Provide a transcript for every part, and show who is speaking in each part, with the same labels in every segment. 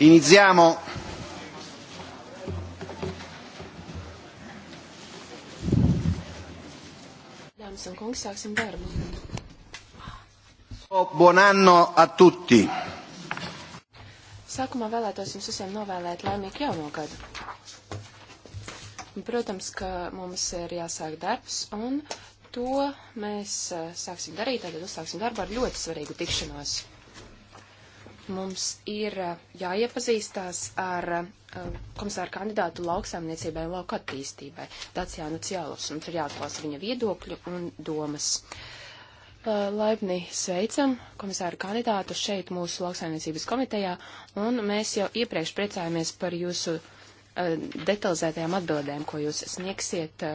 Speaker 1: Iniziamo.
Speaker 2: Dāmas un kungi, sāksim darbu.
Speaker 1: Buon anno a tutti.
Speaker 2: Sākumā vēlētos jums visiem novēlēt laimīgu jauno gadu. Protams, ka mums ir jāsāk darbs, un to mēs eh, sāksim darīt, tad uzsāksim darbu ar ļoti svarīgu tikšanos mums ir jāiepazīstās ar komisāru kandidātu lauksaimniecībai un lauka attīstībai. Daciānu Cialus. Mums ir jāatklās viņa viedokļi un domas. Laipni sveicam komisāru kandidātu šeit mūsu lauksaimniecības komitejā, un mēs jau iepriekš priecājamies par jūsu detalizētajām atbildēm, ko jūs sniegsiet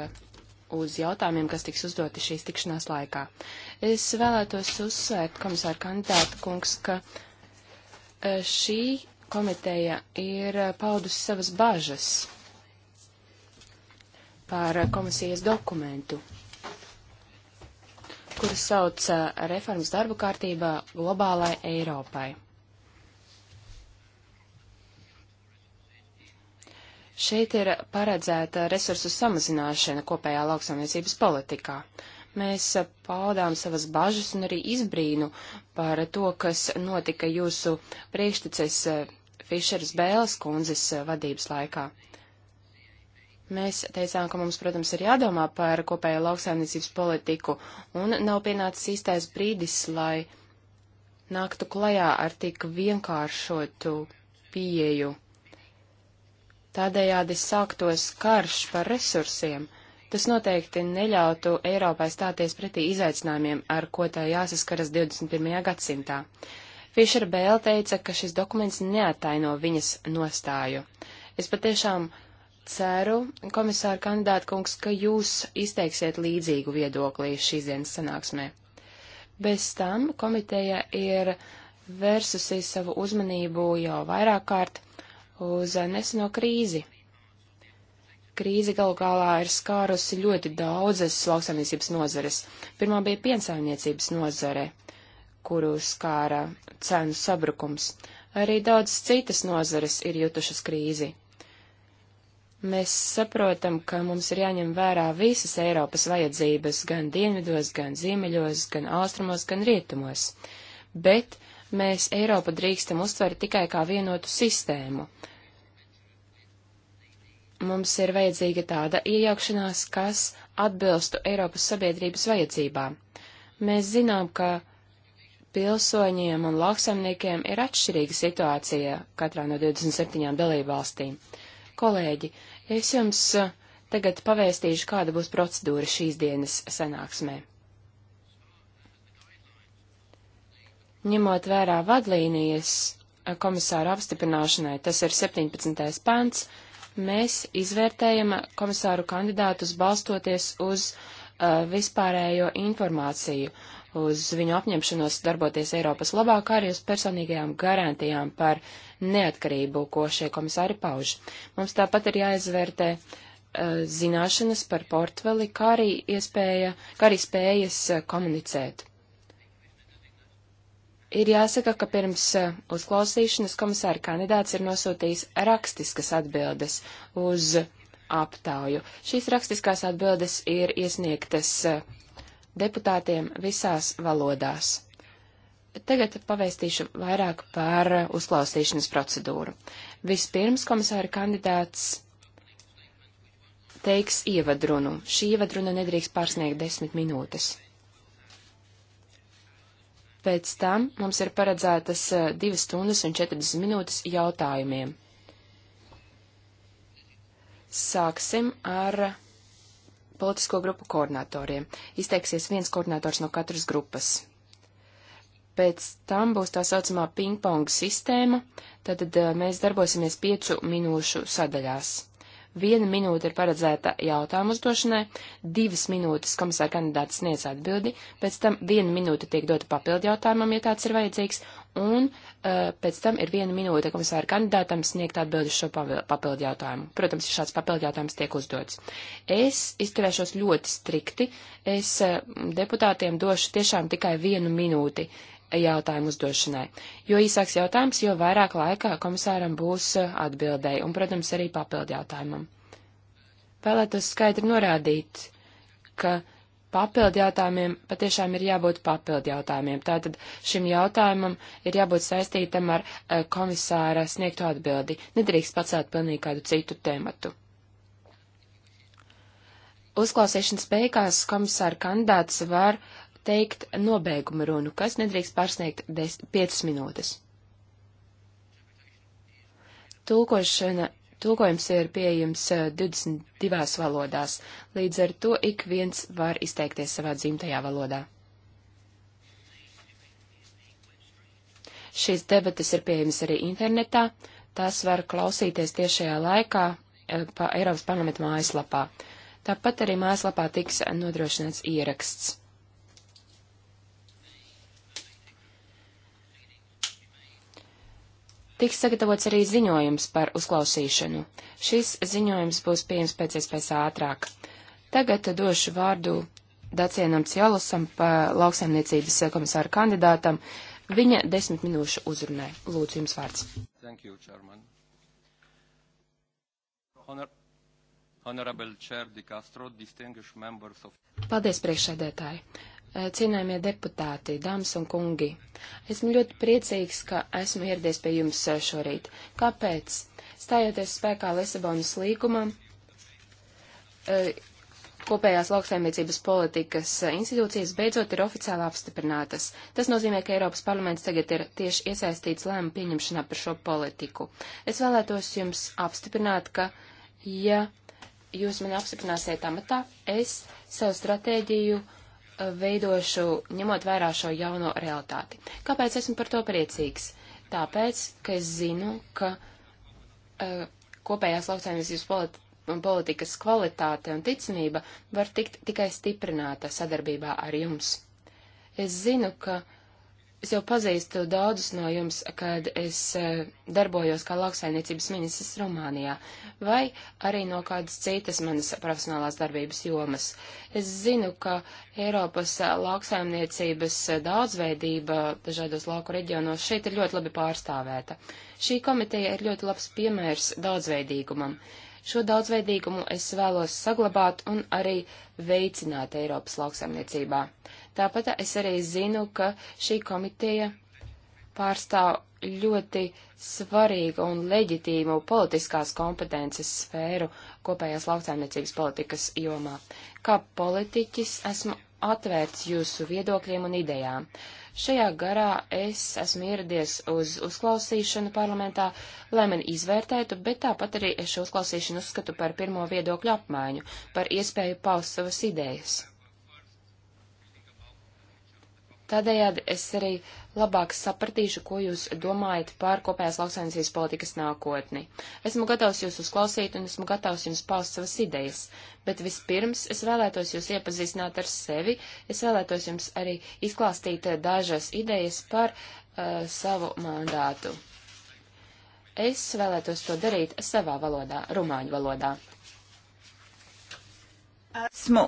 Speaker 2: uz jautājumiem, kas tiks uzdoti šīs tikšanās laikā. Es vēlētos uzsvērt, komisāra kandidāta kungs, ka šī komiteja ir paudusi savas bažas par komisijas dokumentu, kuru sauc reformas darba kārtībā globālai Eiropai. Šeit ir paredzēta resursu samazināšana kopējā lauksaimniecības politikā. Uh, Mēs paudām savas bažas un arī izbrīnu par to, kas notika jūsu priekšteces eh, Fišeras Bēles kundzes eh, vadības laikā. Mēs teicām, ka mums, protams, ir jādomā par kopējo lauksaimniecības politiku, un nav pienācis īstais brīdis, lai nāktu klajā ar tik vienkāršotu pieju. Tādējādi sāktos karš par resursiem, Tas noteikti neļautu Eiropai stāties pretī izaicinājumiem, ar ko tā jāsaskaras 21. gadsimtā. Fišera Bēl teica, ka šis dokuments neataino viņas nostāju. Es patiešām ceru, komisāra kandidāta kungs, ka jūs izteiksiet līdzīgu viedoklī šīs dienas sanāksmē. Bez tam komiteja ir vērsusi savu uzmanību jau vairāk kārt uz neseno krīzi Krīze galu galā ir skārusi ļoti daudzas lauksaimniecības nozares. Pirmā bija piensaimniecības nozare, kuru skāra cenu sabrukums. Arī daudz citas nozares ir jutušas krīzi. Mēs saprotam, ka mums ir jāņem vērā visas Eiropas vajadzības gan dienvidos, gan ziemeļos, gan austrumos, gan rietumos. Bet mēs Eiropu drīkstam uztvert tikai kā vienotu sistēmu, mums ir vajadzīga tāda iejaukšanās, kas atbilstu Eiropas sabiedrības vajadzībām. Mēs zinām, ka pilsoņiem un lauksaimniekiem ir atšķirīga situācija katrā no 27 dalībvalstīm. Kolēģi, es jums eh, tagad pavēstīšu, kāda būs procedūra šīs dienas sanāksmē. Ņemot vērā vadlīnijas eh, komisāra apstiprināšanai, tas ir 17. pants, mēs izvērtējam komisāru kandidātus balstoties uz uh, vispārējo informāciju, uz viņu apņemšanos darboties Eiropas labā, kā arī uz personīgajām garantijām par neatkarību, ko šie komisāri pauž. Mums tāpat ir jāizvērtē uh, zināšanas par portfeli, kā arī, iespēja, kā arī spējas uh, komunicēt. Ir jāsaka, ka pirms eh, uzklausīšanas komisāra kandidāts ir nosūtījis rakstiskas atbildes uz aptauju. Šīs rakstiskās atbildes ir iesniegtas eh, deputātiem visās valodās. Tagad pavēstīšu vairāk par eh, uzklausīšanas procedūru. Vispirms komisāra kandidāts teiks ievadrunu. Šī ievadruna nedrīkst pārsniegt desmit minūtes. Pēc tam mums ir paredzētas 2 eh, stundas un 40 minūtes jautājumiem. Sāksim ar politisko grupu koordinatoriem. Izteiksies viens koordinators no katras grupas. Pēc tam būs tā saucamā ping-pong sistēma, tad eh, mēs darbosimies 5 minūšu sadaļās. Viena minūte ir paredzēta jautājumu uzdošanai, divas minūtes komisāra kandidāts sniedz atbildi, pēc tam viena minūte tiek dota papildu jautājumam, ja tāds ir vajadzīgs, un uh, pēc tam ir viena minūte komisāra kandidātam sniegt atbildi šo papildu jautājumu. Protams, ja šāds papildu jautājums tiek uzdots. Es izturēšos ļoti strikti, es uh, deputātiem došu tiešām tikai vienu minūti uh, jautājumu uzdošanai. Jo īsāks jautājums, jo vairāk laikā komisāram būs eh, atbildēji un, protams, arī papildu jautājumam. Vēlētos skaidri norādīt, ka papildu jautājumiem patiešām ir jābūt papildu jautājumiem. Tātad šim jautājumam ir jābūt saistītam ar eh, komisāra sniegto atbildi. Nedrīkst pacelt pilnīgi kādu citu tēmatu. Uzklausīšanas beigās komisāra kandidāts var uh, teikt nobeiguma runu, kas nedrīkst pārsniegt 5 minūtes. Tulkošana, tulkojums ir pieejams 22 eh, valodās, līdz ar to ik viens var izteikties savā dzimtajā valodā. Šīs debatas ir pieejamas arī internetā, tās var klausīties tiešajā laikā eh, pa Eiropas parlamenta mājaslapā. Tāpat arī mājaslapā tiks nodrošināts ieraksts. Tiks sagatavots arī ziņojums par uzklausīšanu. Šis ziņojums būs pieejams pēc iespējas ātrāk. Tagad došu vārdu Dacienam Cielusam, lauksaimniecības komisāra kandidātam, viņa desmit minūšu uzrunē. Lūdzu, jums vārds.
Speaker 1: Thank you, Chairman. Honor, honorable Chair Di Castro, distinguished members of...
Speaker 2: Paldies, priekšsēdētāji. Uh, Eh, cienējamie deputāti, dāmas un kungi, esmu ļoti priecīgs, ka esmu ieradies pie jums eh, šorīt. Kāpēc? Stājoties spēkā Lisabonas līgumam, eh, kopējās lauksaimniecības politikas institūcijas beidzot ir oficiāli apstiprinātas. Tas nozīmē, ka Eiropas parlaments tagad ir tieši iesaistīts lēmu pieņemšanā par šo politiku. Es vēlētos jums apstiprināt, ka, ja jūs mani apstiprināsiet amatā, es savu stratēģiju uh, veidošu, ņemot vērā šo jauno realitāti. Kāpēc esmu par to priecīgs? Tāpēc, ka es zinu, ka uh, kopējās lauksaimniecības politi politikas kvalitāte un ticamība var tikt tikai stiprināta sadarbībā ar jums. Es zinu, ka uh, Es jau pazīstu daudzus no jums, kad es eh, darbojos kā lauksainiecības ministrs Rumānijā, vai arī no kādas citas manas profesionālās darbības jomas. Es zinu, ka Eiropas lauksaimniecības daudzveidība dažādos lauku reģionos šeit ir ļoti labi pārstāvēta. Šī komiteja ir ļoti labs piemērs daudzveidīgumam. Šo daudzveidīgumu es vēlos saglabāt un arī veicināt Eiropas lauksaimniecībā. Tāpat es arī zinu, ka šī komiteja pārstāv ļoti svarīgu un leģitīmu politiskās kompetences sfēru kopējās lauksaimniecības politikas jomā. Kā politiķis esmu atvērts jūsu viedokļiem un idejām. Šajā garā es esmu ieradies uz uzklausīšanu parlamentā, lai mani izvērtētu, bet tāpat arī es šo uzklausīšanu uzskatu par pirmo viedokļu apmaiņu, par iespēju paust savas idejas. Tādējādi es arī labāk sapratīšu, ko jūs domājat par kopējās lauksaimniecības politikas nākotni. Esmu gatavs jūs uzklausīt un esmu gatavs jums paust savas idejas, bet vispirms es vēlētos jūs iepazīstināt ar sevi, es vēlētos jums arī izklāstīt eh, dažas idejas par uh, savu mandātu. Es vēlētos to darīt savā valodā, rumāņu valodā.
Speaker 3: Esmu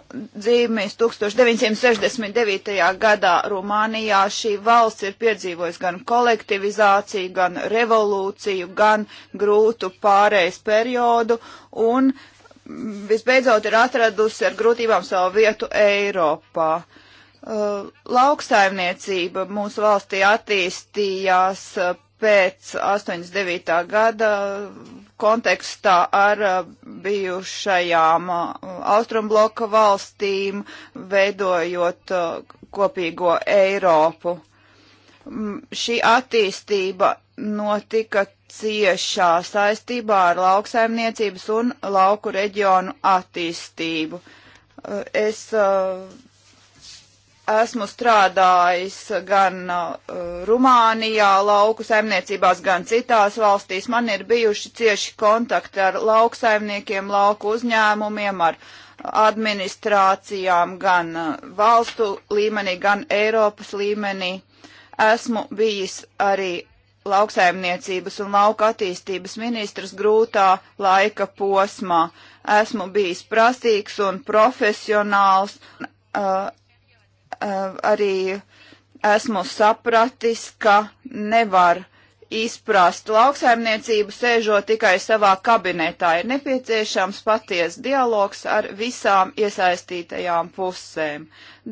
Speaker 3: dzīvējis 1969. gadā Rumānijā. Šī valsts ir piedzīvojusi gan kolektivizāciju, gan revolūciju, gan grūtu pārējais periodu un visbeidzot ir atradusi ar grūtībām savu vietu Eiropā. Uh, lauksaimniecība mūsu valstī attīstījās uh, pēc 89. gada kontekstā ar uh, bijušajām uh, austrumbloka valstīm, veidojot uh, kopīgo Eiropu. Mm, šī attīstība notika ciešā saistībā ar lauksaimniecības un lauku reģionu attīstību. Es esmu strādājis gan uh, Rumānijā, lauku saimniecībās, gan citās valstīs. Man ir bijuši cieši kontakti ar lauku saimniekiem, lauku uzņēmumiem, ar administrācijām gan uh, valstu līmenī, gan Eiropas līmenī. Esmu bijis arī lauksaimniecības un lauka attīstības ministrs grūtā laika posmā. Esmu bijis prasīgs un profesionāls. Uh, Eh, arī esmu sapratis, ka nevar izprast lauksaimniecību sēžot tikai savā kabinetā. Ir nepieciešams paties dialogs ar visām iesaistītajām pusēm.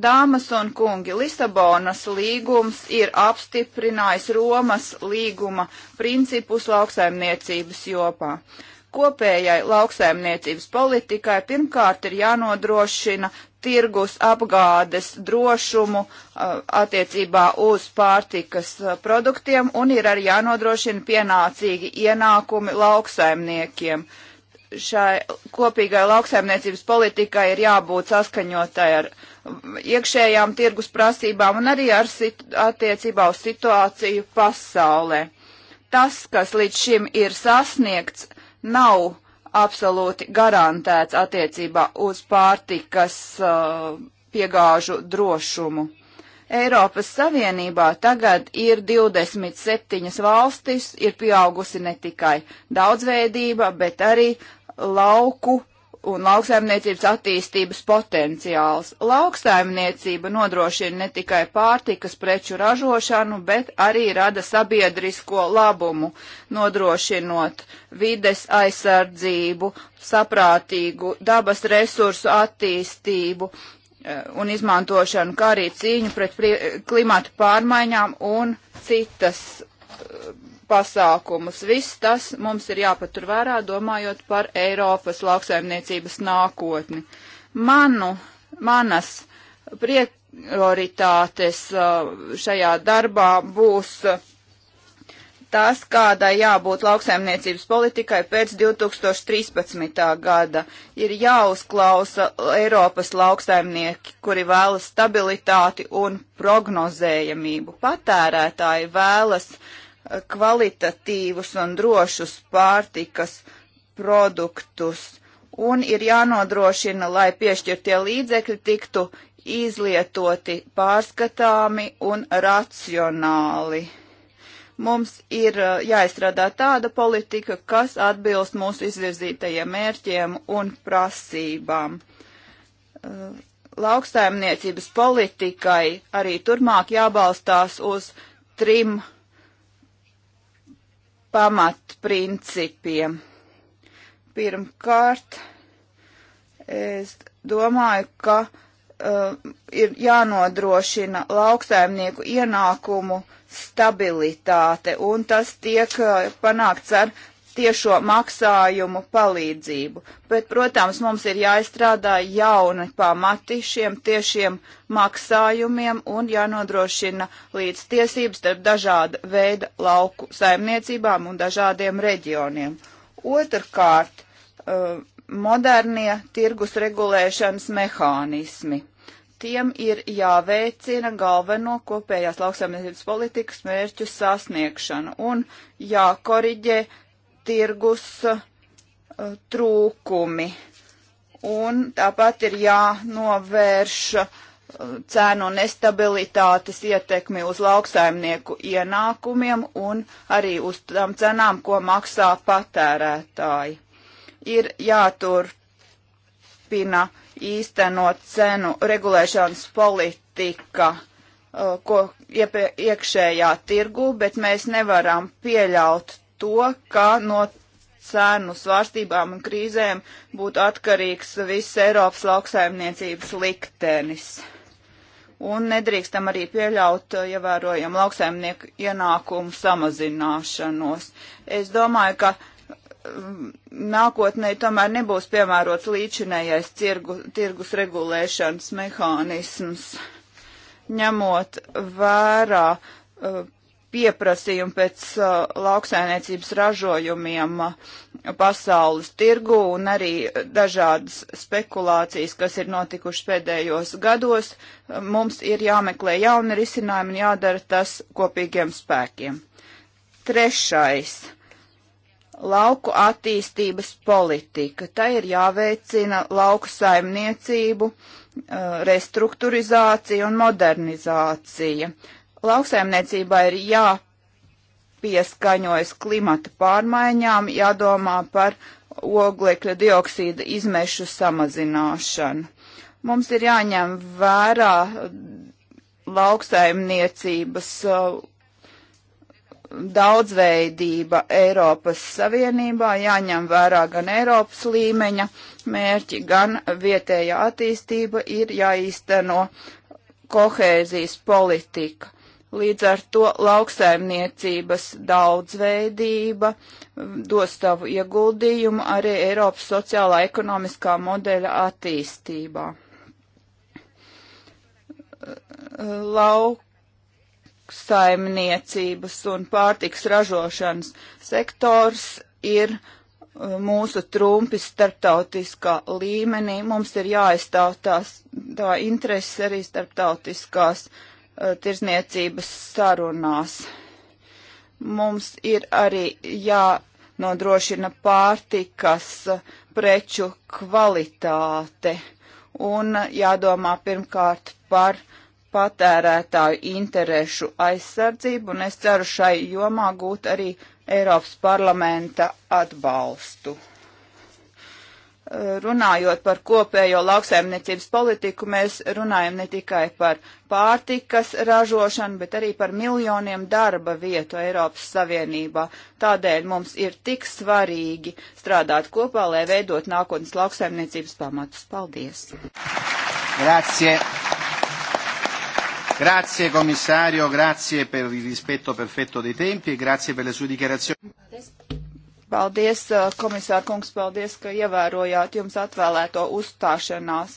Speaker 3: Dāmas un kungi, Lisabonas līgums ir apstiprinājis Romas līguma principus lauksaimniecības jopā. Kopējai lauksaimniecības politikai pirmkārt ir jānodrošina tirgus apgādes drošumu attiecībā uz pārtikas produktiem un ir arī jānodrošina pienācīgi ienākumi lauksaimniekiem. Šai kopīgai lauksaimniecības politikai ir jābūt saskaņotai ar iekšējām tirgus prasībām un arī ar sit attiecībā uz situāciju pasaulē. Tas, kas līdz šim ir sasniegts, nav absolūti garantēts attiecībā uz pārtikas uh, piegāžu drošumu. Eiropas Savienībā tagad ir 27 valstis, ir pieaugusi ne tikai daudzveidība, bet arī lauku un lauksaimniecības attīstības potenciāls. Lauksaimniecība nodrošina ne tikai pārtikas preču ražošanu, bet arī rada sabiedrisko labumu, nodrošinot vides aizsardzību, saprātīgu dabas resursu attīstību eh, un izmantošanu, kā arī cīņu pret klimatu pārmaiņām un citas eh, pasākumus. Viss tas mums ir jāpatur vērā, domājot par Eiropas lauksaimniecības nākotni. Manu, manas prioritātes uh, šajā darbā būs uh, tas, kādai jābūt lauksaimniecības politikai pēc 2013. gada. Ir jāuzklausa Eiropas lauksaimnieki, kuri vēlas stabilitāti un prognozējamību. Patērētāji vēlas uh, kvalitatīvus un drošus pārtikas produktus un ir jānodrošina, lai piešķirtie līdzekļi tiktu izlietoti pārskatāmi un racionāli. Mums ir uh, jāizstrādā tāda politika, kas atbilst mūsu izvirzītajiem mērķiem un prasībām. Uh, Lauksaimniecības politikai arī turmāk jābalstās uz trim pamatprincipiem. Pirmkārt, es domāju, ka uh, ir jānodrošina lauksaimnieku ienākumu stabilitāte, un tas tiek uh, panākts ar tiešo maksājumu palīdzību. Bet, protams, mums ir jāizstrādā jauni pamati šiem tiešiem maksājumiem un jānodrošina līdz tiesības starp dažāda veida lauku saimniecībām un dažādiem reģioniem. Otrkārt, eh, modernie tirgus regulēšanas mehānismi. Tiem ir jāveicina galveno kopējās lauksaimniecības politikas mērķu sasniegšanu un jākoriģē uh, tirgus eh, trūkumi. Un tāpat ir jānovērš eh, cēnu nestabilitātes ietekmi uz lauksaimnieku ienākumiem un arī uz tām cenām, ko maksā patērētāji. Ir jāturpina īstenot cenu regulēšanas politika, eh, ko iekšējā tirgu, bet mēs nevaram pieļaut to, ka no cēnu svārstībām un krīzēm būtu atkarīgs viss Eiropas lauksaimniecības liktenis. Un nedrīkstam arī pieļaut eh, ievērojam lauksaimnieku ienākumu samazināšanos. Es domāju, ka mm, nākotnē tomēr nebūs piemērots līdzinējais tirgu, tirgus regulēšanas mehānisms, ņemot vērā uh, pieprasījumu pēc uh, lauksainiecības ražojumiem uh, pasaules tirgu un arī dažādas spekulācijas, kas ir notikušas pēdējos gados, uh, mums ir jāmeklē jauni risinājumi un jādara tas kopīgiem spēkiem. Trešais. Lauku attīstības politika. Tā ir jāveicina lauku saimniecību, uh, restruktūrizācija un modernizācija. Lauksaimniecībā ir jāpieskaņojas klimata pārmaiņām, jādomā par oglekļa dioksīda izmešu samazināšanu. Mums ir jāņem vērā lauksaimniecības uh, daudzveidība Eiropas Savienībā, jāņem vērā gan Eiropas līmeņa mērķi, gan vietējā attīstība ir jāīsteno kohēzijas politika. Līdz ar to lauksaimniecības daudzveidība mm, dos savu ieguldījumu arī Eiropas sociālā ekonomiskā modeļa attīstībā. Lauk saimniecības un pārtiks ražošanas sektors ir mm, mūsu trumpis starptautiskā līmenī. Mums ir jāaizstāv tās, tā intereses arī starptautiskās Uh, tirzniecības sarunās. Mums ir arī jānodrošina pārtikas preču kvalitāte un jādomā pirmkārt par patērētāju interešu aizsardzību, un es ceru šai jomā gūt arī Eiropas parlamenta atbalstu runājot par kopējo lauksaimniecības politiku, mēs runājam ne tikai par pārtikas ražošanu, bet arī par miljoniem darba vietu Eiropas Savienībā. Tādēļ mums ir tik svarīgi strādāt kopā, lai veidot nākotnes lauksaimniecības pamatus. Paldies!
Speaker 1: Grazie! Grazie commissario, grazie per il rispetto perfetto dei tempi e grazie per le sue dichiarazioni.
Speaker 3: Paldies, uh, komisārkungs, paldies, ka ievērojāt jums atvēlēto uzstāšanās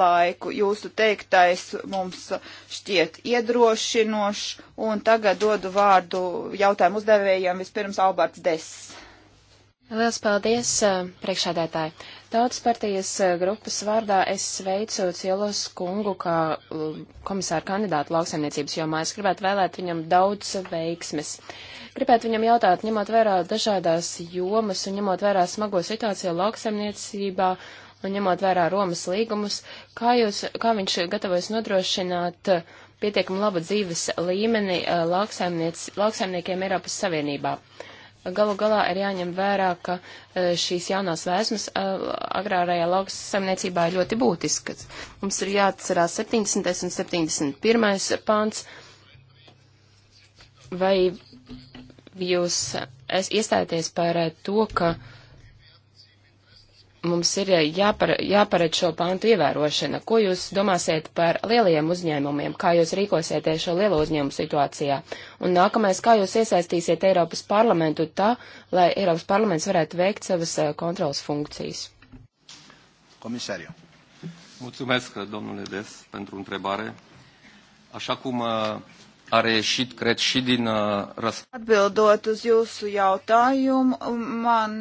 Speaker 3: laiku. Jūsu teiktais mums šķiet iedrošinošs, un tagad dodu vārdu jautājumu uzdevējiem vispirms Alberts Dess.
Speaker 2: Liels paldies, uh, priekšādētāji. Tautas partijas eh, grupas vārdā es sveicu Cielos kungu kā um, komisāru kandidātu lauksaimniecības jomā. Es gribētu vēlēt viņam daudz veiksmes. Gribētu viņam jautāt, ņemot vērā dažādās jomas un ņemot vērā smago situāciju lauksaimniecībā un ņemot vērā Romas līgumus, kā, jūs, kā viņš gatavojas nodrošināt eh, pietiekami labu dzīves līmeni eh, lauksaimniekiem Eiropas Savienībā galu galā ir jāņem vērā, ka e, šīs jaunās vēsmas e, agrārajā laukas saimniecībā ir ļoti būtiskas. Mums ir jāatcerās 70. un 71. pāns. Vai jūs iestājaties par e, to, ka uh, mums ir eh, jāpar, jāparedz šo pantu ievērošana. Ko jūs domāsiet par lielajiem uzņēmumiem? Kā jūs rīkosieties šo lielo uzņēmumu situācijā? Un nākamais, kā jūs iesaistīsiet Eiropas parlamentu tā, lai Eiropas parlaments varētu veikt savas eh, kontrolas funkcijas?
Speaker 3: Komisārio.
Speaker 1: Mulțumesc, domnule Des, pentru întrebare. Așa cum eh, a reieșit, cred, și din uh, răspuns.
Speaker 3: Atbildot uz jūsu jautājumu, man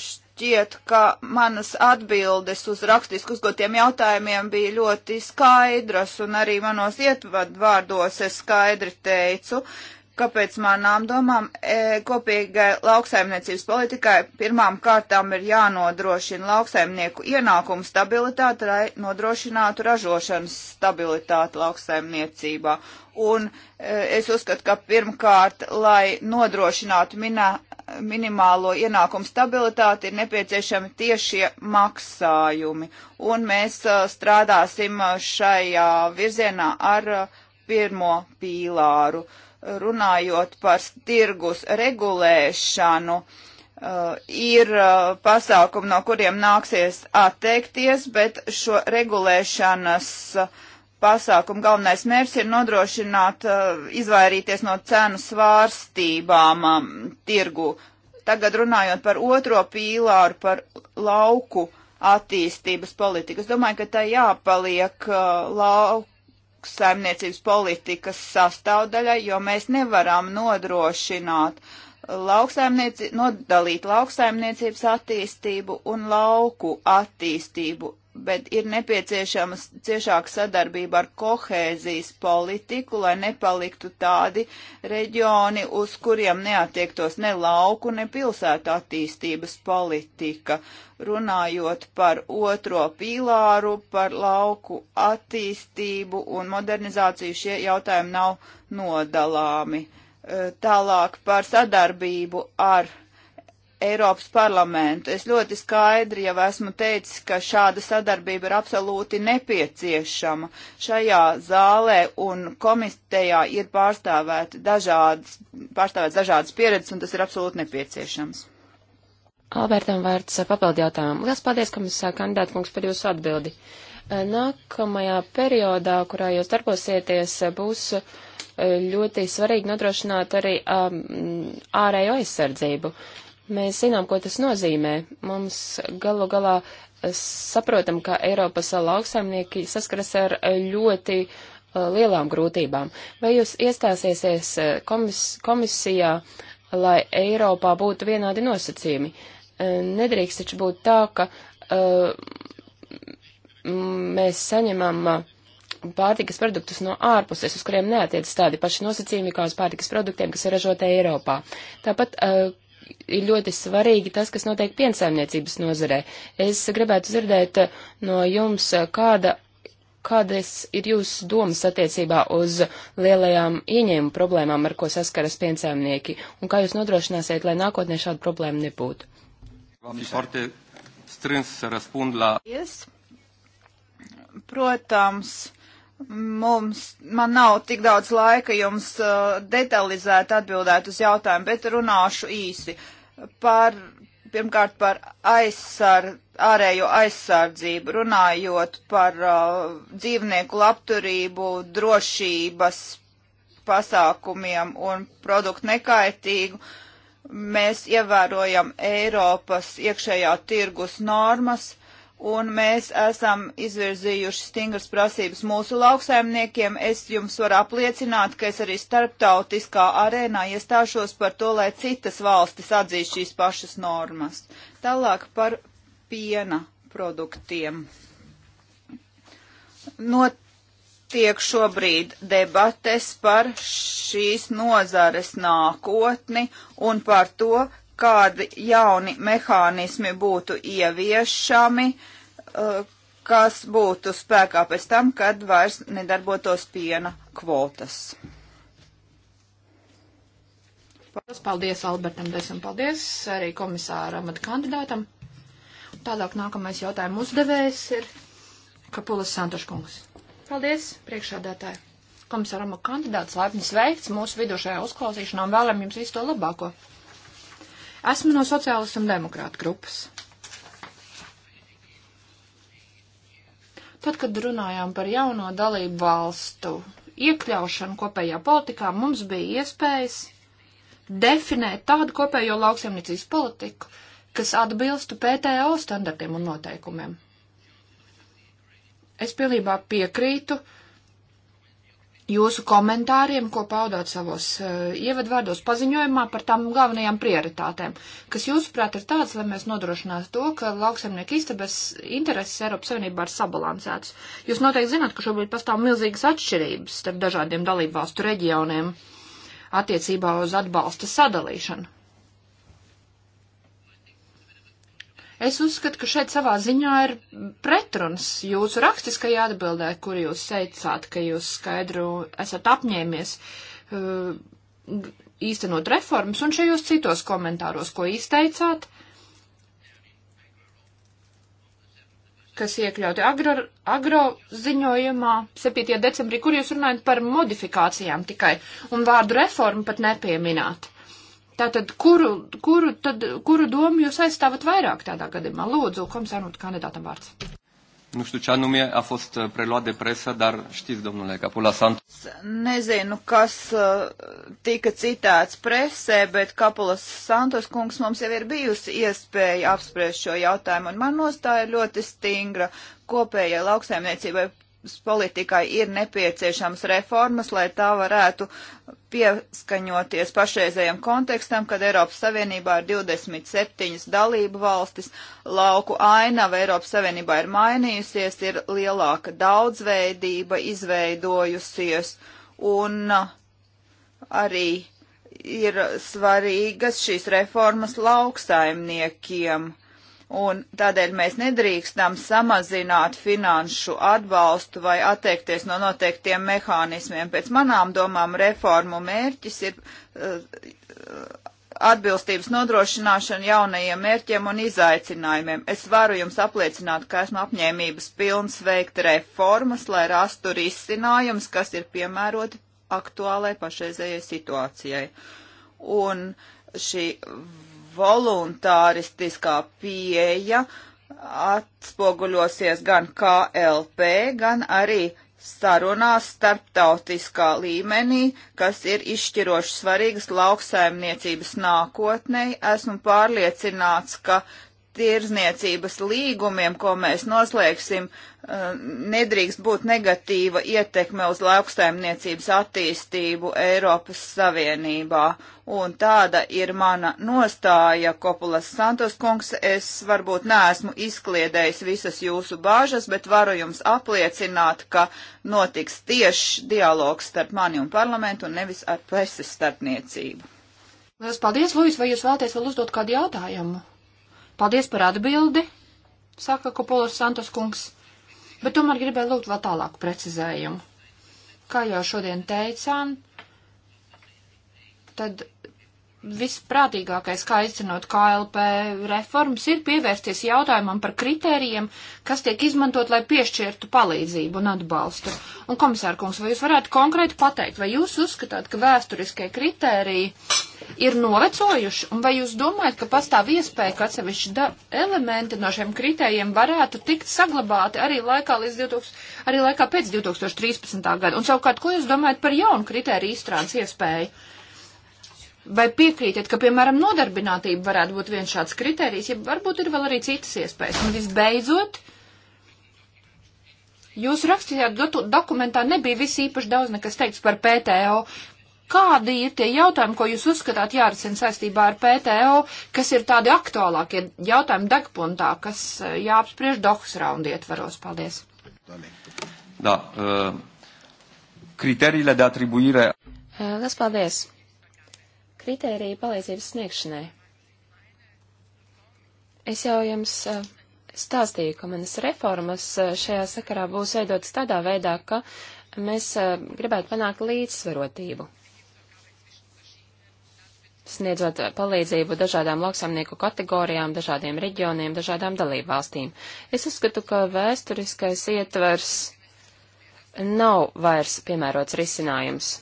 Speaker 3: šķiet, ka manas atbildes uz rakstisku uzgotiem jautājumiem bija ļoti skaidras, un arī manos ietvadvārdos es skaidri teicu, kāpēc manām domām e, kopīgai lauksaimniecības politikai pirmām kārtām ir jānodrošina lauksaimnieku ienākumu stabilitāte, lai nodrošinātu ražošanas stabilitāti lauksaimniecībā un e, es uzskatu, ka pirmkārt, lai nodrošinātu minā, minimālo ienākumu stabilitāti, ir nepieciešami tiešie maksājumi, un mēs e, strādāsim e, šajā virzienā ar pirmo pīlāru. Runājot par tirgus regulēšanu, Uh, ir uh, pasākumi, no kuriem nāksies atteikties, bet šo regulēšanas uh, pasākumu galvenais mērķis ir nodrošināt, uh, izvairīties no cenu svārstībām um, tirgu. Tagad runājot par otro pīlāru, par lauku attīstības politiku. Es domāju, ka tā jāpaliek uh, lauksaimniecības politikas sastāvdaļai, jo mēs nevaram nodrošināt lauksaimnieci, nodalīt lauksaimniecības attīstību un lauku attīstību bet ir nepieciešama ciešāka sadarbība ar kohēzijas politiku, lai nepaliktu tādi reģioni, uz kuriem neatiektos ne lauku, ne pilsētu attīstības politika. Runājot par otro pīlāru, par lauku attīstību un modernizāciju, šie jautājumi nav nodalāmi. E, tālāk par sadarbību ar Eiropas parlamentu. Es ļoti skaidri jau esmu teicis, ka šāda sadarbība ir absolūti nepieciešama. Šajā zālē un komistejā ir pārstāvēti dažādas, pārstāvēts dažādas pieredzes, un tas ir absolūti nepieciešams.
Speaker 2: Albertam vārds eh, papildu jautājumam. Lielas paldies, komisāra kandidāta kungs, par jūsu atbildi. Eh, nākamajā periodā, kurā jūs darbosieties, eh, būs ļoti svarīgi nodrošināt arī um, ārējo aizsardzību. Uh, Mēs zinām, ko tas nozīmē. Mums galu galā eh, saprotam, ka Eiropas eh, lauksaimnieki saskaras ar eh, ļoti lielām grūtībām. Vai jūs iestāsiesies komis komisijā, lai Eiropā būtu vienādi nosacījumi? Nedrīkst taču būt tā, ka mēs saņemam pārtikas produktus no ārpuses, uz kuriem neatiec tādi paši nosacījumi kā uz pārtikas produktiem, kas ir ražoti Eiropā. Tāpat ir ļoti svarīgi tas, kas notiek piensaimniecības nozarē. Es gribētu dzirdēt no jums, kāda, kādas ir jūsu domas attiecībā uz lielajām ieņēmumu problēmām, ar ko saskaras piensaimnieki, un kā jūs nodrošināsiet, lai nākotnē šāda problēma nebūtu.
Speaker 3: Yes. Protams, Mums, man nav tik daudz laika jums uh, detalizēt atbildēt uz jautājumu, bet runāšu īsi par, pirmkārt, par aizsar, ārējo aizsardzību, runājot par uh, dzīvnieku labturību, drošības pasākumiem un produktu nekaitīgu. Mēs ievērojam Eiropas iekšējā tirgus normas un mēs esam izvirzījuši stingras prasības mūsu lauksaimniekiem. Es jums varu apliecināt, ka es arī starptautiskā arēnā iestāšos par to, lai citas valstis atzīst šīs pašas normas. Tālāk par piena produktiem. Notiek šobrīd debates par šīs nozares nākotni un par to, kādi jauni mehānismi būtu ieviešami, eh, kas būtu spēkā pēc tam, kad vairs nedarbotos piena kvotas. Paldies, paldies
Speaker 4: Albertam Desam, paldies arī komisāram un kandidātam. Tālāk nākamais jautājums uzdevējs ir Kapulas Santoškungs. Paldies, priekšādātāji. Komisāram un kandidāts laipni sveikts mūsu vidu šajā uzklausīšanā un vēlam jums visu to labāko. Esmu no sociālistu un demokrātu grupas. Tad, kad runājām par jauno dalību valstu iekļaušanu kopējā politikā, mums bija iespējas definēt tādu kopējo lauksaimniecības politiku, kas atbilstu PTO standartiem un noteikumiem. Es pilnībā piekrītu uh, jūsu komentāriem, ko paudāt savos uh, ievadvārdos paziņojumā par tām galvenajām prioritātēm, kas jūsuprāt ir tāds, lai mēs nodrošinātu to, ka lauksaimnieku istabas intereses Eiropas Savienībā ir sabalansētas. Jūs noteikti zināt, ka šobrīd pastāv milzīgas atšķirības starp dažādiem dalībvalstu reģioniem attiecībā uz atbalsta sadalīšanu. Es uzskatu, ka šeit savā ziņā ir pretruns jūsu rakstiskajā atbildē, kur jūs teicāt, ka jūs skaidru esat apņēmies uh, īstenot reformas, un šajos citos komentāros, ko izteicāt, kas iekļauti agro, agro ziņojumā 7. decembrī, kur jūs runājat par modifikācijām tikai, un vārdu reformu pat nepiemināt. Tātad, kuru, kuru, tad, kuru domu jūs aizstāvat vairāk tādā gadījumā? Lūdzu, komisārnūt kandidātam
Speaker 1: vārds. Nu știu ce anume a fost uh, preluat de presă, dar știți, domnule Capula Santos.
Speaker 3: Nezinu, kas uh, tika citēts presē, bet Kapulas Santos kungs mums jau ir bijusi iespēja apspriest šo jautājumu, un man nostāja ļoti stingra kopējai lauksaimniecībai politikai ir nepieciešams reformas, lai tā varētu pieskaņoties pašreizējam kontekstam, kad Eiropas Savienībā ir 27 dalību valstis, lauku ainava Eiropas Savienībā ir mainījusies, ir lielāka daudzveidība izveidojusies un uh, arī ir svarīgas šīs reformas lauksaimniekiem un tādēļ mēs nedrīkstam samazināt finanšu atbalstu vai atteikties no noteiktiem mehānismiem. Pēc manām domām reformu mērķis ir uh, atbilstības nodrošināšana jaunajiem mērķiem un izaicinājumiem. Es varu jums apliecināt, ka esmu apņēmības pilns veikt reformas, lai rastu risinājums, kas ir piemēroti aktuālai pašreizējai situācijai. Un šī voluntāristiskā pieeja atspoguļosies gan KLP, gan arī sarunās starptautiskā līmenī, kas ir izšķiroši svarīgas lauksaimniecības nākotnei. Esmu pārliecināts, ka tirzniecības līgumiem, ko mēs noslēgsim, uh, nedrīkst būt negatīva ietekme uz lauksaimniecības attīstību Eiropas Savienībā. Un tāda ir mana nostāja, Kopulas Santos kungs. Es varbūt neesmu izkliedējis visas jūsu bāžas, bet varu jums apliecināt, ka notiks tieši dialogs starp mani un parlamentu un nevis ar preses starpniecību.
Speaker 4: Lielas paldies, Lūis, vai jūs vēlaties vēl uzdot kādu jautājumu? Paldies par atbildi, saka Kopolos Santos kungs, bet tomēr gribēju lūgt vēl tālāku precizējumu. Kā jau šodien teicām, tad visprātīgākais, kā izcinot KLP reformas, ir pievērsties jautājumam par kritērijiem, kas tiek izmantot, lai piešķirtu palīdzību un atbalstu. Un komisārkungs, vai jūs varētu konkrēti pateikt, vai jūs uzskatāt, ka vēsturiskie kritēriji ir novecojuši, un vai jūs domājat, ka pastāv iespēja, ka atsevišķi elementi no šiem kritērijiem varētu tikt saglabāti arī laikā, 2000, arī laikā pēc 2013. gada? Un savukārt, ko jūs domājat par jaunu kritēriju izstrādes iespēju? Vai piekrītat, ka, piemēram, nodarbinātība varētu būt viens šāds kriterijs, ja varbūt ir vēl arī citas iespējas? Un visbeidzot, jūs rakstījāt dokumentā, nebija visi īpaši daudz nekas teikts par PTO. Kādi ir tie jautājumi, ko jūs uzskatāt jārisina saistībā ar PTO, kas ir tādi aktuālākie jautājumi degpuntā, kas eh, jāapspriež dohas raundu ietvaros? Paldies.
Speaker 1: Da, uh, eh, kriteriile de atribuire.
Speaker 2: Uh, Liels paldies kritērija palīdzības sniegšanai. Es jau jums eh, stāstīju, ka manas reformas eh, šajā sakarā būs veidotas tādā veidā, ka mēs eh, gribētu panākt līdzsvarotību, sniedzot palīdzību dažādām lauksaimnieku kategorijām, dažādiem reģioniem, dažādām dalībvalstīm. Es uzskatu, ka vēsturiskais ietvers nav vairs piemērots risinājums.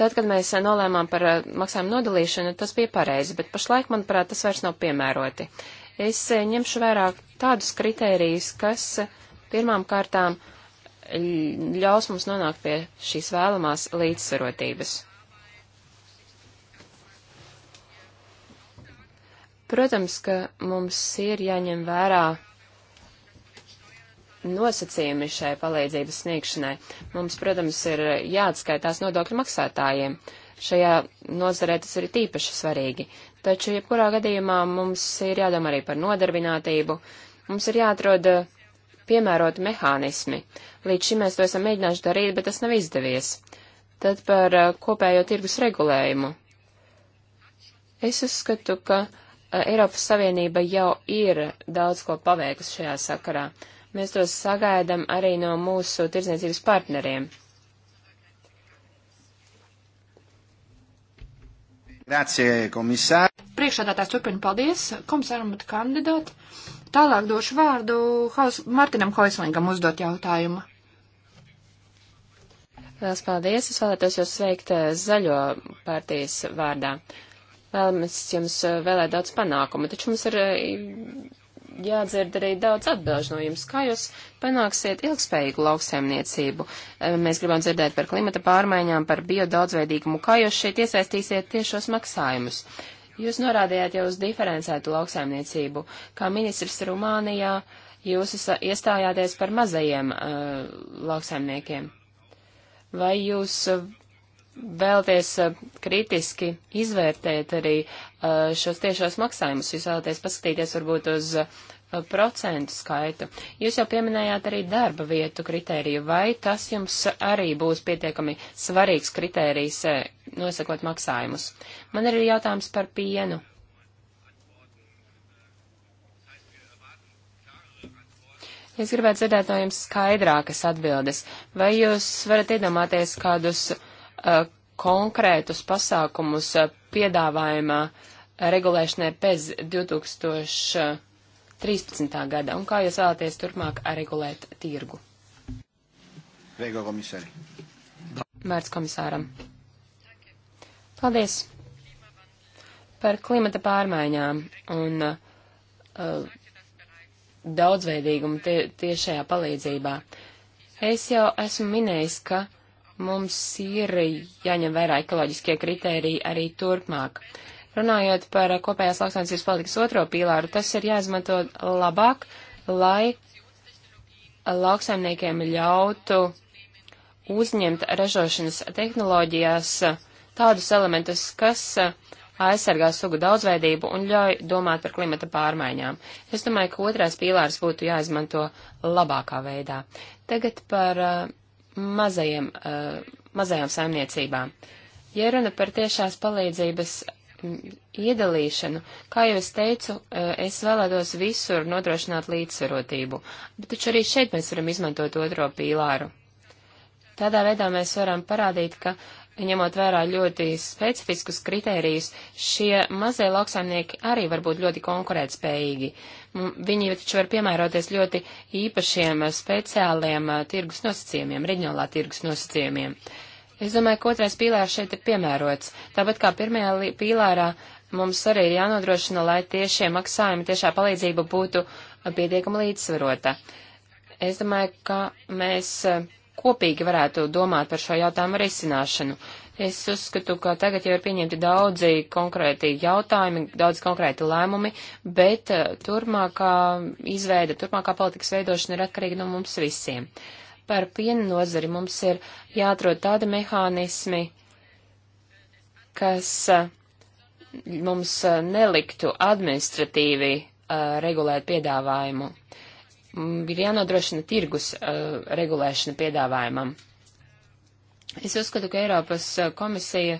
Speaker 2: Tad, kad mēs eh, nolēmām par eh, maksājumu nodalīšanu, tas bija pareizi, bet pašlaik, manuprāt, tas vairs nav piemēroti. Es eh, ņemšu vērā tādus kritērijus, kas pirmām kārtām ļaus mums nonākt pie šīs vēlamās līdzsvarotības. Protams, ka mums ir jāņem vērā nosacījumi šai palīdzības sniegšanai. Mums, protams, ir jāatskaitās nodokļu maksātājiem. Šajā nozarē tas ir tīpaši svarīgi. Taču, jebkurā gadījumā, mums ir jādomā arī par nodarbinātību. Mums ir jāatrod uh, piemēroti mehānismi. Līdz šim mēs to esam mēģinājuši darīt, bet tas nav izdevies. Tad par uh, kopējo tirgus regulējumu. Es uzskatu, ka uh, Eiropas Savienība jau ir daudz ko paveikusi šajā sakarā. Uh, Mēs tos sagaidām arī no mūsu tirdzniecības partneriem. Grācie, komisār.
Speaker 4: Priekšādātājs turpina paldies komisāram un kandidātu. Tālāk došu vārdu Haus, Martinam Hoislingam uzdot jautājumu.
Speaker 2: Lielas paldies! Es vēlētos jūs sveikt eh, zaļo partijas vārdā. Vēlamies jums eh, vēlēt daudz panākumu, taču mums ir eh, jādzird arī daudz atbilžu no jums. Kā jūs panāksiet ilgspējīgu lauksaimniecību? E, mēs gribam dzirdēt par klimata pārmaiņām, par biodaudzveidīgumu. Kā jūs šeit iesaistīsiet tiešos maksājumus? Jūs norādījāt jau uz diferencētu lauksaimniecību. Kā ministrs Rumānijā, jūs iestājāties par mazajiem uh, lauksaimniekiem. Vai jūs e, vēlties kritiski izvērtēt arī Eh, šos tiešos maksājumus. Jūs vēlaties paskatīties varbūt uz eh, procentu skaitu. Jūs jau pieminējāt arī darba vietu kritēriju. Vai tas jums arī būs pietiekami svarīgs kritērijs eh, nosakot maksājumus? Man ir jautājums par pienu. Es gribētu dzirdēt no jums skaidrākas atbildes. Vai jūs varat iedomāties kādus uh, konkrētus pasākumus uh, piedāvājumā regulēšanai pēc 2013. gada un kā jūs vēlaties turpmāk regulēt tirgu?
Speaker 1: Rego komisāri.
Speaker 2: Vērts komisāram. Paldies par klimata pārmaiņām un uh, daudzveidīgumu tie, tiešajā palīdzībā. Es jau esmu minējis, ka mums ir jāņem vērā ekoloģiskie kritēriji arī turpmāk. Runājot par kopējās lauksainsības politikas otro pīlāru, tas ir jāizmanto labāk, lai lauksaimniekiem ļautu uzņemt ražošanas tehnoloģijās tādus elementus, kas aizsargā sugu daudzveidību un ļauj domāt par klimata pārmaiņām. Es domāju, ka otrais pīlārs būtu jāizmanto labākā veidā. Tagad par uh, mazajiem, uh, mazajām saimniecībām. Ja runa par tiešās palīdzības iedalīšanu, kā jau es teicu, uh, es vēlētos visur nodrošināt līdzsvarotību, bet taču arī šeit mēs varam izmantot otro pīlāru. Tādā veidā mēs varam parādīt, ka ņemot vērā ļoti specifiskus kritērijus, šie mazie lauksaimnieki arī var būt ļoti konkurētspējīgi. Viņi taču var piemēroties ļoti īpašiem eh, speciāliem eh, tirgus nosacījumiem, reģionālā tirgus nosacījumiem. Es domāju, ka otrais pīlārs šeit ir piemērots. Tāpat kā pirmajā pīlārā mums arī ir jānodrošina, lai tiešie maksājumi, tiešā palīdzība būtu eh, pietiekama līdzsvarota. Es domāju, ka mēs kopīgi varētu domāt par šo jautājumu risināšanu. Es uzskatu, ka tagad jau ir pieņemti daudzi konkrēti jautājumi, daudz konkrēti lēmumi, bet eh, turpmākā izveida, turpmākā politikas veidošana ir atkarīga no mums visiem. Par piena nozari mums ir jāatrod tādi mehānismi, kas eh, mums eh, neliktu administratīvi uh, regulēt piedāvājumu. Uh, ir jānodrošina tirgus uh, regulēšana piedāvājumam. Es uzskatu, ka Eiropas eh, komisija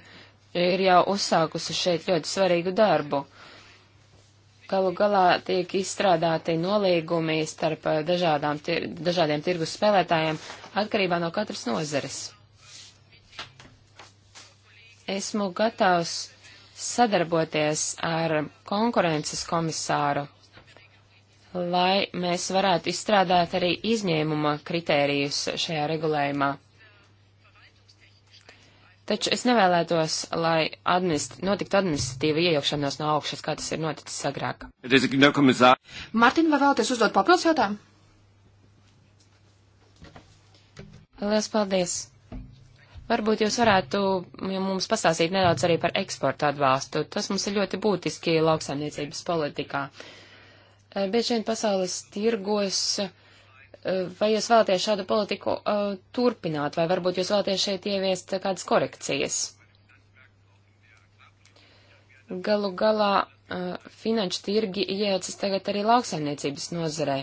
Speaker 2: ir jau uzsākusi šeit ļoti svarīgu darbu. Galu galā tiek izstrādāti nolīgumi starp eh, dažādām, tir dažādiem tirgus spēlētājiem atkarībā no katras nozares. Esmu gatavs sadarboties ar konkurences komisāru lai mēs varētu izstrādāt arī izņēmuma kritērijus šajā regulējumā. Taču es nevēlētos, lai administ notiktu administratīva iejaukšanos no augšas, kā tas ir noticis agrāk. Martin, vai vēlaties uzdot papildus jautājumu? Lielas paldies! Varbūt jūs varētu ja mums pastāstīt nedaudz arī par eksporta atbalstu. Tas mums ir ļoti būtiski lauksaimniecības politikā. Uh, Eh, bieži vien pasaules tirgos, eh, vai jūs vēlaties šādu politiku uh, turpināt, vai varbūt jūs vēlaties šeit ieviest kādas korekcijas? Galu galā uh, finanšu tirgi iejaucas tagad arī lauksaimniecības nozarē.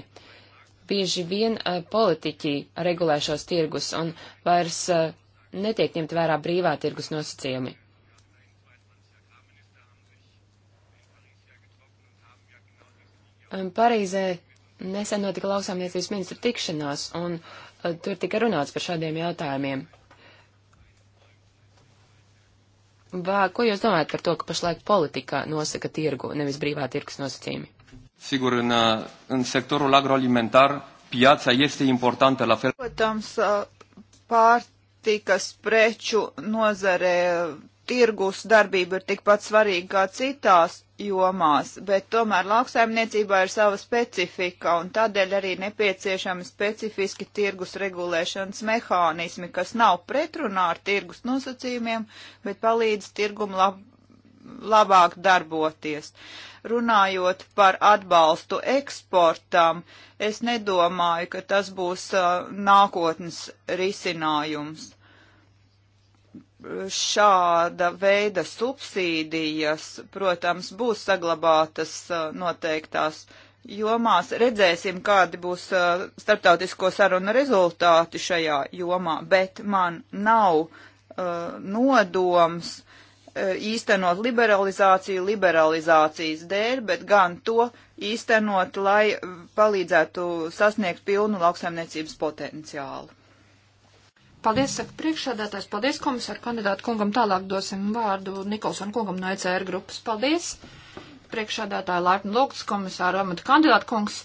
Speaker 2: Bieži vien uh, politiķi regulē šos tirgus un vairs netiek ņemt vērā brīvā tirgus nosacījumi. Um, Parīzē nesen notika lauksaimniecības ministra tikšanās, un uh, tur tika runāts par šādiem jautājumiem. Vā, ko jūs domājat par to, ka pašlaik politika nosaka tirgu, nevis brīvā tirgus nosacījumi?
Speaker 1: Sigur, în, uh, în sectorul agroalimentar piața este importantă la fel.
Speaker 3: Protams, uh, pārtikas preču nozare tirgus darbība ir tikpat svarīga kā citās jomās, bet tomēr lauksaimniecībā ir sava specifika un tādēļ arī nepieciešami specifiski tirgus regulēšanas mehānismi, kas nav pretrunā ar tirgus nosacījumiem, bet palīdz tirgumu lab labāk darboties. Runājot par atbalstu eksportam, es nedomāju, ka tas būs uh, nākotnes risinājums šāda veida subsīdijas, protams, būs saglabātas uh, noteiktās jomās. Redzēsim, kādi būs uh, starptautisko sarunu rezultāti šajā jomā, bet man nav uh, nodoms uh, īstenot liberalizāciju liberalizācijas dēļ, bet gan to īstenot, lai palīdzētu sasniegt pilnu lauksaimniecības potenciālu. Paldies, saka
Speaker 4: priekšsādātājs. Paldies komisāru kandidātu kungam. Tālāk dosim vārdu Nikolson kungam no ECR grupas. Paldies. Priekšsādātāja Lārta Lūks, komisāru amatu kandidātu kungs.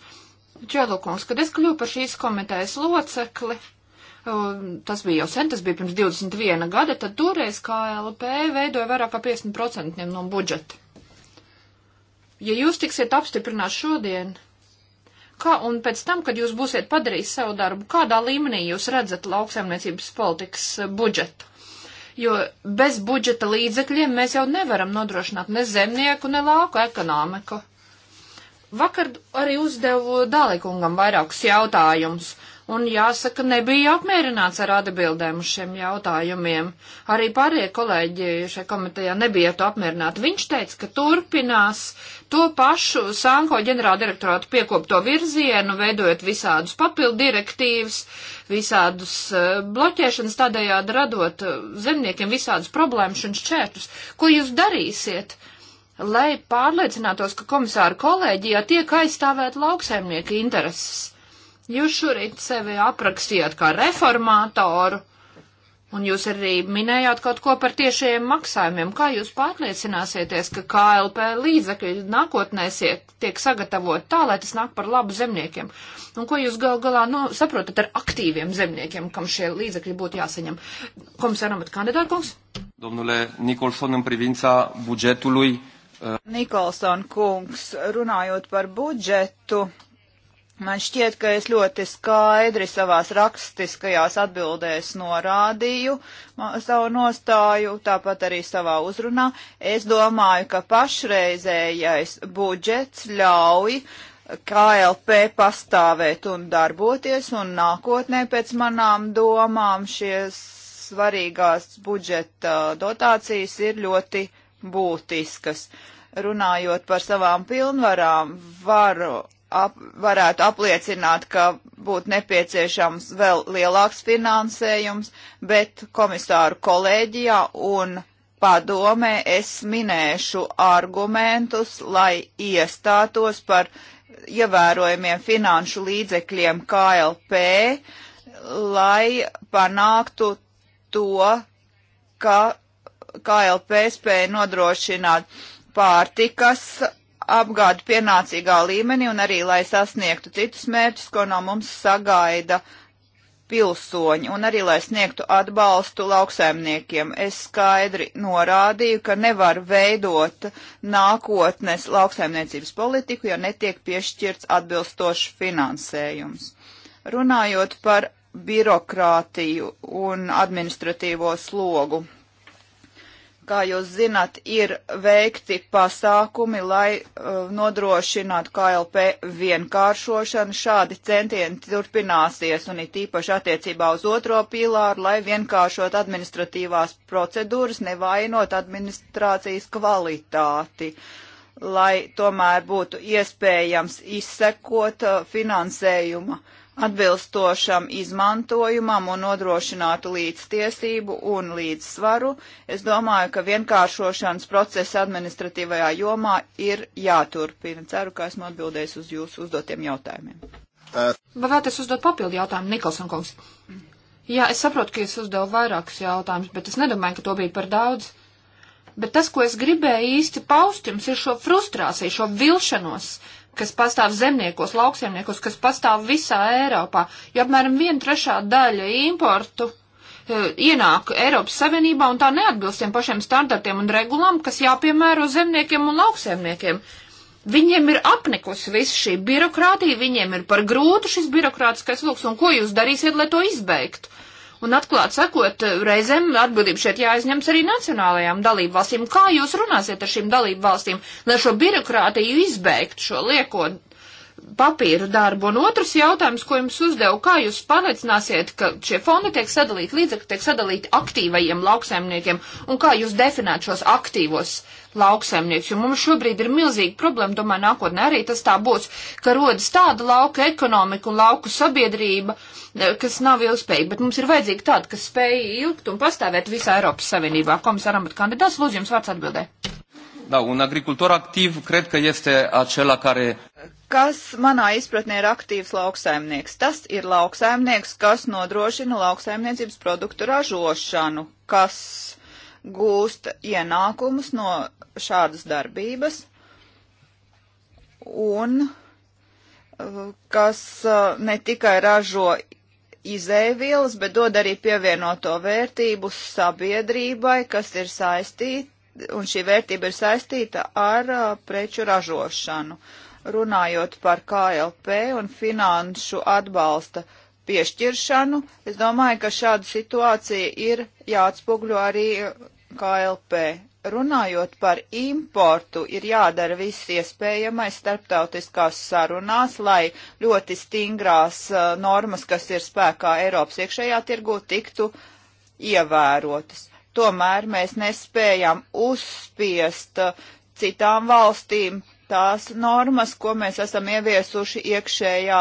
Speaker 4: Čēlu kungs, kad es kļuvu par šīs komitejas locekli, tas bija jau sen, tas bija pirms 21 gada, tad toreiz KLP veidoja vairāk kā 50% no budžeta. Ja jūs tiksiet apstiprināts šodien, Kā, un pēc tam, kad jūs būsiet padarījis savu darbu, kādā līmenī jūs redzat lauksaimniecības politikas eh, budžetu? Jo bez budžeta līdzekļiem mēs jau nevaram nodrošināt ne zemnieku, ne lauku ekonomiku. Vakar arī uzdevu Dālikungam vairākus jautājumus un jāsaka, nebija apmierināts ar atbildēm uz šiem jautājumiem. Arī pārējie kolēģi šajā komitejā nebija to apmierināti. Viņš teica, ka turpinās to pašu Sanko ģenerāldirektorātu piekopto virzienu, veidojot visādus papildu direktīvas, visādus eh, bloķēšanas, tādējādi radot eh, zemniekiem visādus problēmas un šķērtus. Ko jūs darīsiet? lai pārliecinātos, ka komisāra kolēģijā tiek aizstāvēt lauksaimnieku intereses Jūs šorīt sevi aprakstījāt kā reformātoru, un jūs arī minējāt kaut ko par tiešajiem maksājumiem. Kā jūs pārliecināsieties, ka KLP līdzekļi nākotnē tiek sagatavot tā, lai tas nāk par labu zemniekiem? Un ko jūs gal galā nu, saprotat ar aktīviem zemniekiem, kam šie līdzekļi būtu jāsaņem?
Speaker 3: Komisāram, bet kandidātkungs?
Speaker 1: Domnule Nikolson, în privința bugetului.
Speaker 3: Uh... Nikolson kungs, runājot par budžetu. Uh Man šķiet, ka es ļoti skaidri savās rakstiskajās atbildēs norādīju savu nostāju, tāpat arī savā uzrunā. Es domāju, ka pašreizējais budžets ļauj KLP pastāvēt un darboties, un nākotnē pēc manām domām šies svarīgās budžeta dotācijas ir ļoti būtiskas. Runājot par savām pilnvarām, varu ap, varētu apliecināt, ka būtu nepieciešams vēl lielāks finansējums, bet komisāru kolēģijā un padomē es minēšu argumentus, lai iestātos par ievērojumiem finanšu līdzekļiem KLP, lai panāktu to, ka KLP spēja nodrošināt pārtikas apgādu pienācīgā līmenī un arī, lai sasniegtu citus mērķus, ko no mums sagaida pilsoņi, un arī, lai sniegtu atbalstu lauksaimniekiem. Es skaidri norādīju, ka nevar veidot nākotnes lauksaimniecības politiku, ja netiek piešķirts atbilstošs finansējums. Runājot par birokrātiju un administratīvo slogu kā jūs zināt, ir veikti pasākumi, lai uh, nodrošinātu KLP vienkāršošanu. Šādi centieni turpināsies un it īpaši attiecībā uz otro pīlāru, lai vienkāršot administratīvās procedūras, nevainot administrācijas kvalitāti lai tomēr būtu iespējams izsekot uh, finansējuma uh, atbilstošam izmantojumam un nodrošinātu līdztiesību un līdzsvaru, es domāju, ka vienkāršošanas procesa administratīvajā jomā ir jāturpina. Ceru, ka esmu atbildējis uz jūsu uzdotiem jautājumiem. Vai
Speaker 4: vēlaties uzdot papildu jautājumu, Nikolson kungs? Jā, es saprotu, ka es uzdevu vairākus jautājumus, bet es nedomāju, ka to bija par daudz. Bet tas, ko es gribēju īsti paust jums, ir šo frustrāciju, šo vilšanos, uh, kas pastāv zemniekos, lauksiemniekos, kas pastāv visā Eiropā, jo apmēram viena trešā daļa importu e, ienāk Eiropas Savienībā un tā neatbilst tiem pašiem standartiem un regulām, kas jāpiemēro zemniekiem un lauksēmniekiem. Viņiem ir apnikusi viss šī birokrātija, viņiem ir par grūtu šis birokrātiskais lūks, un ko jūs darīsiet, lai to izbeigtu? Un atklāt sakot, reizēm atbildība šeit jāizņems arī nacionālajām dalību valstīm. Kā jūs runāsiet ar šīm dalību valstīm, lai šo birokrātiju izbeigtu, šo lieko papīru darbu. Un otrs jautājums, ko jums uzdevu, kā jūs pārliecināsiet, ka šie fondi tiek sadalīti līdzekļi, tiek sadalīti aktīvajiem lauksaimniekiem, un kā jūs definēt šos aktīvos lauksaimniekus, jo mums šobrīd ir milzīga problēma, domāju, nākotnē arī tas tā būs, ka rodas tāda lauka ekonomika un lauku sabiedrība, eh, kas nav ilgspējīga, bet mums ir vajadzīga tāda, kas spēja ilgt un pastāvēt visā Eiropas Savienībā. Komisāram, bet kandidāts, lūdzu jums vārds atbildē.
Speaker 1: Da, un agricultor activ cred că este acela care.
Speaker 3: Kas manā izpratnē ir aktīvs lauksaimnieks? Tas ir lauksaimnieks, kas nodrošina lauksaimniecības produktu ražošanu, kas gūst ienākumus no šādas darbības un uh, kas uh, ne tikai ražo izēvielas, bet dod arī pievienoto vērtību sabiedrībai, kas ir saistīta un šī vērtība ir saistīta ar uh, preču ražošanu. Runājot par KLP un finanšu atbalsta piešķiršanu, es domāju, ka šāda situācija ir jāatspogļo arī uh, KLP. Runājot par importu, ir jādara viss iespējamais starptautiskās sarunās, lai ļoti stingrās uh, normas, kas ir spēkā Eiropas iekšējā tirgu, tiktu ievērotas Tomēr mēs nespējam uzspiest citām valstīm tās normas, ko mēs esam ieviesuši iekšējā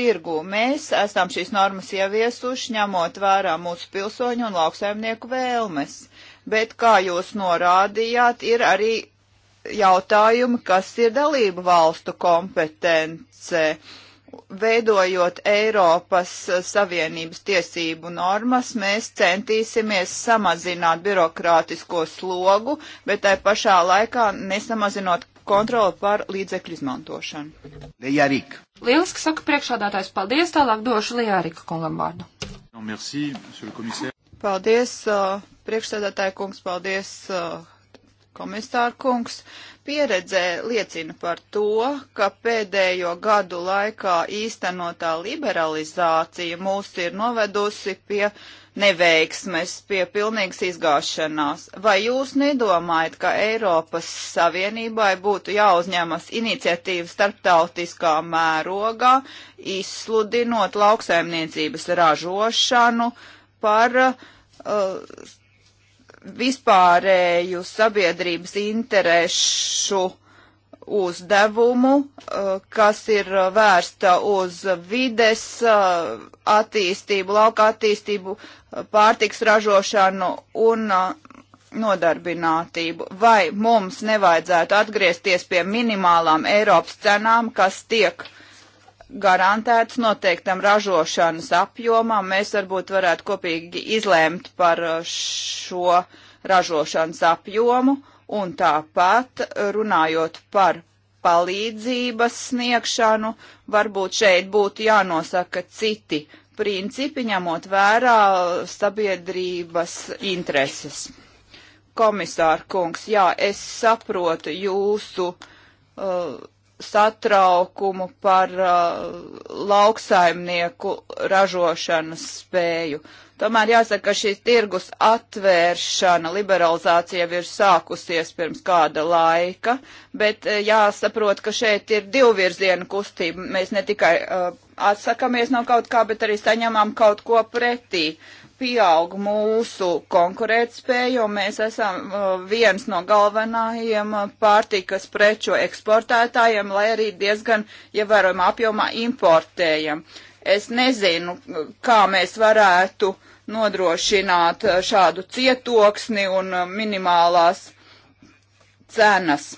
Speaker 3: tirgu. Mēs esam šīs normas ieviesuši, ņemot vērā mūsu pilsoņu un lauksaimnieku vēlmes. Bet, kā jūs norādījāt, ir arī jautājumi, kas ir dalību valstu kompetence. Uh, veidojot Eiropas Savienības tiesību normas, mēs centīsimies samazināt birokrātisko slogu, bet tai pašā laikā nesamazinot kontroli pār līdzekļu izmantošanu. Lejārika. Lieliski saka priekšādātājs. Paldies, tālāk došu Lejārika kungam vārdu. No, merci, paldies, uh, priekšsēdētāja kungs, paldies, uh, Komisāra kungs, pieredze liecina par to, ka pēdējo gadu laikā īstenotā liberalizācija mūs ir novedusi pie neveiksmes, pie pilnīgas izgāšanās. Vai jūs nedomājat, ka Eiropas Savienībai būtu jāuzņemas iniciatīva starptautiskā mērogā, izsludinot lauksaimniecības ražošanu par uh, vispārēju sabiedrības interesu uzdevumu, eh, kas ir vērsta uz vides eh, attīstību, lauka attīstību, pārtiks ražošanu un eh, nodarbinātību. Vai mums nevajadzētu atgriezties pie minimālām Eiropas cenām, kas tiek uh, garantēts noteiktam ražošanas apjomam. Mēs varbūt varētu kopīgi izlēmt par uh, šo ražošanas apjomu un tāpat uh, runājot par palīdzības sniegšanu, varbūt šeit būtu jānosaka citi principi, ņemot vērā sabiedrības intereses. Komisāra kungs, jā, es saprotu jūsu uh, satraukumu par uh, lauksaimnieku ražošanas spēju. Tomēr jāsaka, ka šī tirgus atvēršana, liberalizācija jau ir sākusies pirms kāda laika, bet uh, jāsaprot, ka šeit ir divvirziena kustība. Mēs ne tikai uh, atsakamies no kaut kā, bet arī saņemam kaut ko pretī pieaug mūsu konkurētspēja, jo mēs esam uh, viens no galvenajiem uh, pārtikas preču eksportētājiem, lai arī diezgan ievērojama apjomā importējam. Es nezinu, kā mēs varētu nodrošināt uh, šādu cietoksni un minimālās cenas.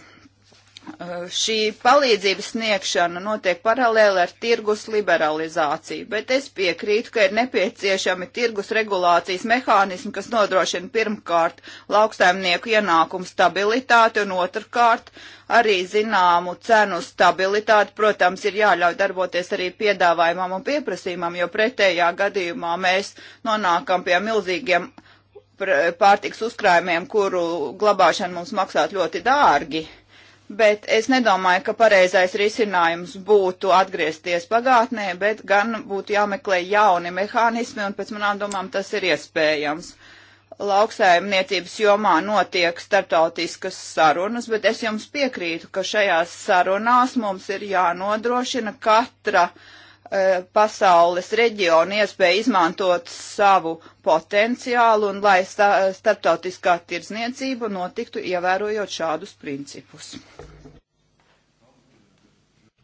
Speaker 3: Eh, šī palīdzības sniegšana notiek paralēli ar tirgus liberalizāciju, bet es piekrītu, ka ir nepieciešami tirgus regulācijas mehānismi, kas nodrošina pirmkārt lauksaimnieku ienākumu stabilitāti un otrkārt arī zināmu cenu stabilitāti. Protams, ir jāļauj darboties arī piedāvājumam un pieprasījumam, jo pretējā gadījumā mēs nonākam pie milzīgiem pārtiks uzkrājumiem, kuru glabāšana mums maksāt ļoti dārgi bet es nedomāju, ka pareizais risinājums būtu atgriezties pagātnē, bet gan būtu jāmeklē jauni mehānismi, un pēc manām domām tas ir iespējams. Lauksaimniecības jomā notiek startautiskas sarunas, bet es jums piekrītu, ka šajās sarunās mums ir jānodrošina katra uh, E, pasaules reģionu iespēju izmantot savu potenciālu un lai sta starptautiskā tirzniecība notiktu ievērojot šādus principus.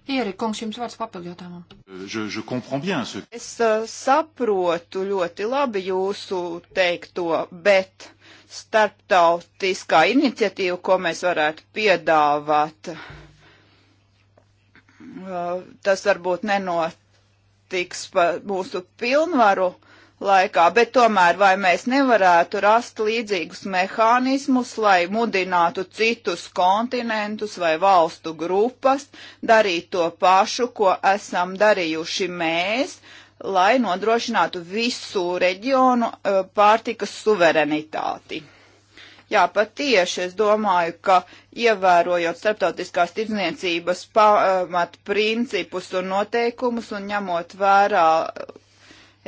Speaker 3: Ieri, kungs, jums vārds papildinājumam. Es uh, saprotu ļoti labi jūsu teikto, bet starptautiskā iniciatīva, ko mēs varētu piedāvāt, uh, tas varbūt nenot notiks pa mūsu pilnvaru laikā, bet tomēr vai mēs nevarētu rast līdzīgus mehānismus, lai mudinātu citus kontinentus vai valstu grupas darīt to pašu, ko esam darījuši mēs, lai nodrošinātu visu reģionu eh, pārtikas suverenitāti. Jā, pat tieši es domāju, ka ievērojot starptautiskās tirdzniecības pamat principus un noteikumus un ņemot vērā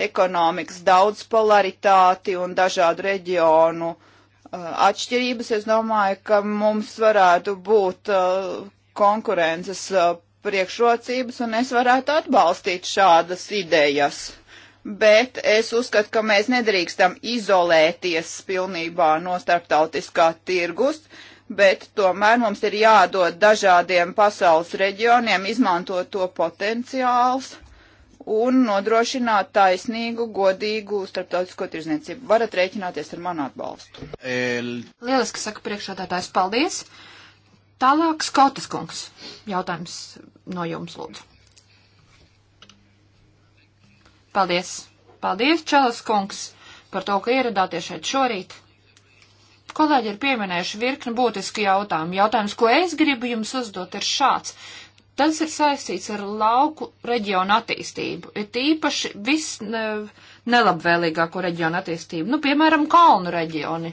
Speaker 3: ekonomikas daudzpolaritāti un dažādu reģionu uh, atšķirības, es domāju, ka mums varētu būt uh, konkurences uh, priekšrocības un es varētu atbalstīt šādas idejas bet es uzskatu, ka mēs nedrīkstam izolēties pilnībā no starptautiskā tirgus, bet tomēr mums ir jādod dažādiem pasaules reģioniem izmantot to potenciāls un nodrošināt taisnīgu, godīgu starptautisko tirzniecību. Varat rēķināties ar manu atbalstu. El... Lieliski saka priekšādātājs, paldies.
Speaker 4: Tālāk Skotas kungs. Jautājums no jums, lūdzu. Paldies! Paldies, Čelas kungs, par to, ka ieradāties šeit šorīt. Kolēģi ir pieminējuši virkni būtiski jautājumu. Jautājums, ko es gribu jums uzdot, ir šāds. Tas ir saistīts ar lauku reģionu attīstību, ir tīpaši vis ne, nelabvēlīgāko reģionu attīstību, nu, piemēram, kalnu reģioni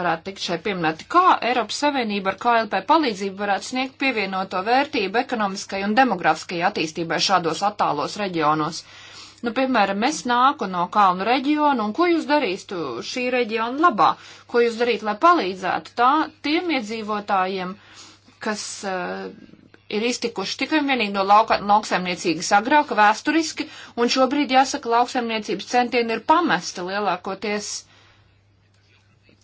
Speaker 4: varētu tikt šai pieminēti, kā Eiropas Savienība ar KLP palīdzību varētu sniegt pievienoto vērtību ekonomiskai un demografiskai attīstībai šādos attālos reģionos. Nu, piemēram, es nāku no kalnu reģiona, un ko jūs darīstu šī reģiona labā? Ko jūs darītu, lai palīdzētu tā, tiem iedzīvotājiem, kas uh, ir iztikuši tikai un vienīgi no lauka, lauksaimniecības agrāk vēsturiski, un šobrīd, jāsaka, lauksaimniecības centieni ir pamesti lielākoties.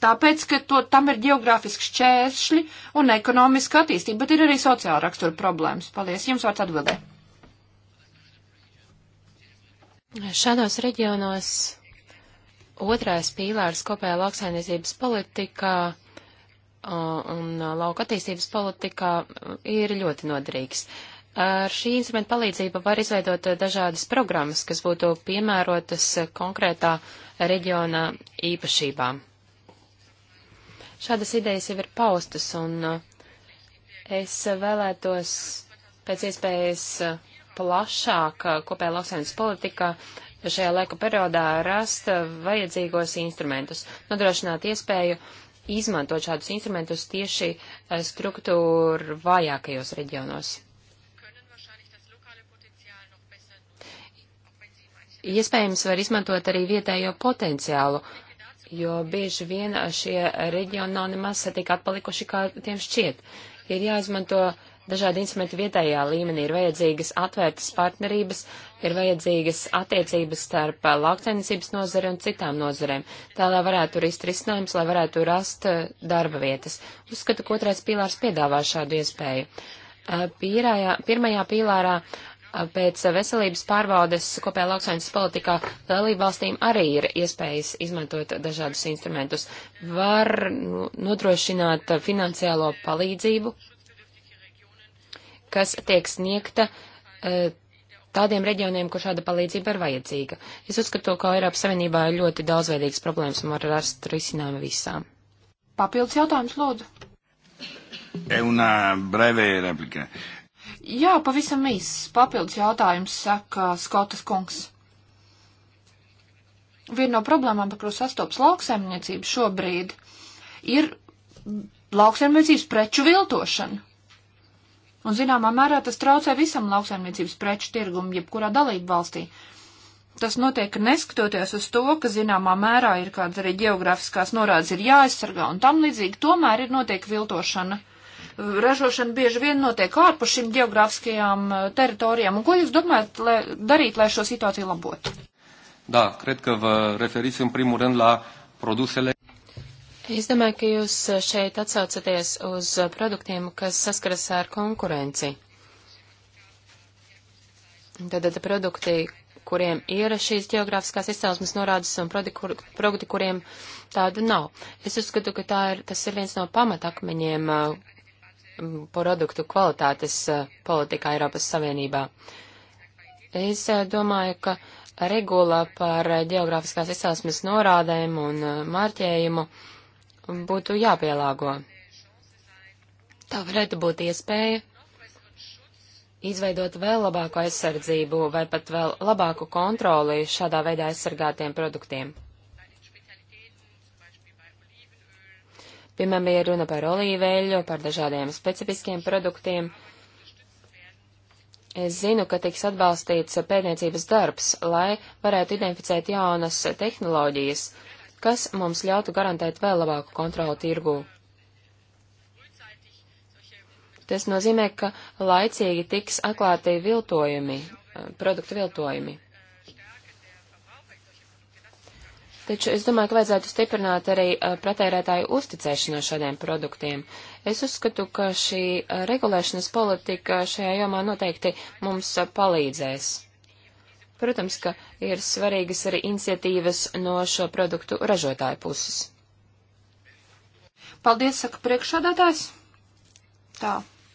Speaker 4: Tāpēc, ka to, tam ir geogrāfiski šķēršļi un ekonomiska attīstība, bet ir arī sociāla rakstura problēmas. Paldies, jums vārds atbildēt.
Speaker 2: Šādos reģionos otrais pīlārs kopējā lauksainiecības politikā uh, un uh, lauka attīstības politikā uh, ir ļoti noderīgs. Ar šī instrumenta palīdzību var izveidot dažādas programmas, kas būtu piemērotas konkrētā reģiona īpašībām. Šādas idejas jau ir paustas, un es vēlētos pēc iespējas plašāk eh, kopējā lauksainas politika šajā laika periodā rast eh, vajadzīgos instrumentus, nodrošināt iespēju izmantot šādus instrumentus tieši eh, struktūru vājākajos reģionos. Iespējams, var izmantot arī vietējo potenciālu, jo bieži vien šie reģioni nav nemaz tik atpalikuši, kā tiem šķiet. Ir jāizmanto uh, dažādi instrumenti vietējā līmenī, ir vajadzīgas atvērtas partnerības, ir vajadzīgas attiecības starp eh, lauksainicības nozari un citām nozarēm, tā lai varētu rist risinājums, lai varētu rast eh, darba vietas. Uzskatu, ka otrais pīlārs piedāvā šādu iespēju. Eh, pīrājā, pirmajā pīlārā pēc veselības pārbaudes kopējā lauksainas politikā dalībvalstīm arī ir iespējas izmantot dažādus instrumentus. Var nu, nodrošināt finansiālo palīdzību kas tiek sniegta e, tādiem reģioniem, kur šāda palīdzība ir vajadzīga. Es uzskatu, ka Eiropas Savienībā ir ļoti daudzveidīgas problēmas un var rast risinājumu visām.
Speaker 4: Papildus jautājums, lūdzu.
Speaker 1: E una breve replika.
Speaker 4: Jā, pavisam īss. Papildus jautājums saka Skotas kungs. Viena no problēmām, par kuru sastopas lauksaimniecība šobrīd, ir lauksaimniecības preču viltošana un zināmā mērā tas traucē visam lauksaimniecības preču tirgumu, jebkurā dalību valstī. Tas notiek neskatoties uz to, ka zināmā mērā ir kādas arī geogrāfiskās norādes ir jāaizsargā un tam līdzīgi, tomēr ir notiek viltošana. Ražošana bieži vien notiek ārpus šīm geogrāfiskajām eh, teritorijām. Un ko jūs domājat lai, darīt,
Speaker 2: lai šo situāciju labotu?
Speaker 1: Da, cred că vă referiți în primul rând la produsele
Speaker 2: Es domāju, ka jūs šeit atsaucaties uz produktiem, kas saskaras ar konkurenci. Tātad produkti, kuriem ir šīs geogrāfiskās izcelsmes norādes un produkti, kuriem tāda nav. Es uzskatu, ka tā ir, tas ir viens no pamatakmeņiem uh, produktu kvalitātes uh, politikā Eiropas Savienībā. Es uh, domāju, ka regula par geogrāfiskās izcelsmes norādēm un marķējumu uh, būtu jāpielāgo. Tā varētu būt iespēja izveidot vēl labāku aizsardzību vai pat vēl labāku kontroli šādā veidā aizsargātiem produktiem. Piemēram, bija runa par olīveļu, par dažādiem specifiskiem produktiem. Es zinu, ka tiks atbalstīts pētniecības darbs, lai varētu identificēt jaunas tehnoloģijas, uh, kas mums ļautu garantēt vēl labāku kontroli tirgū. Tas nozīmē, ka laicīgi tiks atklāti viltojumi, eh, produktu viltojumi. Taču es domāju, ka vajadzētu stiprināt arī eh, patērētāju uzticēšanos šādiem produktiem. Es uzskatu, ka šī eh, regulēšanas politika šajā jomā noteikti mums palīdzēs. Protams, ka ir svarīgas arī iniciatīvas no šo produktu ražotāju puses. Paldies, saka priekšādātājs. Tā,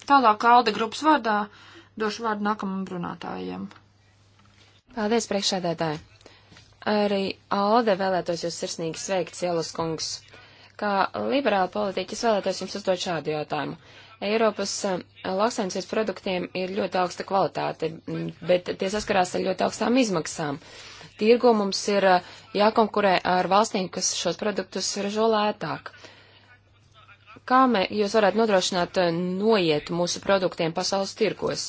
Speaker 4: tālāk Alde grupas vārdā došu vārdu nākamam runātājiem.
Speaker 2: Paldies, priekšādātāji. Arī Alde vēlētos jūs sirsnīgi sveikt, Cielas kungs. Kā liberāla politiķis vēlētos jums uzdot šādu jautājumu. Eiropas eh, lauksaimniecības produktiem ir ļoti augsta kvalitāte, bet tie saskarās ar ļoti augstām izmaksām. Tirgo mums ir eh, jākonkurē ar valstīm, kas šos produktus ražo lētāk. Kā mē, jūs varētu nodrošināt eh, noiet mūsu produktiem pasaules tirgos?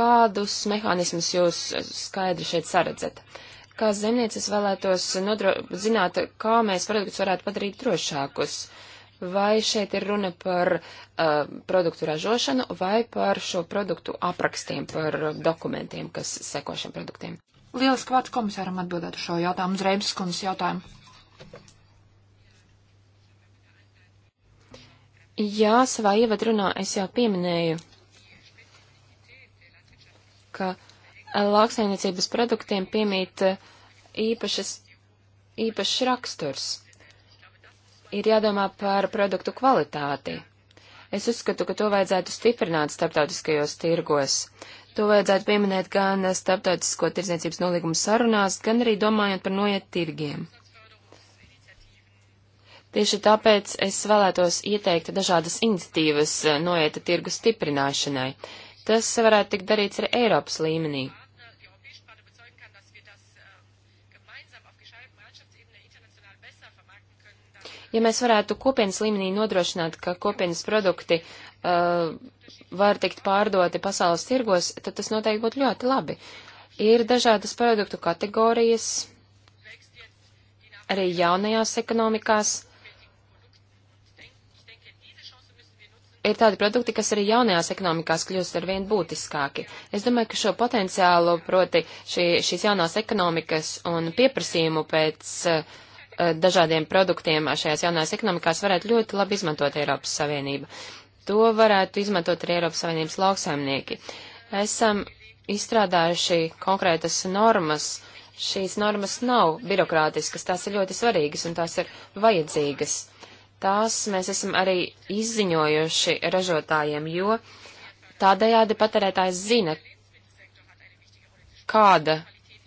Speaker 2: Kādus mehānismus jūs skaidri šeit saredzat? Kā zemnieces vēlētos nodro, zināt, kā mēs produktus varētu padarīt drošākus? Uh, vai šeit ir runa par uh, produktu ražošanu vai par šo produktu aprakstiem, par uh, dokumentiem, kas seko šiem produktiem.
Speaker 4: Lieliski vārds komisāram atbildēt uz šo jautājumu, uz Reibas kundas jautājumu.
Speaker 2: Jā, savā ievadrunā es jau pieminēju, ka lauksainiecības produktiem piemīt uh, īpašas, īpašs raksturs ir jādomā par produktu kvalitāti. Es uzskatu, ka to vajadzētu stiprināt starptautiskajos tirgos. To vajadzētu pieminēt gan starptautisko tirdzniecības nolīgumu sarunās, gan arī domājot par noiet tirgiem. Tieši tāpēc es vēlētos ieteikt dažādas iniciatīvas eh, noieta tirgu stiprināšanai. Tas varētu tikt darīts arī Eiropas līmenī. Ja mēs varētu kopienas līmenī nodrošināt, ka kopienas produkti uh, var tikt pārdoti pasaules tirgos, tad tas noteikti būtu ļoti labi. Ir dažādas produktu kategorijas, arī jaunajās ekonomikās. ir tādi produkti, kas arī jaunajās ekonomikās kļūst ar vien būtiskāki. Es domāju, ka šo potenciālu, proti šī, šīs jaunās ekonomikas un pieprasījumu pēc uh, Eh, dažādiem produktiem šajās jaunās ekonomikās varētu ļoti labi izmantot Eiropas Savienība. To varētu izmantot arī Eiropas Savienības lauksaimnieki. Esam izstrādājuši konkrētas normas. Šīs normas nav birokrātiskas, tās ir ļoti svarīgas un tās ir vajadzīgas. Tās mēs esam arī izziņojuši ražotājiem, jo tādējādi patērētājs zina, kāda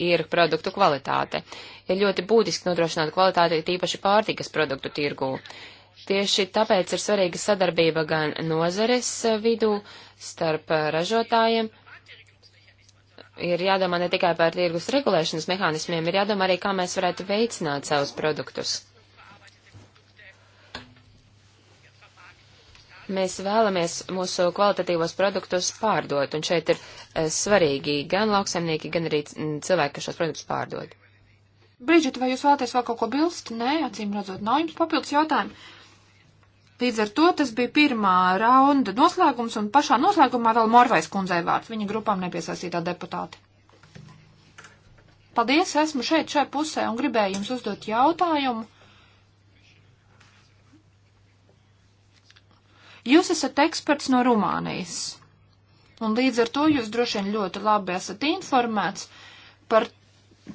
Speaker 2: ir produktu kvalitāte. Ir ļoti būtiski nodrošināt kvalitāti tīpaši pārtikas produktu tirgū. Tieši tāpēc ir svarīga sadarbība gan nozares vidū starp ražotājiem. Ir jādomā ne tikai par tirgus regulēšanas mehānismiem, ir jādomā arī, kā mēs varētu veicināt savus produktus. Mēs vēlamies mūsu kvalitatīvos produktus pārdot, un šeit ir eh, svarīgi gan lauksaimnieki, gan arī mm, cilvēki, kas šos produktus pārdod.
Speaker 4: Brīdžit, vai jūs vēlaties vēl kaut ko bilst? Nē, acīm redzot, nav jums papildus jautājumu. Līdz ar to tas bija pirmā raunda noslēgums, un pašā noslēgumā vēl Morvais kundzei vārds, viņa grupām nepiesaistītā deputāte. Paldies, esmu šeit, šai pusē, un gribēju jums uzdot jautājumu Jūs esat eksperts no Rumānijas, un līdz ar to jūs droši vien ļoti labi esat informēts par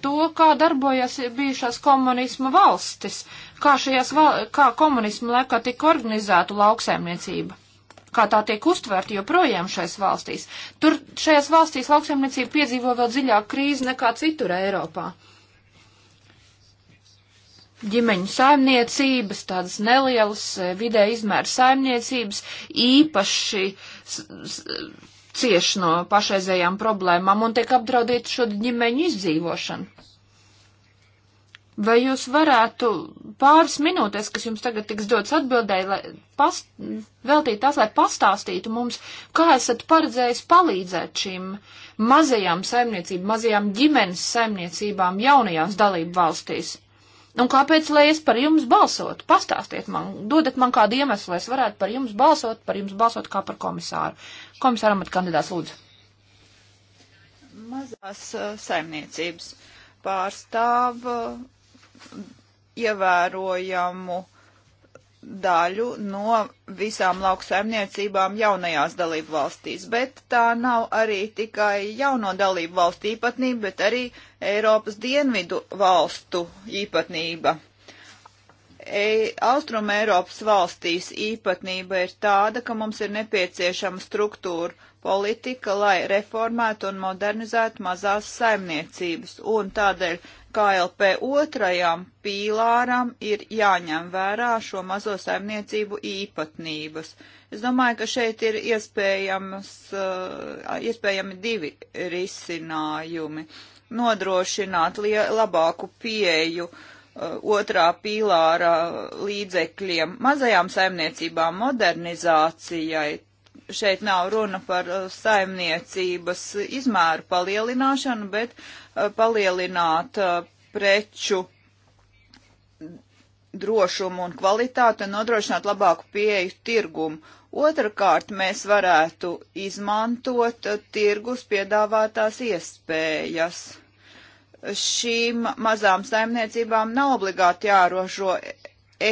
Speaker 4: to, kā darbojas bijušās komunisma valstis, kā, šajās, val kā komunisma laikā tika organizēta lauksēmniecība, kā tā tiek uztverta joprojām šajās valstīs. Tur šajās valstīs lauksēmniecība piedzīvo vēl dziļāku krīzi nekā citur Eiropā ģimeņu saimniecības, tādas nelielas eh, vidē izmēra saimniecības, īpaši cieši no pašreizējām problēmām un tiek apdraudīta šo ģimeņu izdzīvošana. Vai jūs varētu pāris minūtes, kas jums tagad tiks dots atbildēji, lai past, veltīt tās, lai pastāstītu mums, kā esat paredzējis palīdzēt šīm mazajām saimniecībām, mazajām ģimenes saimniecībām jaunajās dalību valstīs? Un kāpēc, lai es par jums balsotu? Pastāstiet man, dodat man kādu iemeslu, lai es varētu par jums balsot, par jums balsot kā par komisāru. Komisāram at kandidāts lūdzu.
Speaker 3: Mazās uh, saimniecības pārstāv uh, ievērojamu daļu no visām lauksaimniecībām jaunajās dalību valstīs, bet tā nav arī tikai jauno dalību valstu īpatnība, bet arī Eiropas dienvidu valstu īpatnība. E, Austrum Eiropas valstīs īpatnība ir tāda, ka mums ir nepieciešama struktūra politika, lai reformētu un modernizētu mazās saimniecības, un tādēļ KLP otrajam pīlāram ir jāņem vērā šo mazo saimniecību īpatnības. Es domāju, ka šeit ir iespējams, uh, iespējami divi risinājumi. Nodrošināt labāku pieju uh, otrā pīlāra līdzekļiem mazajām saimniecībām modernizācijai. Šeit nav runa par uh, saimniecības izmēru palielināšanu, bet uh, Eh, palielināt eh, preču drošumu un kvalitāti un nodrošināt labāku pieeju tirgumu. Otrakārt, mēs varētu izmantot eh, tirgus piedāvātās iespējas. Šīm mazām saimniecībām nav obligāti jārožo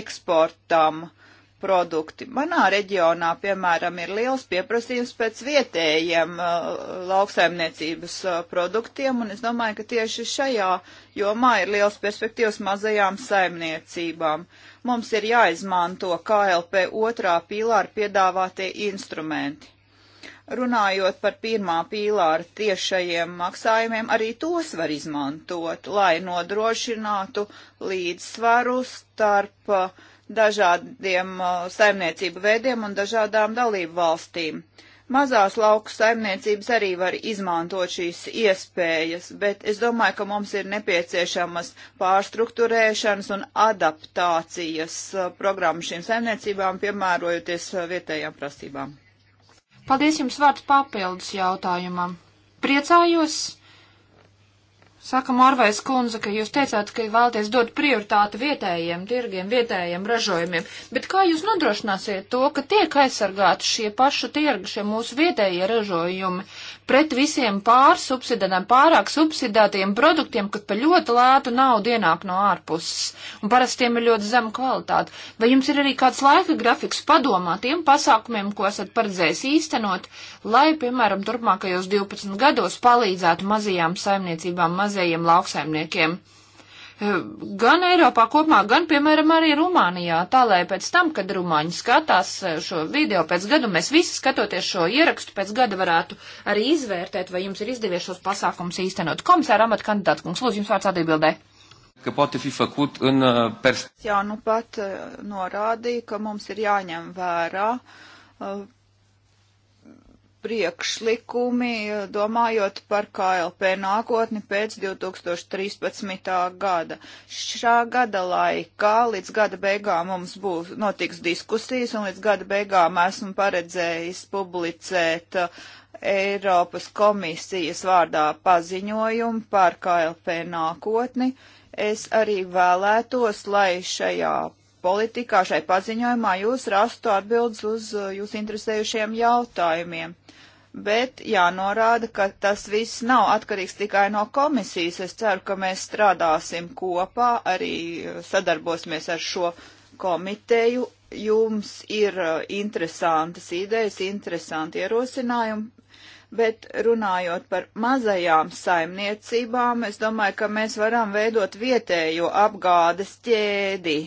Speaker 3: eksportam. Uh, produkti. Manā reģionā, piemēram, ir liels pieprasījums pēc vietējiem uh, lauksaimniecības uh, produktiem, un es domāju, ka tieši šajā jomā ir liels perspektīvas mazajām saimniecībām. Mums ir jāizmanto KLP otrā pīlāra piedāvātie instrumenti. Runājot par pirmā pīlāra tiešajiem maksājumiem, arī tos var izmantot, lai nodrošinātu līdzsvaru starp uh, dažādiem uh, saimniecību veidiem un dažādām dalību valstīm. Mazās lauku saimniecības arī var izmantot šīs iespējas, bet es domāju, ka mums ir nepieciešamas pārstruktūrēšanas un adaptācijas uh, programmas šīm saimniecībām, piemērojoties uh, vietējām prasībām.
Speaker 4: Paldies jums vārds papildus jautājumam. Priecājos! Saka Morvais kundze, ka jūs teicāt, ka vēlaties dot prioritāti vietējiem tirgiem, vietējiem ražojumiem, bet kā jūs nodrošināsiet to, ka tiek aizsargāti šie paši tirgi, šie mūsu vietējie ražojumi, pret visiem pārsubsidētām, pārāk subsidētiem produktiem, kas pa ļoti lētu naudu ienāk no ārpuses un parasti tiem ir ļoti zema kvalitāte. Vai jums ir arī kāds laika grafiks padomā tiem pasākumiem, ko esat paredzējis īstenot, lai, piemēram, turpmākajos 12 gados palīdzētu mazajām saimniecībām, mazajiem lauksaimniekiem? gan Eiropā kopumā, gan, piemēram, arī Rumānijā, tā lai pēc tam, kad Rumāņi skatās e, šo video pēc gadu, mēs visi skatoties šo ierakstu pēc gada varētu arī izvērtēt, vai jums ir izdevies šos pasākums īstenot. Komisāra amata kandidāts, kungs, lūdzu, jums vārds atbildē.
Speaker 1: Ka poate fi făcut în e, pers.
Speaker 3: Jā, nu pat e, norādīja, ka mums ir jāņem vērā priekšlikumi, domājot par KLP nākotni pēc 2013. gada. Šā gada laikā līdz gada beigām mums būs notiks diskusijas, un līdz gada beigām esmu paredzējis publicēt uh, Eiropas komisijas vārdā paziņojumu par KLP nākotni. Es arī vēlētos, lai šajā politikā šai paziņojumā jūs rastu atbildes uz uh, jūs interesējušiem jautājumiem. Bet jānorāda, ka tas viss nav atkarīgs tikai no komisijas. Es ceru, ka mēs strādāsim kopā, arī uh, sadarbosimies ar šo komiteju. Jums ir uh, interesantas idejas, interesanti ierosinājumi, bet runājot par mazajām saimniecībām, es domāju, ka mēs varam veidot vietējo apgādes ķēdi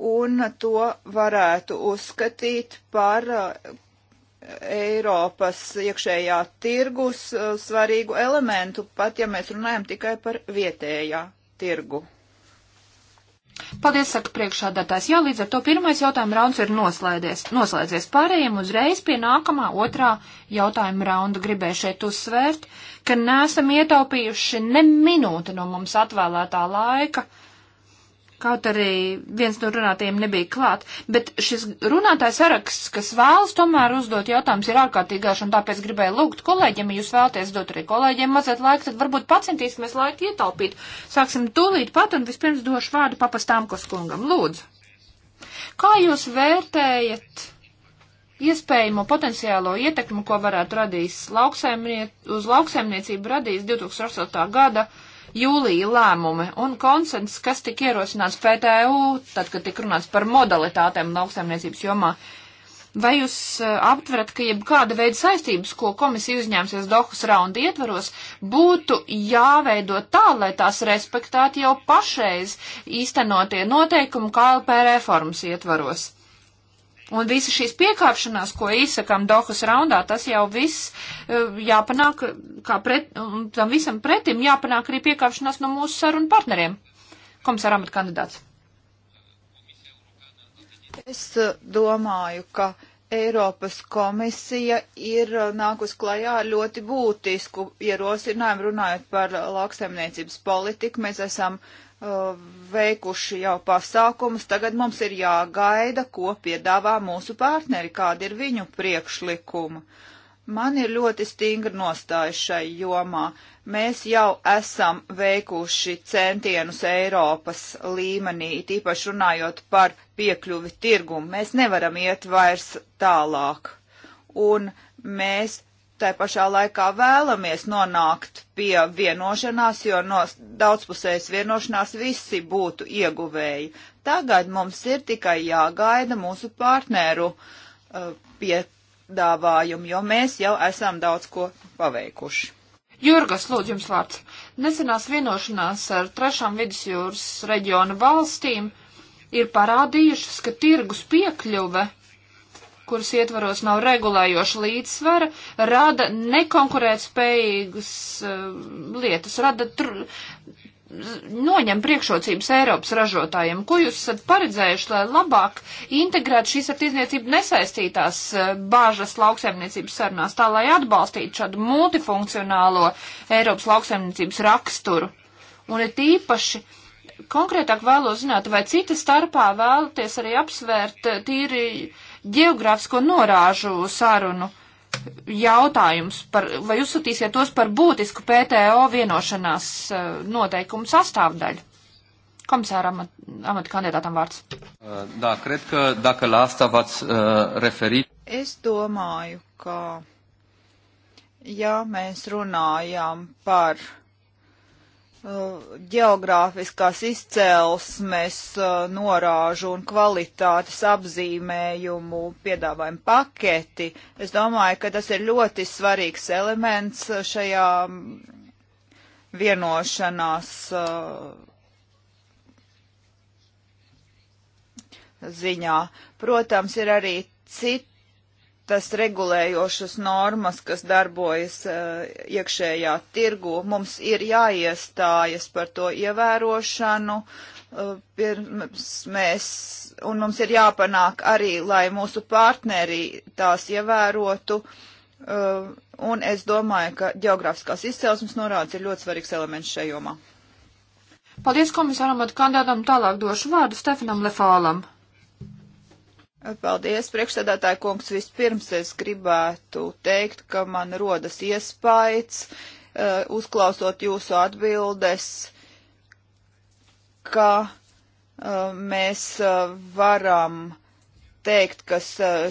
Speaker 3: un to varētu uzskatīt par eh, Eiropas iekšējā tirgus eh, svarīgu elementu, pat ja mēs runājam tikai par vietējā tirgu.
Speaker 4: Paldies, saka priekšādātājs. Jā, līdz ar to pirmais jautājuma rauns ir noslēdzies. noslēdzies. Pārējiem uzreiz pie nākamā otrā jautājuma raunda gribēju šeit uzsvērt, ka nesam ietaupījuši ne minūti no mums atvēlētā laika kaut arī viens no runātājiem nebija klāt, bet šis runātājs saraksts, kas vēlas tomēr uzdot jautājumus, ir ārkārtīgi garš, un tāpēc gribēju lūgt kolēģiem, ja jūs vēlaties dot arī kolēģiem mazliet laika, tad varbūt pacientīsimies laiku ietaupīt. Sāksim tūlīt pat, un vispirms došu vārdu papastām koskungam. Lūdzu. Kā jūs vērtējat iespējamo potenciālo ietekmi, ko varētu radīs lauksaimnie, uz lauksaimniecību radīs 2008. gada jūlija lēmumi un konsens, kas tika ierosināts PTU, tad, kad tika runāts par modalitātēm lauksaimniecības jomā. Vai jūs e, aptverat, ka jebkāda veida saistības, ko komisija uzņēmsies Dohas raunda ietvaros, būtu jāveido tā, lai tās respektētu jau pašreiz īstenotie noteikumi KLP reformas ietvaros? Un visi šīs piekāpšanās, ko izsakām Dohas raundā, tas jau viss e, jāpanāk, kā pret, tam visam pretim jāpanāk arī piekāpšanās no mūsu sarunu partneriem. Komisāra amata kandidāts.
Speaker 3: Es e, domāju, ka Eiropas komisija ir e, nākus klajā ar ļoti būtisku ierosinājumu runājot par lauksaimniecības politiku. Mēs esam uh, veikuši jau pasākumus, tagad mums ir jāgaida, ko piedāvā mūsu partneri, kāda ir viņu priekšlikuma. Man ir ļoti stingra nostāja šai jomā. Mēs jau esam veikuši centienus Eiropas līmenī, tīpaši runājot par piekļuvi tirgumu. Mēs nevaram iet vairs tālāk. Un mēs tai pašā laikā vēlamies nonākt pie vienošanās, jo no daudzpusējas vienošanās visi būtu ieguvēji. Tagad mums ir tikai jāgaida mūsu partneru uh, piedāvājumu, jo mēs jau esam daudz ko paveikuši. Jurgas, lūdzu, jums vārds.
Speaker 4: Nesenās vienošanās ar trešām vidusjūras reģiona valstīm ir parādījušas, ka tirgus piekļuve uh, kuras ietvaros nav regulējoša līdzsvara, rada nekonkurētspējīgas uh, lietas, rada tr noņem priekšrocības Eiropas ražotājiem. Ko jūs esat paredzējuši, lai labāk integrētu šīs ar tirdzniecību nesaistītās eh, bāžas lauksaimniecības sarunās, tā lai atbalstītu šādu multifunkcionālo Eiropas lauksaimniecības raksturu? Un ir tīpaši konkrētāk vēlos zināt, vai cita starpā vēlaties arī apsvērt eh, tīri geogrāfisko norāžu sarunu jautājums, par, vai uzskatīsiet tos par būtisku PTO vienošanās eh, noteikumu sastāvdaļu? Comisar amat, amat kandidātam vārds.
Speaker 1: Eh, da, cred că dacă la asta v-ați eh, referit.
Speaker 3: Es domāju, ka ja mēs runājam par ģeogrāfiskās uh, izcēlesmes uh, norāžu un kvalitātes apzīmējumu piedāvājumu paketi. Es domāju, ka tas ir ļoti svarīgs elements uh, šajā mm, vienošanās ziņā. Protams, ir arī citi tas regulējošas normas, kas darbojas uh, iekšējā tirgu. Mums ir jāiestājas par to ievērošanu, uh, pirms mēs, un mums ir jāpanāk arī, lai mūsu partneri tās ievērotu. Uh, un es domāju, ka geogrāfiskās izcelsmes norādes ir ļoti svarīgs elements šajomā.
Speaker 4: Paldies komisāram atkandādam, tālāk došu vārdu Stefanam Lefālam.
Speaker 3: Paldies, priekšsēdētāji kungs. Vispirms es gribētu teikt, ka man rodas iespējas, uh, uzklausot jūsu atbildes, ka uh, mēs uh, varam teikt, ka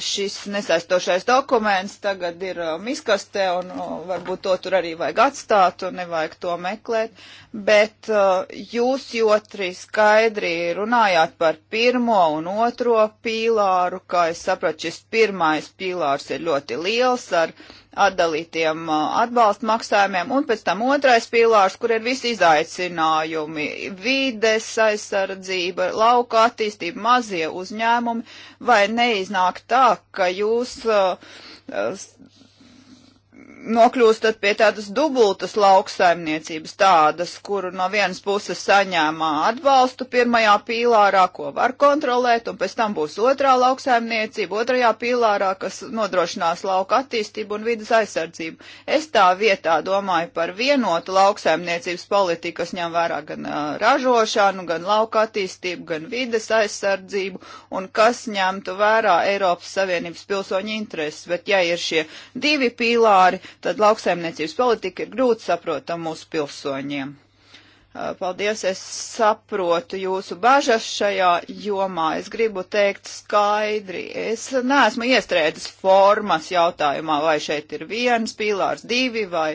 Speaker 3: šis nesaistošais dokuments tagad ir uh, miskastē un uh, varbūt to tur arī vajag atstāt un nevajag to meklēt, bet uh, jūs jotri skaidri runājāt par pirmo un otro pīlāru, kā es sapratu, šis pirmais pīlārs ir ļoti liels ar atdalītiem uh, atbalsta maksājumiem, un pēc tam otrais pīlārs, kur ir visi izaicinājumi - vides aizsardzība, lauka attīstība, mazie uzņēmumi, vai neiznāk tā, ka jūs uh, uh nokļūstat pie tādas dubultas lauksaimniecības, tādas, kuru no vienas puses saņēmā atbalstu pirmajā pīlārā, ko var kontrolēt, un pēc tam būs otrā lauksaimniecība, otrajā pīlārā, kas nodrošinās lauka attīstību un vidas aizsardzību. Es tā vietā domāju par vienotu lauksaimniecības politiku, kas ņem vērā gan uh, ražošanu, gan lauka attīstību, gan vidas aizsardzību, un kas ņemtu vērā Eiropas Savienības pilsoņu intereses. Bet ja ir šie divi pīlāri, tad lauksaimniecības politika ir grūti saprotama mūsu pilsoņiem. Paldies, es saprotu jūsu bažas šajā jomā. Es gribu teikt skaidri, es neesmu iestrēdzis formas jautājumā, vai šeit ir viens pīlārs, divi, vai,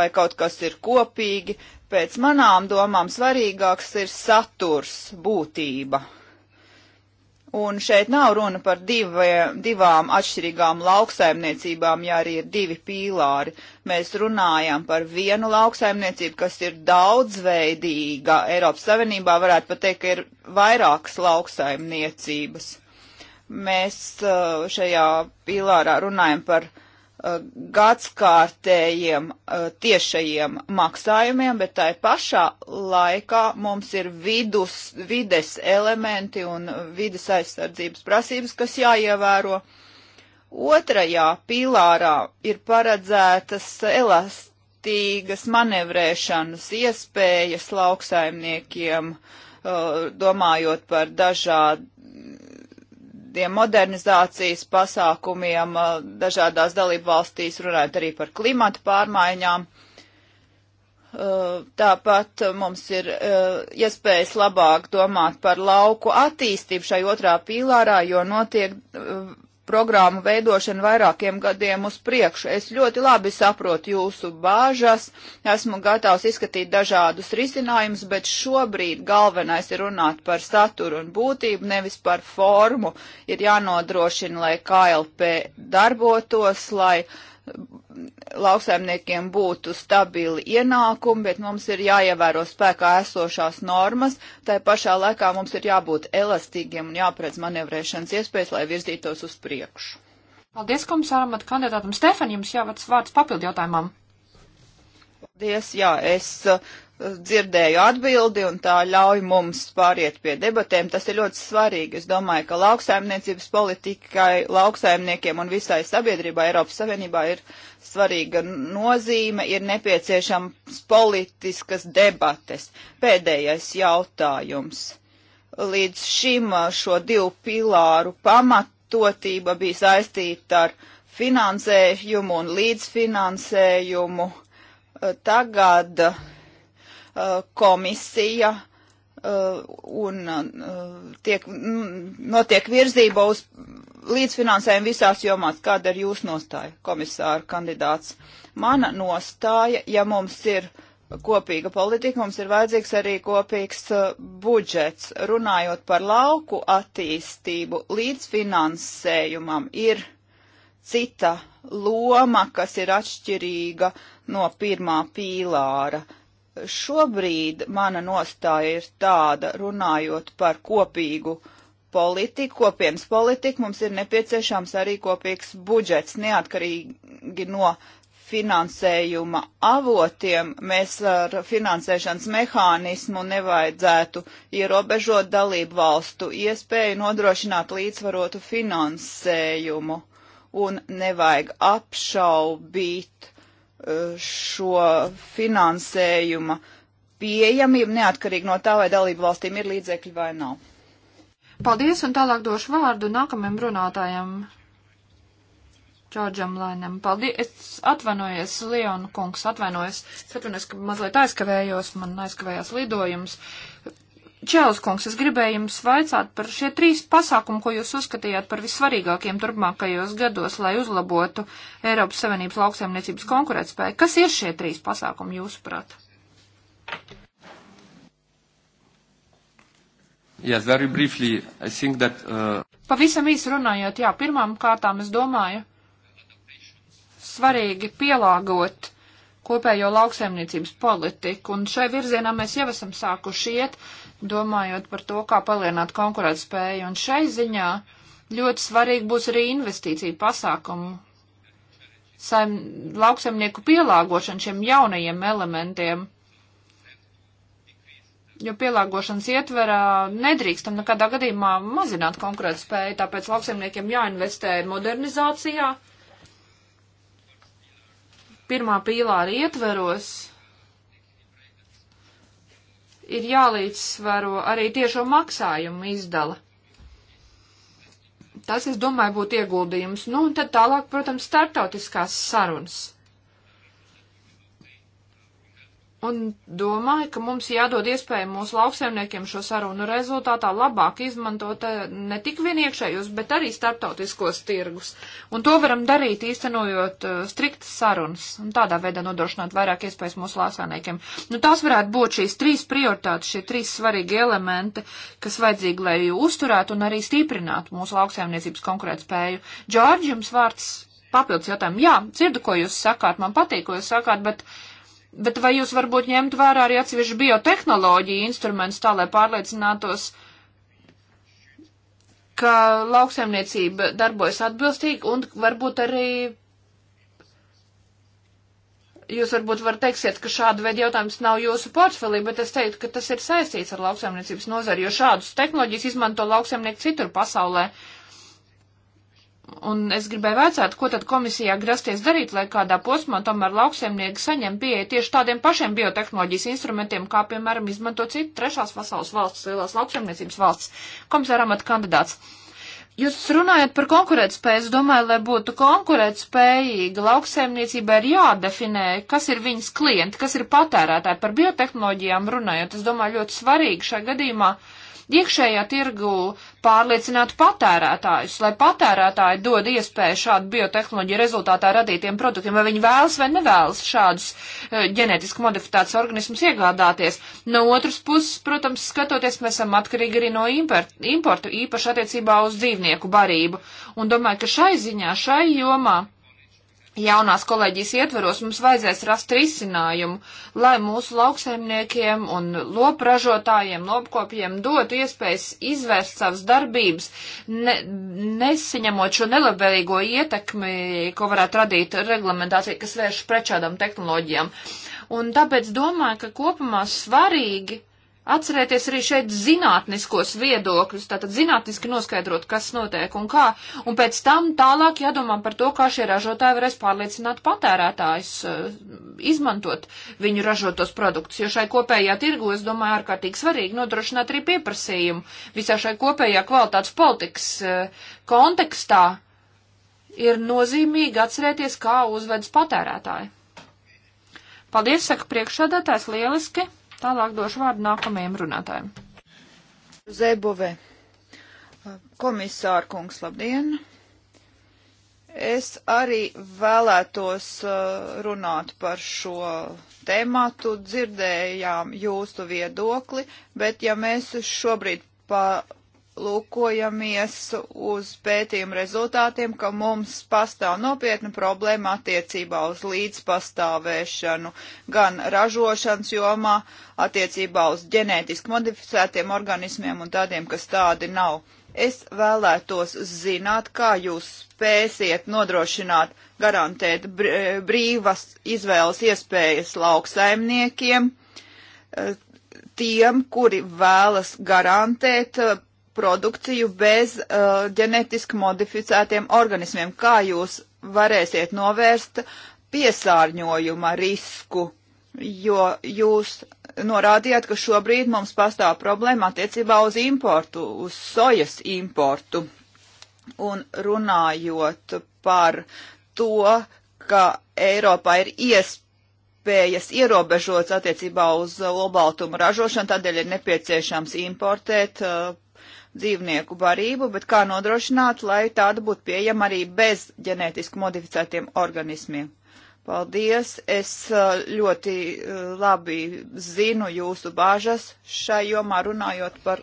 Speaker 3: vai kaut kas ir kopīgi. Pēc manām domām svarīgāks ir saturs, būtība. Un šeit nav runa par divē, divām atšķirīgām lauksaimniecībām, ja arī ir divi pīlāri. Mēs runājam par vienu lauksaimniecību, kas ir daudzveidīga. Eiropas Savienībā varētu pat teikt, ka ir vairākas lauksaimniecības. Mēs eh, šajā pīlārā runājam par gadskārtējiem eh, tiešajiem maksājumiem, bet tai pašā laikā mums ir vidus, vides elementi un vides aizsardzības prasības, kas jāievēro. Otrajā pīlārā ir paredzētas elastīgas manevrēšanas iespējas lauksaimniekiem, eh, domājot par dažādu dažādiem modernizācijas pasākumiem uh, dažādās dalību valstīs, runājot arī par klimatu pārmaiņām. Uh, tāpat mums ir uh, iespējas labāk domāt par lauku attīstību šai otrā pīlārā, jo notiek programmu veidošanu vairākiem gadiem uz priekšu. Es ļoti labi saprotu jūsu bāžas, esmu gatavs izskatīt dažādus risinājumus, bet šobrīd galvenais ir runāt par saturu un būtību, nevis par formu. Ir jānodrošina, lai KLP darbotos, lai uh, lauksaimniekiem būtu stabili ienākumi, bet mums ir jāievēro spēkā esošās normas. Tā pašā laikā mums ir jābūt elastīgiem un jāpredz manevrēšanas iespējas, lai virzītos uz priekšu.
Speaker 4: Paldies, komisāram, at kandidātam Stefanim, jums jāvats vārds papildu jautājumam.
Speaker 3: Paldies, jā, es dzirdēju atbildi un tā ļauj mums pāriet pie debatēm. Tas ir ļoti svarīgi. Es domāju, ka lauksaimniecības politikai, lauksaimniekiem un visai sabiedrībā Eiropas Savienībā ir svarīga nozīme, ir nepieciešams politiskas debates. Pēdējais jautājums. Līdz šim uh, šo divu pilāru pamatotība bija saistīta ar finansējumu un līdzfinansējumu. Uh, Tagad uh, komisija uh, un uh, tiek, nu, notiek virzība uz līdzfinansējumu visās jomās. Kāda ir jūsu nostāja, komisāra kandidāts? Mana nostāja, ja mums ir kopīga politika, mums ir vajadzīgs arī kopīgs uh, budžets. Runājot par lauku attīstību, līdzfinansējumam ir cita loma, kas ir atšķirīga no pirmā pīlāra. Uh, šobrīd mana nostāja ir tāda, runājot par kopīgu politiku, kopienas politiku, mums ir nepieciešams arī kopīgs budžets, neatkarīgi no finansējuma avotiem. Mēs ar finansēšanas mehānismu nevajadzētu ierobežot dalību valstu iespēju nodrošināt līdzvarotu finansējumu un nevajag apšaubīt uh, šo finansējuma pieejamību, neatkarīgi no tā, vai dalību valstīm ir līdzekļi vai nav. Paldies,
Speaker 4: un tālāk došu vārdu nākamajam runātājam. Čārģam Lēnam. Paldies, es atvainojos, Leona kungs, atvainojos. Es atvainojos, ka mazliet aizkavējos, man aizkavējās lidojums. Uh, Čēlis kungs, es gribēju jums vaicāt par šie trīs pasākumu, ko jūs uzskatījāt par vissvarīgākiem turpmākajos gados, lai uzlabotu Eiropas Savienības lauksaimniecības konkurētspēju. Kas ir šie trīs pasākumi, jūsuprāt?
Speaker 1: Yes, very briefly, I think that, uh...
Speaker 4: Pavisam īsi runājot, jā, pirmām kārtām es domāju, svarīgi pielāgot kopējo lauksaimniecības politiku, un šai virzienā mēs jau esam sākuši iet. Uh, domājot par to, kā palielināt konkurētspēju. Un šai ziņā ļoti svarīgi būs arī investīcija pasākumu saim, lauksaimnieku pielāgošana šiem jaunajiem elementiem. Jo pielāgošanas ietverā nedrīkstam nekādā gadījumā mazināt konkurētspēju, tāpēc lauksaimniekiem jāinvestē modernizācijā. Pirmā pīlāra ietveros ir jālīdzsvaro arī tiešo maksājumu izdala. Tas, es domāju, būtu ieguldījums. Nu, un tad tālāk, protams, startautiskās sarunas. Un domāju, ka mums jādod iespēja mūsu lauksaimniekiem šo sarunu rezultātā labāk izmantot eh, ne tik vien iekšējos, bet arī starptautiskos tirgus. Un to varam darīt, īstenojot uh, striktas sarunas un tādā veidā nodrošināt vairāk iespējas mūsu lauksaimniekiem. Nu, tās varētu būt šīs trīs prioritātes, šie trīs svarīgi elementi, kas vajadzīgi, lai uzturētu un arī stiprinātu mūsu lauksaimniecības konkurētspēju. Džordž, jums vārds papildus jautājumu. Jā, dzirdu, ko jūs sakāt, man patīk, ko jūs sakāt, bet. Uh, Bet vai jūs varbūt ņemtu vērā arī atsevišķu biotehnoloģiju instrumentus tā, lai pārliecinātos, ka lauksaimniecība darbojas atbilstīgi un varbūt arī jūs varbūt var teiksiet, ka šāda veida jautājums nav jūsu portfelī, bet es teiktu, ka tas ir saistīts ar lauksaimniecības nozari, jo šādus tehnoloģijas izmanto lauksaimnieki citur pasaulē, Un es gribēju vecāt, ko tad komisijā grasties darīt, lai kādā posmā tomēr lauksaimnieki saņem pieeja tieši tādiem pašiem biotehnoloģijas instrumentiem, kā, piemēram, izmanto citu trešās pasaules valsts, lielās lauksaimniecības valsts. Komisāram at kandidāts. Jūs runājat par konkurētspēju, es domāju, lai būtu konkurētspējīga lauksaimniecība ir jādefinē, kas ir viņas klienti, kas ir patērētāji. Par biotehnoloģijām runājot, es domāju, ļoti svarīgi šajā gadījumā uh, iekšējā tirgu pārliecināt patērētājus, lai patērētāji dod iespēju šādu biotehnoloģiju rezultātā radītiem produktiem, vai viņi vēlas vai nevēlas šādus e, ģenētiski modificētus organismus iegādāties. No otras puses, protams, skatoties, mēs esam atkarīgi arī no importu, īpaši attiecībā uz dzīvnieku barību. Un domāju, ka šai ziņā, šai jomā jaunās kolēģijas ietveros mums vajadzēs rast risinājumu, lai mūsu lauksaimniekiem un lopražotājiem, lopkopiem dotu iespējas izvērst savas darbības, ne, nesaņemot šo nelabvēlīgo ietekmi, ko varētu radīt reglamentācija, kas vērš pret šādām tehnoloģijām. Un tāpēc domāju, ka kopumā svarīgi Atcerēties arī šeit zinātniskos viedokļus, tātad zinātniski noskaidrot, kas notiek un kā, un pēc tam tālāk jādomā par to, kā šie ražotāji varēs pārliecināt patērētājus eh, izmantot viņu ražotos produktus, jo šai kopējā tirgu, es domāju, ārkārtīgi svarīgi nodrošināt arī pieprasījumu visā šai kopējā kvalitātes politikas eh, kontekstā ir nozīmīgi atcerēties, kā uzvedas patērētāji. Paldies, saka priekšādātājs, lieliski!
Speaker 3: Tālāk došu vārdu nākamajiem runātājiem. Zebove, komisārkungs, labdien! Es arī vēlētos uh, runāt par šo tēmatu, dzirdējām jūsu viedokli, bet ja mēs šobrīd pa, lūkojamies uz pētījumu rezultātiem, ka mums pastāv nopietna problēma attiecībā uz līdzpastāvēšanu gan ražošanas jomā, attiecībā uz ģenētiski modificētiem organismiem un tādiem, kas tādi nav. Es vēlētos zināt, kā jūs spēsiet nodrošināt, garantēt brīvas izvēles iespējas lauksaimniekiem, eh, tiem, kuri vēlas garantēt eh, produkciju bez uh, ģenetiski modificētiem organismiem. Kā jūs varēsiet novērst piesārņojuma risku, jo jūs norādījāt, ka šobrīd mums pastāv problēma attiecībā uz importu, uz sojas importu. Un runājot par to, ka Eiropā ir iespējas ierobežots attiecībā uz olbaltumu ražošanu, tādēļ ir nepieciešams importēt uh, dzīvnieku barību, bet kā nodrošināt, lai tāda būtu pieejama arī bez ģenētiski modificētiem organismiem. Paldies! Es uh, ļoti uh, labi zinu jūsu bāžas šai jomā runājot par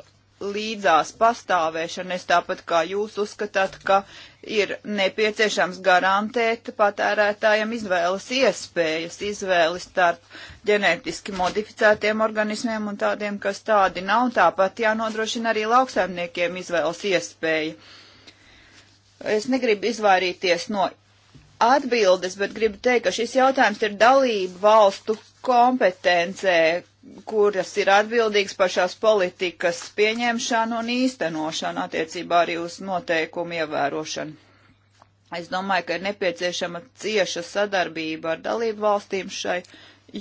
Speaker 3: līdzās pastāvēšanu. Es tāpat kā jūs uzskatāt, ka ir nepieciešams garantēt patērētājiem izvēles iespējas, izvēles starp ģenētiski modificētiem organismiem un tādiem, kas tādi nav. Tāpat jānodrošina arī lauksaimniekiem izvēles iespēja. Es negribu izvairīties no atbildes, bet gribu teikt, ka šis jautājums ir dalību valstu kompetencē, kuras ir atbildīgas par šās politikas pieņemšanu un īstenošanu attiecībā arī uz noteikumu ievērošanu. Es domāju, ka ir nepieciešama cieša sadarbība ar dalību valstīm šai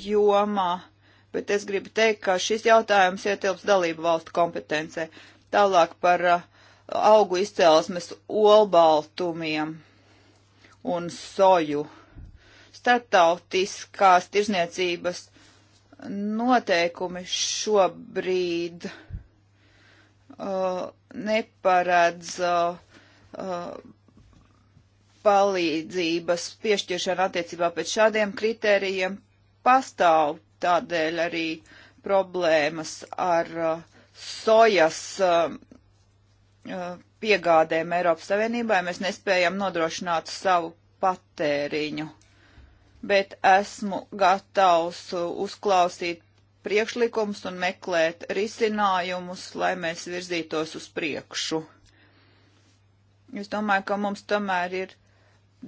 Speaker 3: jomā, bet es gribu teikt, ka šis jautājums ietilps dalību valstu kompetencē. Tālāk par uh, augu izcēlesmes olbaltumiem un soju. Startautiskās tirzniecības noteikumi šobrīd uh, neparedz uh, uh palīdzības piešķiršana attiecībā pēc šādiem kritērijiem pastāv tādēļ arī problēmas ar uh, sojas uh, uh, piegādēm Eiropas Savienībai. Mēs nespējam nodrošināt savu patēriņu bet esmu gatavs uh, uzklausīt priekšlikums un meklēt risinājumus, lai mēs virzītos uz priekšu. Es domāju, ka mums tomēr ir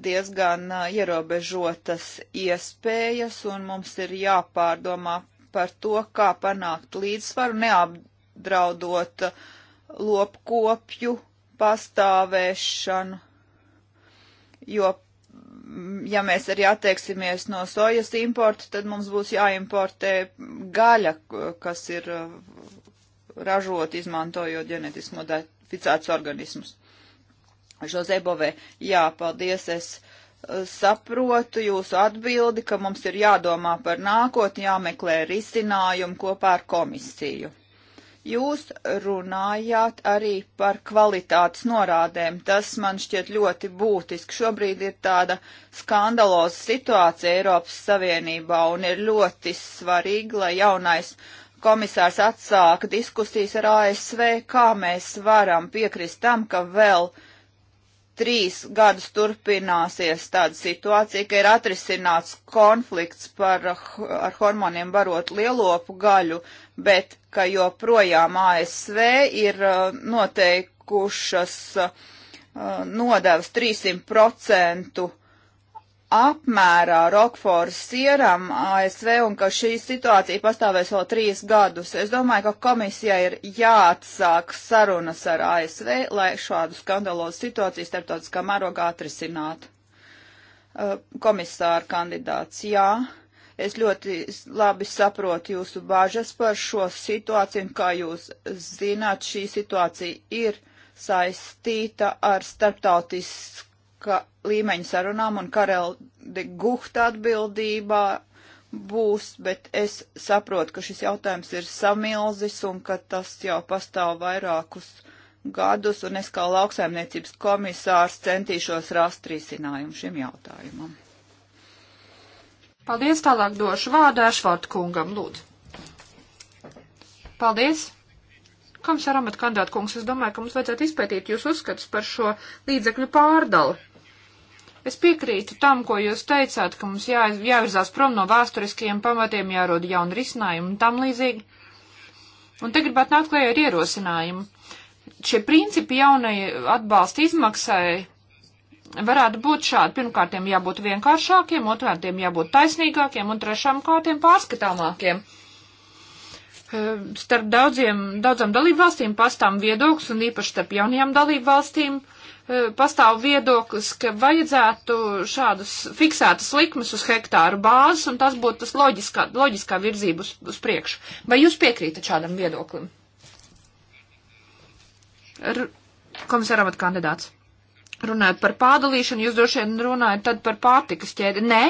Speaker 3: diezgan uh, ierobežotas iespējas un mums ir jāpārdomā par to, kā panākt līdzsvaru, neapdraudot uh, lopkopju pastāvēšanu, jo ja mēs arī attieksimies no sojas importa, tad mums būs jāimportē gaļa, kas ir uh, ražot, izmantojot ģenetiski modificētus organismus. Žozē Bovē, jā, paldies, es uh, saprotu jūsu atbildi, ka mums ir jādomā par nākotni, jāmeklē risinājumi kopā ar komisiju. Jūs runājāt arī par kvalitātes norādēm. Tas man šķiet ļoti būtiski. Šobrīd ir tāda skandalosa situācija Eiropas Savienībā un ir ļoti svarīgi, lai jaunais komisārs atsāka diskusijas ar ASV, kā mēs varam piekrist tam, ka vēl uh, trīs gadus turpināsies tāda situācija, ka ir atrisināts konflikts par, ar hormoniem barot lielopu gaļu, bet ka joprojām ASV ir uh, noteikušas uh, nodevas 300% apmērā Rokforas sieram ASV un ka šī situācija pastāvēs vēl trīs gadus. Es domāju, ka komisija ir jāatsāk sarunas ar ASV, lai šādu skandalozu situāciju starptautiskā mērogā atrisinātu. Komisāra kandidāts, jā. Es ļoti labi saprotu jūsu bāžas par šo situāciju, un kā jūs zināt, šī situācija ir saistīta ar starptautisku ka līmeņa sarunām un Karel de Guhta atbildībā būs, bet es saprotu, ka šis jautājums ir samilzis un ka tas jau pastāv vairākus gadus, un es kā lauksaimniecības komisārs centīšos rast risinājumu šim jautājumam. Paldies, tālāk došu vārdu Ešvārdu kungam, lūdzu.
Speaker 4: Paldies! Komisāra amata kandidāta kungs, es domāju, ka mums vajadzētu izpētīt jūs uzskatus par šo līdzekļu pārdalu Es piekrītu tam, ko jūs teicāt, ka mums jā, jāvirzās prom no vēsturiskajiem pamatiem, jārod jauni risinājumi un tam līdzīgi. Un te gribētu nākt klajā ar ierosinājumu. Šie principi jaunai atbalsta izmaksai varētu būt šādi. Pirmkārt, tiem jābūt vienkāršākiem, otrkārt, tiem jābūt taisnīgākiem un trešām kārtiem pārskatāmākiem. Starp daudziem, daudzām dalībvalstīm pastāv viedoklis un īpaši starp jaunajām dalībvalstīm valstīm Eh, pastāv viedoklis, ka vajadzētu šādus fiksētas likmes uz hektāru bāzes, un tas būtu tas loģiskā, loģiskā virzība uz, uz priekšu. Vai jūs piekrītat šādam viedoklim? R komisāram at kandidāts. Runājot par pārdalīšanu, jūs droši vien runājat tad par pārtikas ķēdi. Nē,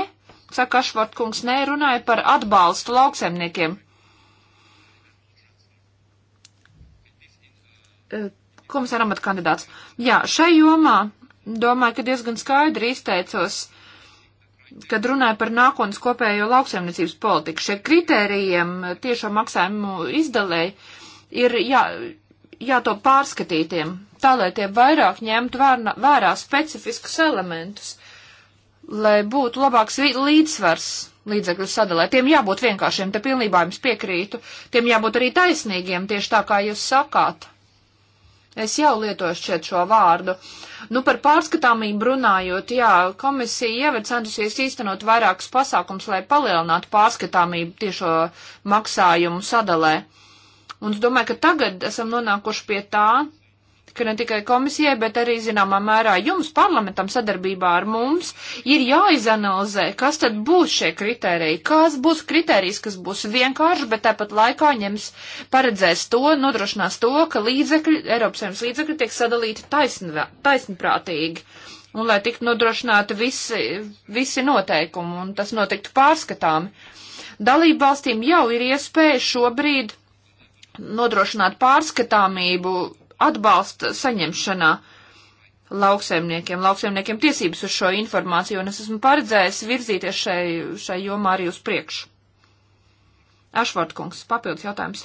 Speaker 4: saka Ašvart kungs, nē, runājat par atbalstu lauksaimniekiem. Eh, komisāra amata kandidāts. Jā, šai jomā domāju, ka diezgan skaidri izteicos, kad runāju par nākotnes kopējo lauksaimniecības politiku. Šie kritērijiem tiešo maksājumu izdalēji ir jā, jātop pārskatītiem, tā lai tie vairāk ņemtu vērā, vērā specifiskus elementus, lai būtu labāks līdzsvars līdzekļu sadalē. Tiem jābūt vienkāršiem, te pilnībā jums piekrītu, tiem jābūt arī taisnīgiem, tieši tā kā jūs sakāt. Es jau lietoju šeit šo vārdu. Nu, par pārskatāmību runājot, jā, komisija jau ir centusies īstenot vairākus pasākums, lai palielinātu pārskatāmību tiešo maksājumu sadalē. Un es domāju, ka tagad esam nonākuši pie tā, ka ne tikai komisijai, bet arī, zināmā mērā, jums parlamentam sadarbībā ar mums ir jāizanalizē, kas tad būs šie kriteriji, kas būs kriterijs, kas būs vienkārši, bet tāpat laikā ņems paredzēs to, nodrošinās to, ka līdzekļi, Eiropas Savienības līdzekļi tiek sadalīti taisn, taisnprātīgi. Un lai tiktu nodrošināti visi, visi noteikumi un tas notiktu pārskatāmi. Dalību valstīm jau ir iespēja šobrīd nodrošināt pārskatāmību atbalsta saņemšanā lauksaimniekiem, lauksaimniekiem tiesības uz šo informāciju, un es esmu paredzējis virzīties šai, šai jomā arī uz priekšu. Ašvartkungs, papildus jautājums.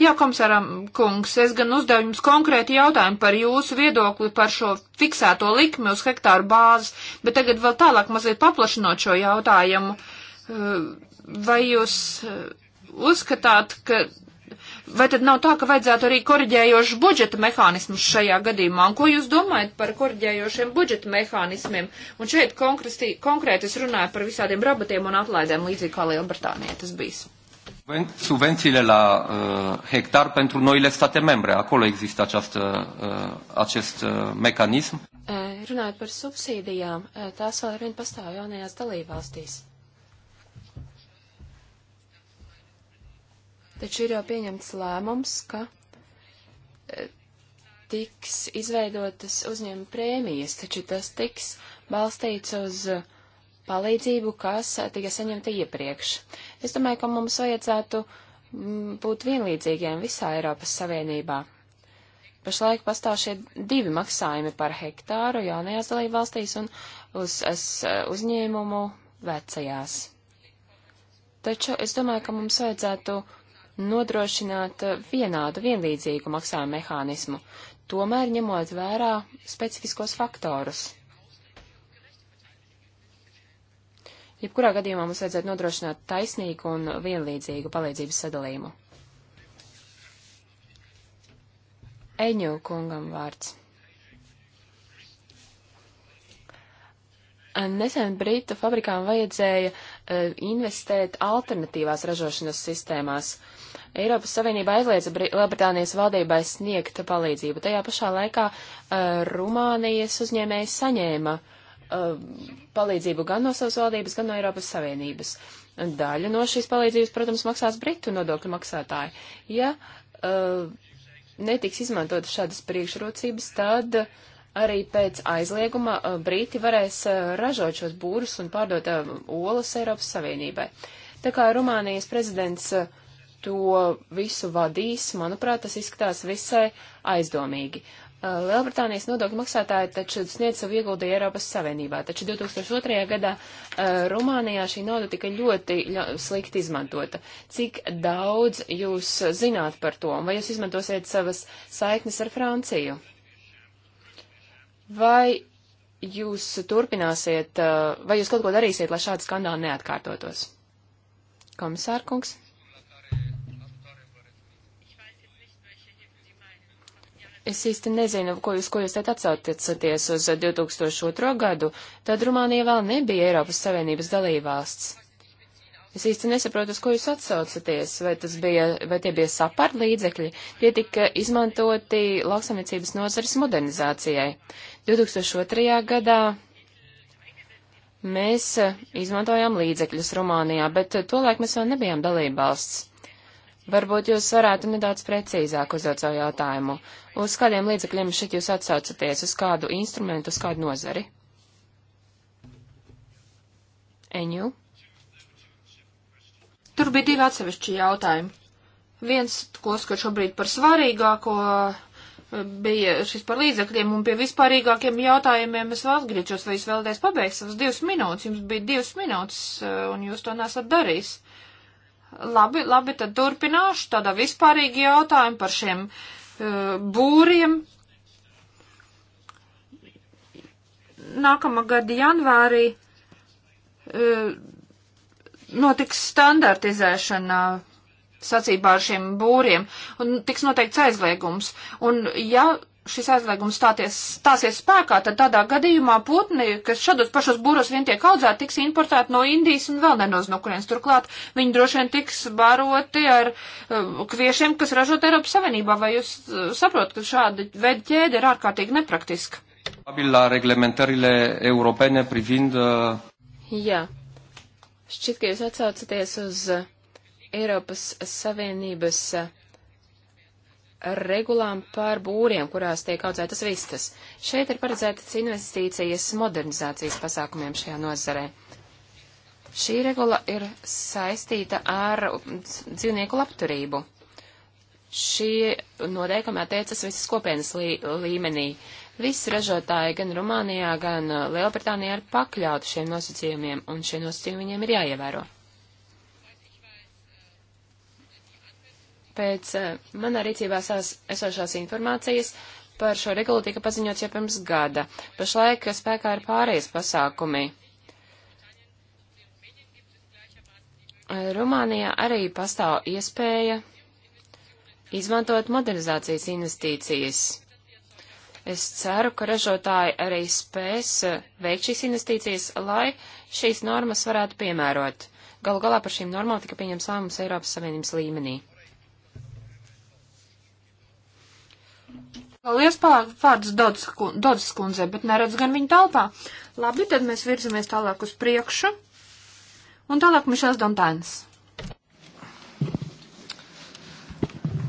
Speaker 4: Jā, komisāram kungs, es gan uzdevu jums konkrēti jautājumu par jūsu viedokli par šo fiksēto likmi uz hektāru bāzes, bet tagad vēl tālāk mazliet paplašinot šo jautājumu. Vai jūs uh, uzskatāt, ka vai tad nav tā, ka vajadzētu arī koriģējošu budžeta mehānismus šajā gadījumā? Un ko jūs domājat par koriģējošiem budžeta mehānismiem? Un šeit konkrēti, konkrēti es runāju par visādiem rabatiem un atlaidēm, līdzīgi kā Lielbritānija tas bijis.
Speaker 1: Subvențiile la uh, hectar pentru noile state membre. Acolo există această, uh, acest uh, mecanism.
Speaker 2: Uh, runājot par subsīdijām, uh, tās vēl vien pastāv jaunajās dalībvalstīs. taču ir jau pieņemts lēmums, ka e, tiks izveidotas uzņēmuma prēmijas, taču tas tiks balstīts uz palīdzību, kas tika saņemta iepriekš. Es domāju, ka mums vajadzētu mm, būt vienlīdzīgiem visā Eiropas Savienībā. Pašlaik pastāv šie divi maksājumi par hektāru jaunajās dalībvalstīs un uz, uz uzņēmumu vecajās. Taču es domāju, ka mums vajadzētu uh, nodrošināt eh, vienādu, vienlīdzīgu maksājumu mehānismu, tomēr ņemot vērā specifiskos faktorus. Jebkurā gadījumā mums vajadzētu nodrošināt taisnīgu un vienlīdzīgu palīdzības sadalījumu. Eņu kungam vārds. Nesen Britu fabrikām vajadzēja uh, investēt alternatīvās ražošanas sistēmās. Uh, Eiropas Savienība aizliedza Lielbritānijas valdībai sniegt palīdzību. Tajā pašā laikā uh, Rumānijas uzņēmēji saņēma uh, palīdzību gan no savas valdības, gan no Eiropas Savienības. Daļa no šīs palīdzības, protams, maksās Britu nodokļu maksātāji. Ja uh, netiks izmantotas šādas priekšrocības, tad arī pēc aizlieguma uh, Brīti varēs uh, ražot šos būrus un pārdot uh, olas Eiropas Savienībai. Tā kā Rumānijas prezidents uh, to visu vadīs, manuprāt, tas izskatās visai aizdomīgi. Uh, Lielbritānijas nodokļu maksātāji taču sniedz savu ieguldījumu Eiropas Savienībā, taču 2002. gadā uh, Rumānijā šī nauda tika ļoti slikti izmantota. Cik daudz jūs zināt par to, un vai jūs izmantosiet savas saiknes ar Franciju? Vai jūs turpināsiet, uh, vai jūs kaut ko darīsiet, lai šādi skandāli neatkārtotos? Komisārkungs? Es īsti nezinu, ko jūs, ko jūs teikt atsaucaties uz 2002. gadu, tad Rumānija vēl nebija Eiropas Savienības dalībvalsts. Es īsti nesaprotu, uz ko jūs atsaucaties, vai, bija, vai tie bija sapar līdzekļi, tie tika izmantoti lauksamniecības nozares modernizācijai. 2002. gadā mēs eh, izmantojām līdzekļus Rumānijā, bet tolaik mēs vēl nebijām dalībvalsts. Varbūt jūs varētu nedaudz precīzāk uzdot savu jautājumu. Uz kādiem līdzekļiem šeit jūs atsaucaties? Uz kādu instrumentu, uz kādu nozari? Eņu? Tur bija divi atsevišķi jautājumi.
Speaker 4: Viens, ko skat šobrīd par svarīgāko, eh, bija šis par līdzekļiem, un pie vispārīgākiem jautājumiem es vēl atgriežos, vai jūs vēlaties pabeigt savas divas minūtes. Jums bija divas minūtes, eh, un jūs to nesat darījis. Labi, labi, tad turpināšu tādā vispārīgi jautājumu par šiem uh, būriem. Nākamā gada janvārī uh, notiks standartizēšana sacībā ar šiem būriem un tiks noteikts aizliegums. Un ja šis aizliegums stāties, stāsies spēkā, tad tādā gadījumā putni, kas šādos pašos būros vien tiek audzēti, tiks importēti no Indijas un vēl nenoz no kurienes. Turklāt viņi droši vien tiks baroti ar uh, kviešiem, kas ražot Eiropas Savienībā. Vai jūs uh, saprotat, ka šāda veida ķēde ir ārkārtīgi
Speaker 2: nepraktiska?
Speaker 1: Privind, uh...
Speaker 2: Jā. Šķiet, ka jūs atsaucaties uz Eiropas Savienības uh, regulām par būriem, kurās tiek audzētas vistas. Šeit ir paredzētas investīcijas modernizācijas pasākumiem šajā nozarē. Šī regula ir saistīta ar dzīvnieku labturību. Šie noteikumi attiecas visas kopienas lī līmenī. Visi ražotāji gan Rumānijā, gan Lielbritānijā ir pakļauti šiem nosacījumiem, un šie nosacījumi viņiem ir jāievēro. Pēc eh, manā rīcībā esošās informācijas par šo regulu tika paziņots jau pirms gada. Pašlaik spēkā ir pārējais pasākumi. Rumānijā arī pastāv iespēja izmantot modernizācijas investīcijas. Es ceru, ka ražotāji arī spēs eh, veikt šīs investīcijas, lai šīs normas varētu piemērot. Galu galā par šīm normām tika pieņems lēmums Eiropas Savienības līmenī. Paldies, palāk, vārds
Speaker 4: Dodas kundze, bet neredz gan viņu talpā. Labi, tad mēs virzamies tālāk uz priekšu. Un tālāk Mišels Dantāns.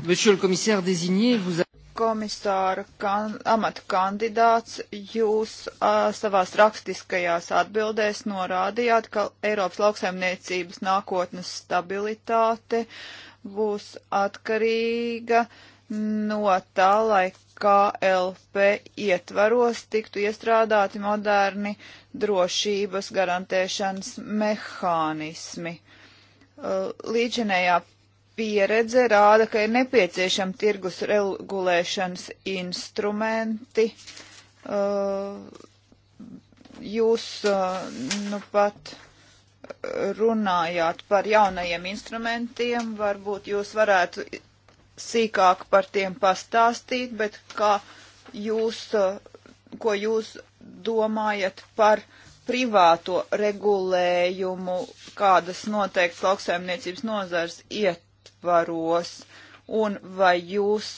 Speaker 3: Monsieur le commissaire désigné, vous avez komisāra kan, amata kandidāts, jūs a, savās rakstiskajās atbildēs norādījāt, ka Eiropas lauksaimniecības nākotnes stabilitāte būs atkarīga no tā, lai KLP ietvaros tiktu iestrādāti moderni drošības garantēšanas mehānismi. Līdzinējā pieredze rāda, ka ir nepieciešami tirgus regulēšanas instrumenti. Jūs nu pat runājāt par jaunajiem instrumentiem, varbūt jūs varētu sīkāk par tiem pastāstīt, bet kā jūs, eh, ko jūs domājat par privāto regulējumu, kādas noteikts lauksaimniecības nozars ietvaros, un vai jūs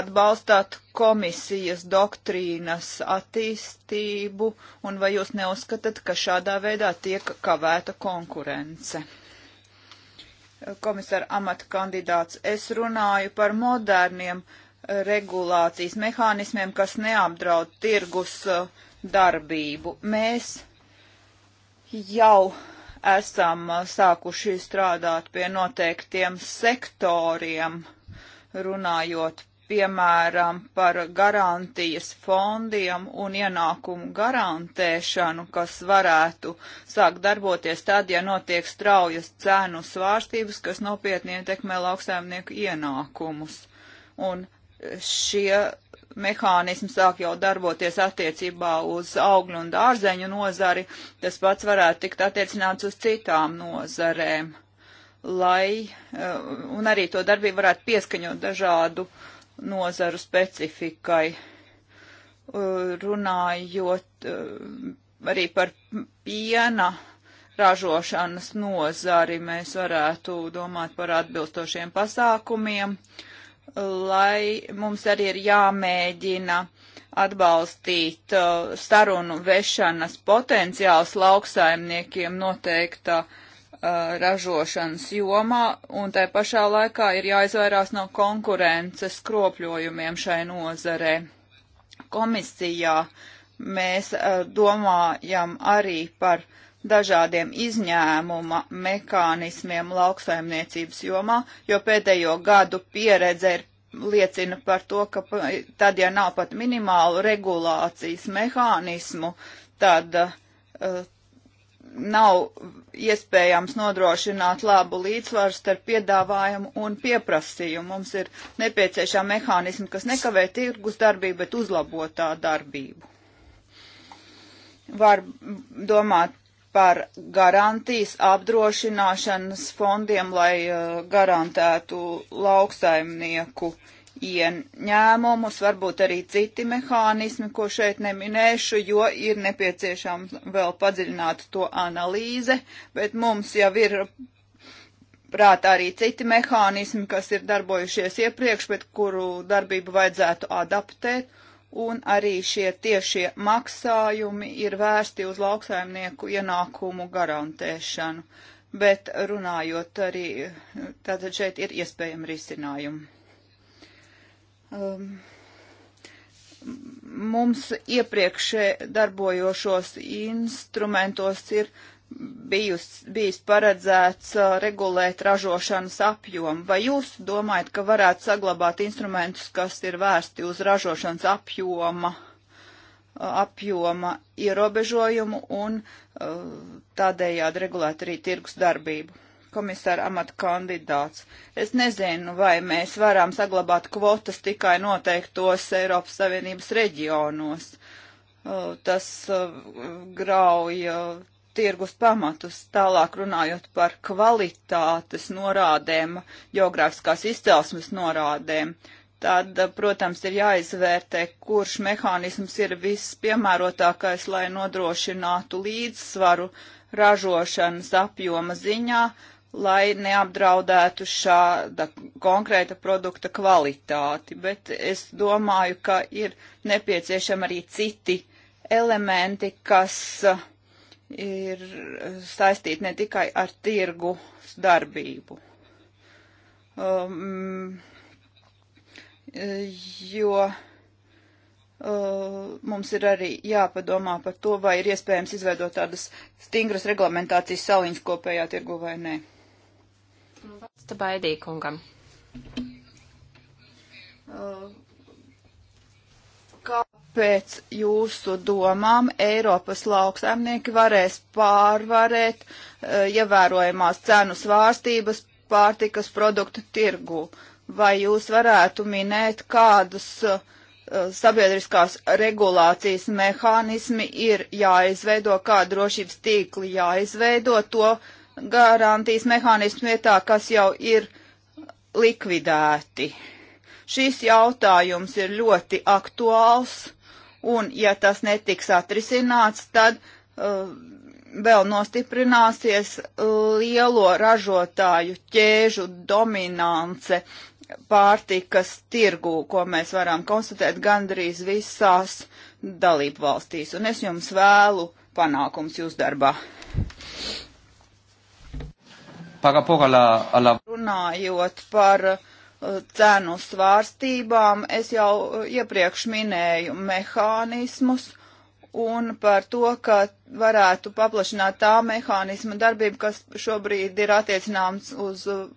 Speaker 3: atbalstāt komisijas doktrīnas attīstību, un vai jūs neuzskatāt, ka šādā veidā tiek kavēta konkurence? komisāra amata kandidāts, es runāju par moderniem eh, regulācijas mehānismiem, kas neapdraud tirgus eh, darbību. Mēs jau esam eh, sākuši strādāt pie noteiktiem sektoriem, runājot piemēram, par garantijas fondiem un ienākumu garantēšanu, kas varētu sākt darboties tad, ja notiek straujas cēnu svārstības, kas nopietni ietekmē lauksaimnieku ienākumus. Un šie mehānismi sāk jau darboties attiecībā uz augļu un dārzeņu nozari, tas pats varētu tikt attiecināts uz citām nozarēm lai, eh, un arī to darbību varētu pieskaņot dažādu uh, nozaru specifikai. Eh, runājot eh, arī par piena ražošanas nozari, mēs varētu domāt par atbilstošiem pasākumiem, lai mums arī ir jāmēģina atbalstīt eh, sarunu vešanas potenciāls lauksaimniekiem noteiktā uh, Uh, ražošanas jomā, un tai pašā laikā ir jāizvairās no konkurences kropļojumiem šai nozarē. Komisijā mēs uh, domājam arī par dažādiem izņēmuma mekanismiem lauksaimniecības jomā, jo pēdējo gadu pieredze ir liecina par to, ka tad, ja nav pat minimālu regulācijas mehānismu, tad uh, nav iespējams nodrošināt labu līdzsvaru starp piedāvājumu un pieprasījumu. Mums ir nepieciešama mehānismi, kas nekavē tirgus darbību, bet uzlabo tā darbību. Var domāt par garantijas apdrošināšanas fondiem, lai uh, garantētu lauksaimnieku uh, ieņēmumus, varbūt arī citi mehānismi, ko šeit neminēšu, jo ir nepieciešams vēl padziļināt to analīze, bet mums jau ir prātā arī citi mehānismi, kas ir darbojušies iepriekš, bet kuru darbību vajadzētu adaptēt, un arī šie tiešie maksājumi ir vērsti uz lauksaimnieku ienākumu garantēšanu. Bet runājot arī, tātad šeit ir iespējami risinājumi um, mums iepriekš darbojošos instrumentos ir bijus, bijis paredzēts uh, regulēt ražošanas apjomu. Vai jūs domājat, ka varētu saglabāt instrumentus, kas ir vērsti uz ražošanas apjoma, uh, apjoma ierobežojumu un uh, tādējādi regulēt arī tirgus darbību? komisāra amata kandidāts. Es nezinu, vai mēs varam saglabāt kvotas tikai noteiktos Eiropas Savienības reģionos. Tas grauja tirgus pamatus, tālāk runājot par kvalitātes norādēm, geogrāfiskās izcelsmes norādēm. Tad, protams, ir jāizvērtē, kurš mehānisms ir vispiemērotākais, lai nodrošinātu līdzsvaru ražošanas apjoma ziņā lai neapdraudētu šāda konkrēta produkta kvalitāti, bet es domāju, ka ir nepieciešami arī citi elementi, kas uh, ir saistīti ne tikai ar tirgu darbību. Um, jo Uh, mums ir arī jāpadomā par to, vai ir iespējams izveidot tādas stingras reglamentācijas saliņas kopējā tirgu vai nē.
Speaker 2: Vārsta baidīkungam.
Speaker 3: Uh, kāpēc jūsu domām Eiropas lauksaimnieki varēs pārvarēt uh, ievērojamās cenu svārstības pārtikas produktu tirgu? Vai jūs varētu minēt, kādas uh, sabiedriskās regulācijas mehānismi ir jāizveido, kā drošības tīkli jāizveido to, uh, garantijas mehānismu vietā, kas jau ir likvidēti. Šis jautājums ir ļoti aktuāls, un ja tas netiks atrisināts, tad uh, vēl nostiprināsies lielo ražotāju ķēžu dominance pārtikas tirgū, ko mēs varam konstatēt gandrīz visās dalību valstīs. Un es jums vēlu panākums jūs darbā
Speaker 1: par rapport à la, à la...
Speaker 3: Runājot par uh, cenu svārstībām, es jau uh, iepriekš minēju mehānismus un par to, ka varētu paplašināt tā mehānisma darbību, kas šobrīd ir attiecināms uz uh,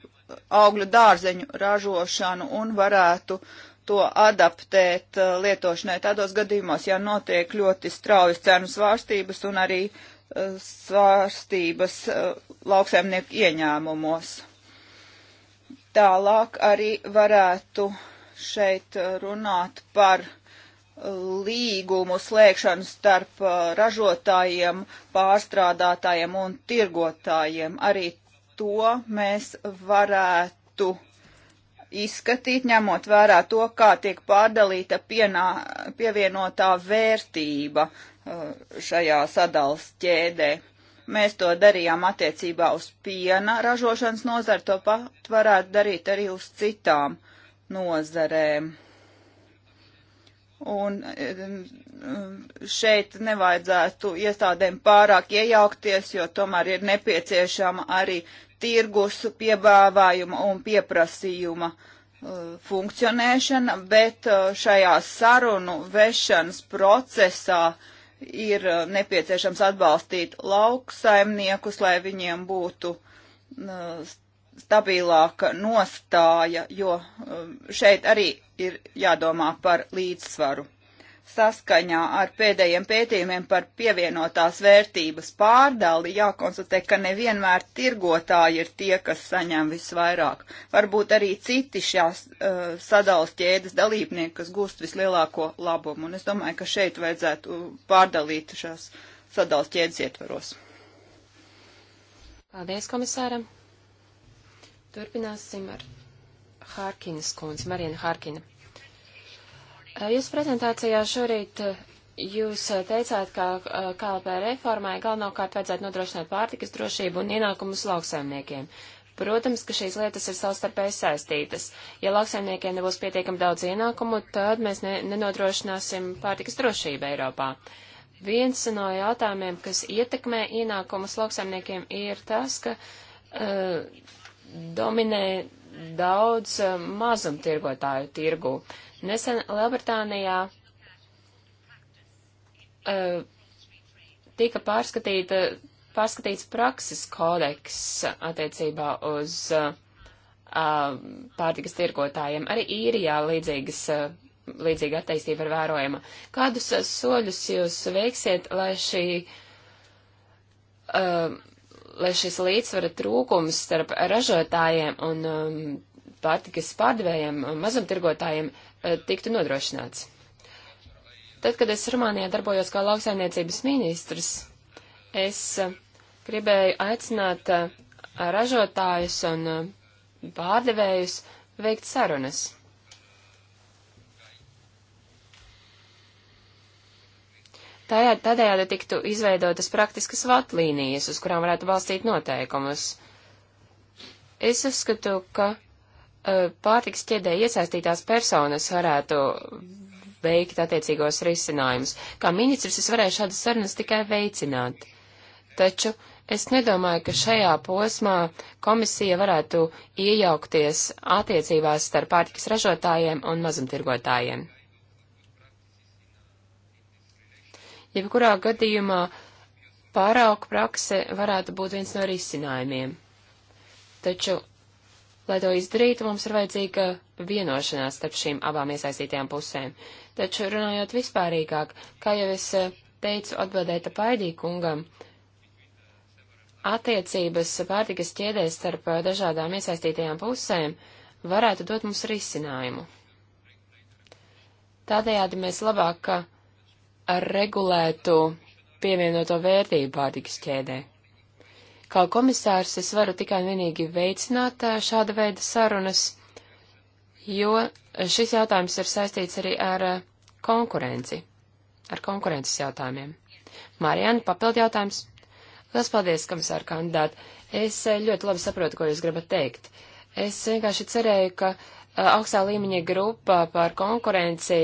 Speaker 3: augļu dārzeņu ražošanu un varētu to adaptēt lietošanai tādos gadījumos, ja notiek ļoti straujas cenu svārstības un arī uh, svārstības eh, lauksaimnieku ieņēmumos. Tālāk arī varētu šeit runāt par līgumu slēgšanu starp eh, ražotājiem, pārstrādātājiem un tirgotājiem. Arī to mēs varētu izskatīt, ņemot vērā to, kā tiek pārdalīta pienā, pievienotā vērtība šajā sadalas ķēdē. Mēs to darījām attiecībā uz piena ražošanas nozaru, to pat varētu darīt arī uz citām nozarēm. Un eh, šeit nevajadzētu iestādēm pārāk iejaukties, jo tomēr ir nepieciešama arī tirgus piebāvājuma un pieprasījuma uh, funkcionēšana, bet eh, šajā sarunu vešanas procesā uh, ir uh, nepieciešams atbalstīt lauksaimniekus, lai viņiem būtu uh, stabilāka nostāja, jo um, šeit arī ir jādomā par līdzsvaru. Saskaņā ar pēdējiem pētījumiem par pievienotās vērtības pārdali jākonstatē, ka nevienmēr tirgotāji ir tie, kas saņem visvairāk. Varbūt arī citi šās uh, sadalas ķēdes dalībnieki, kas gūst vislielāko labumu. Un es domāju, ka šeit vajadzētu pārdalīt šās sadalas ķēdes ietvaros.
Speaker 2: Paldies komisāram. Turpināsim ar Hārkinas kundzi, Marina Hārkina. Jūs prezentācijā šorīt jūs teicāt, ka KLP reformai galvenokārt vajadzētu nodrošināt pārtikas drošību un ienākumus lauksaimniekiem. Protams, ka šīs lietas ir savstarpēji saistītas. Ja lauksaimniekiem nebūs pietiekami daudz ienākumu, tad mēs ne, nenodrošināsim pārtikas drošību Eiropā. Viens no jautājumiem, kas ietekmē ienākumus lauksaimniekiem, ir tas, ka uh, dominē daudz mazumtirgotāju tirgu. Nesen Lielbritānijā uh, tika pārskatīta, pārskatīts prakses kodeks attiecībā uz uh, pārtikas tirgotājiem. Arī īrijā līdzīgas, uh, līdzīga attīstība ir vērojama. Kādus uh, soļus jūs veiksiet, lai šī. Uh, lai šis līdzsvara trūkums starp ražotājiem un um, pārtikas pārdevējiem, mazumtirgotājiem e, tiktu nodrošināts. Tad, kad es Rumānijā darbojos kā lauksaimniecības ministrs, es e, gribēju aicināt e, ražotājus un pārdevējus veikt sarunas. Tādējādi tiktu izveidotas praktiskas vatlīnijas, uz kurām varētu balstīt noteikumus. Es uzskatu, ka Eh, pārtiks ķedē iesaistītās personas varētu veikt attiecīgos risinājumus. Kā ministrs es varēju šādas sarunas tikai veicināt. Taču es nedomāju, ka šajā posmā komisija varētu iejaukties attiecībās starp pārtikas ražotājiem un mazumtirgotājiem. Jebkurā gadījumā pārauku prakse varētu būt viens no risinājumiem. Taču Lai to izdarītu, mums ir vajadzīga vienošanās starp šīm abām iesaistītajām pusēm. Taču runājot vispārīgāk, kā jau es eh, teicu atbildēta Paidī kungam, attiecības pārtikas ķēdēs starp eh, dažādām iesaistītajām pusēm varētu dot mums risinājumu. Tādējādi mēs labāk eh, regulētu pievienoto vērtību pārtikas ķēdē. Kā komisārs es varu tikai un vienīgi veicināt šāda veida sarunas, jo šis jautājums ir saistīts arī ar konkurenci, ar konkurences jautājumiem. Marijana, papildi jautājums. Lielas paldies, komisāra kandidāti. Es ļoti labi saprotu, ko jūs gribat teikt. Es vienkārši cerēju, ka uh, Uh, augstā līmeņa grupa par konkurenci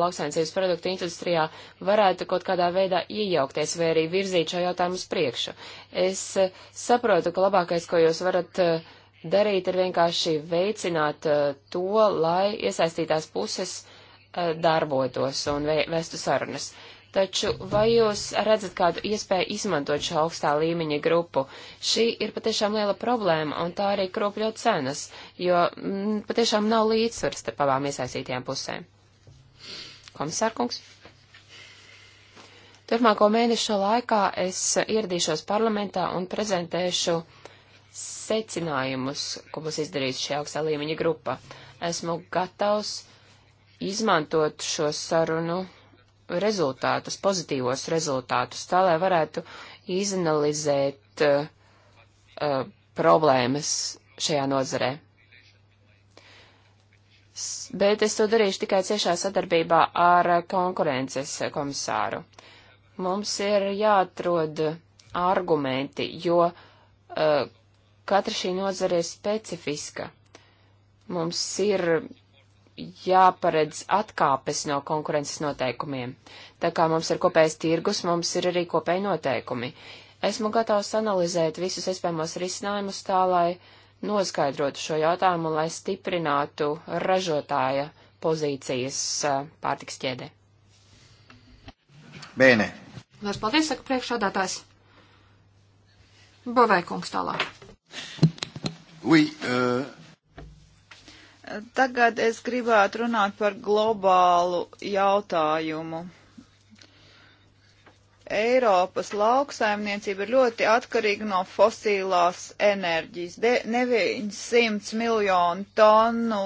Speaker 2: lauksainicības produktu industrijā varētu kaut kādā veidā iejaukties vai arī virzīt šo jautājumu uz priekšu. Es uh, saprotu, ka labākais, ko jūs varat uh, darīt, ir vienkārši veicināt to, lai iesaistītās puses darbotos un vestu sarunas. Taču vai jūs redzat kādu iespēju izmantot šo augstā līmeņa grupu? Šī ir patiešām liela problēma, un tā arī kropļo cenas, jo m, mm, patiešām nav līdzsvars starp abām iesaistītajām pusēm. Komisārkungs? Turmāko mēnešu laikā es ieradīšos parlamentā un prezentēšu secinājumus, ko būs izdarījusi šī augstā līmeņa grupa. Esmu gatavs izmantot šo sarunu rezultātus, pozitīvos rezultātus, tā lai varētu izanalizēt uh, uh, problēmas šajā nozarē. S bet es to darīšu tikai ciešā sadarbībā ar konkurences komisāru. Mums ir jāatrod argumenti, jo uh, katra šī nozara ir specifiska. Mums ir jāparedz atkāpes no konkurences noteikumiem. Tā kā mums ir kopējs tirgus, mums ir arī kopēji noteikumi. Esmu gatavs analizēt visus iespējamos risinājumus tā, lai noskaidrotu šo jautājumu, lai stiprinātu ražotāja pozīcijas pārtiks ķēdē.
Speaker 1: Bēnē.
Speaker 4: Lielas paldies, saka priekšādātājs.
Speaker 3: Bavē kungs tālāk.
Speaker 1: Oui, uh...
Speaker 3: Tagad es gribētu runāt par globālu jautājumu. Eiropas lauksaimniecība ir ļoti atkarīga no fosīlās enerģijas. De, neviņas simts miljonu tonu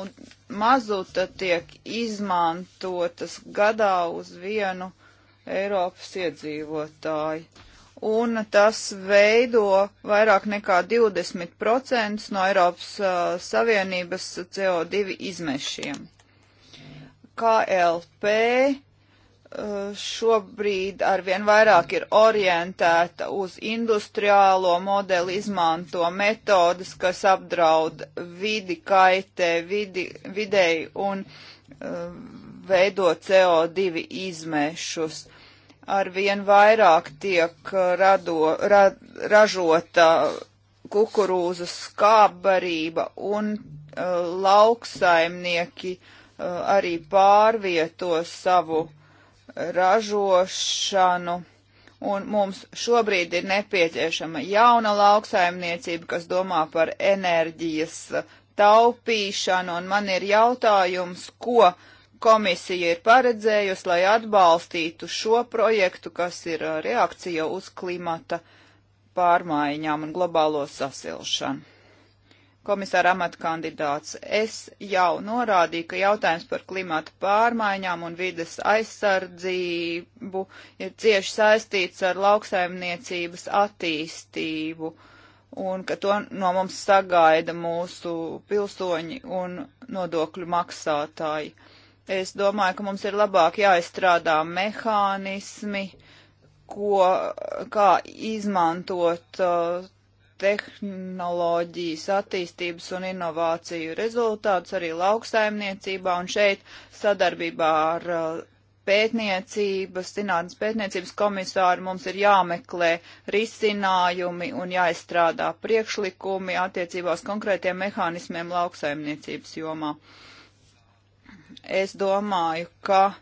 Speaker 3: mazuta tiek izmantotas gadā uz vienu Eiropas iedzīvotāju un tas veido vairāk nekā 20% no Eiropas uh, Savienības CO2 izmešiem. KLP uh, šobrīd arvien vairāk ir orientēta uz industriālo modeli, izmanto metodas, kas apdraud vidi, kaitē vidi, videi un uh, veido CO2 izmešus. Uh, arvien vairāk tiek uh, rado, ra, ražota kukurūzu skābarība un uh, lauksaimnieki uh, arī pārvieto savu ražošanu. Un mums šobrīd ir nepieciešama jauna lauksaimniecība, kas domā par enerģijas uh, taupīšanu, un man ir jautājums, ko uh, komisija ir paredzējusi, lai atbalstītu šo projektu, kas ir uh, reakcija uz klimata pārmaiņām un globālo sasilšanu. Komisāra amata kandidāts, es jau norādīju, ka jautājums par klimata pārmaiņām un vides aizsardzību ir cieši saistīts ar lauksaimniecības attīstību un ka to no mums sagaida mūsu pilsoņi un nodokļu maksātāji. Es domāju, ka mums ir labāk jāizstrādā mehānismi, ko, kā izmantot uh, tehnoloģijas attīstības un inovāciju rezultātus arī lauksaimniecībā un šeit sadarbībā ar uh, pētniecības, zinātnes pētniecības komisāru mums ir jāmeklē risinājumi un jāizstrādā priekšlikumi attiecībā uz konkrētiem mehānismiem lauksaimniecības jomā. Uh, es domāju, ka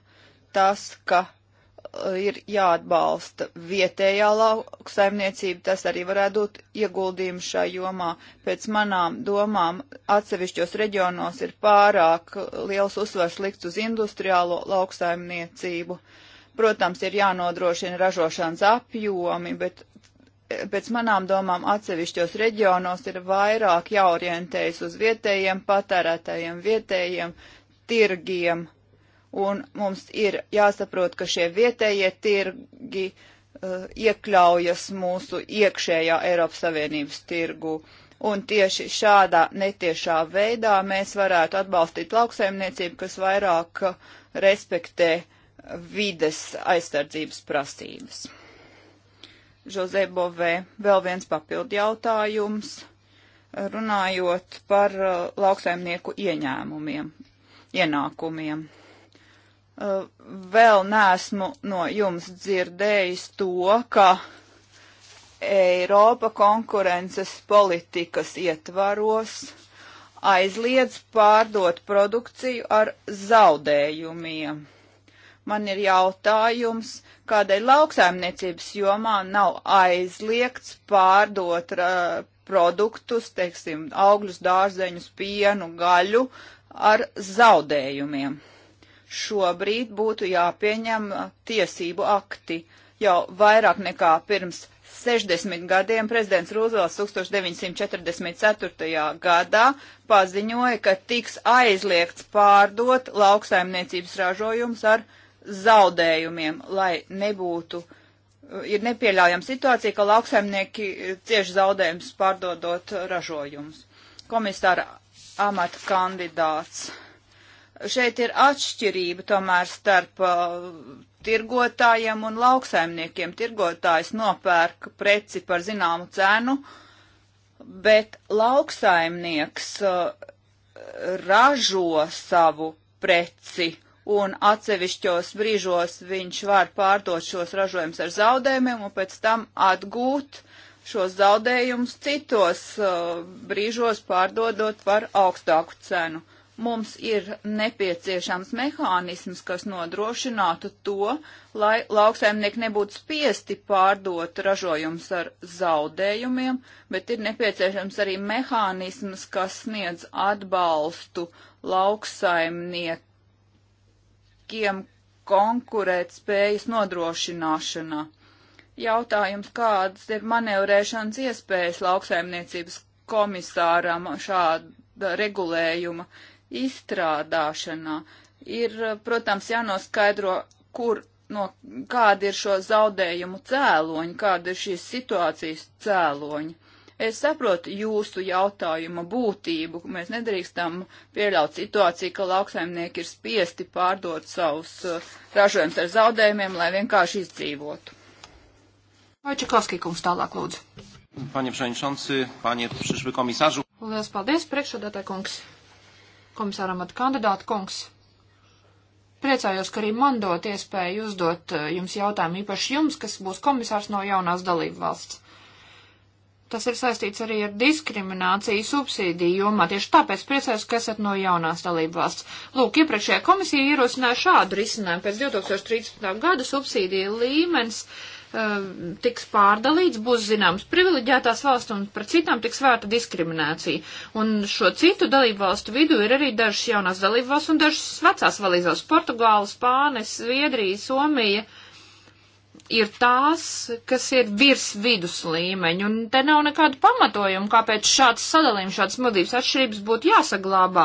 Speaker 3: tas, ka uh, ir jāatbalsta vietējā lauksaimniecība, tas arī varētu dot ieguldījumu šai jomā. Pēc manām domām atsevišķos reģionos ir pārāk uh, liels uzsvars likts uz industriālo lauksaimniecību. Protams, ir jānodrošina ražošanas apjomi, bet eh, pēc manām domām atsevišķos reģionos ir vairāk jāorientējas uz vietējiem patērētājiem, vietējiem uh, tirgiem, un mums ir jāsaprot, ka šie vietējie tirgi uh, iekļaujas mūsu iekšējā Eiropas Savienības tirgu. Un tieši šādā netiešā veidā mēs varētu atbalstīt lauksaimniecību, kas vairāk respektē vides aizsardzības prasības. Žozē Bovē, vēl viens papildu jautājums runājot par uh, lauksaimnieku ieņēmumiem ienākumiem. Uh, vēl neesmu no jums dzirdējis to, ka Eiropa konkurences politikas ietvaros aizliedz pārdot produkciju ar zaudējumiem. Man ir jautājums, kādēļ lauksaimniecības jomā nav aizliegts pārdot uh, produktus, teiksim, augļus, dārzeņus, pienu, gaļu ar zaudējumiem. Šobrīd būtu jāpieņem tiesību akti. Jau vairāk nekā pirms 60 gadiem prezidents Rūzvels 1944. gadā paziņoja, ka tiks aizliegts pārdot lauksaimniecības ražojumus ar zaudējumiem, lai nebūtu, ir nepieļaujama situācija, ka lauksaimnieki cieši zaudējumus pārdodot ražojumus. Komisāra amata kandidāts. Šeit ir atšķirība tomēr starp uh, tirgotājiem un lauksaimniekiem. Tirgotājs nopērk preci par zināmu cenu, bet lauksaimnieks uh, ražo savu preci un atsevišķos brīžos viņš var pārdot šos ražojumus ar zaudējumiem un pēc tam atgūt šos zaudējumus citos uh, brīžos pārdodot par augstāku cenu. Mums ir nepieciešams mehānisms, kas nodrošinātu to, lai lauksaimnieki nebūtu spiesti pārdot ražojums ar zaudējumiem, bet ir nepieciešams arī mehānisms, kas sniedz atbalstu lauksaimniekiem konkurēt spējas nodrošināšanā Jautājums, kādas ir manevrēšanas iespējas lauksaimniecības komisāram šāda regulējuma izstrādāšanā? Ir, protams, jānoskaidro, kur no kāda ir šo zaudējumu cēloņi, kāda ir šīs situācijas cēloņi. Es saprotu jūsu jautājuma būtību, ka mēs nedrīkstam pieļaut situāciju, ka lauksaimnieki ir spiesti pārdot savus uh, ražojumus ar zaudējumiem, lai vienkārši izdzīvotu. Vaičakovskī kungs tālāk lūdzu.
Speaker 1: Panie Prieņšansi, panie Prišvi komisāžu.
Speaker 4: Lielas paldies, priekšsādātāji kungs. Komisāram at kandidātu kungs. Priecājos, ka arī man dot iespēju uzdot eh, jums jautājumu īpaši jums, kas būs komisārs no jaunās dalību valsts. Tas ir saistīts arī ar diskrimināciju subsīdiju jomā. Tieši tāpēc priecājos, ka esat no jaunās dalību valsts. Lūk, iepriekšējā komisija ierosināja šādu risinājumu. Pēc 2013. gada subsīdija līmenis uh, Um, tiks pārdalīts, būs zināms privileģētās valsts un par citām tiks vērta diskriminācija. Un šo citu dalību valstu vidū ir arī dažas jaunās dalību valsts un dažas vecās valīzās - Portugāla, Spānes, Zviedrija, Somija. Uh, ir tās, kas ir virs vidus līmeņa, un te nav nekādu pamatojumu, kāpēc šāds sadalījums, šāds modības atšķirības būtu jāsaglabā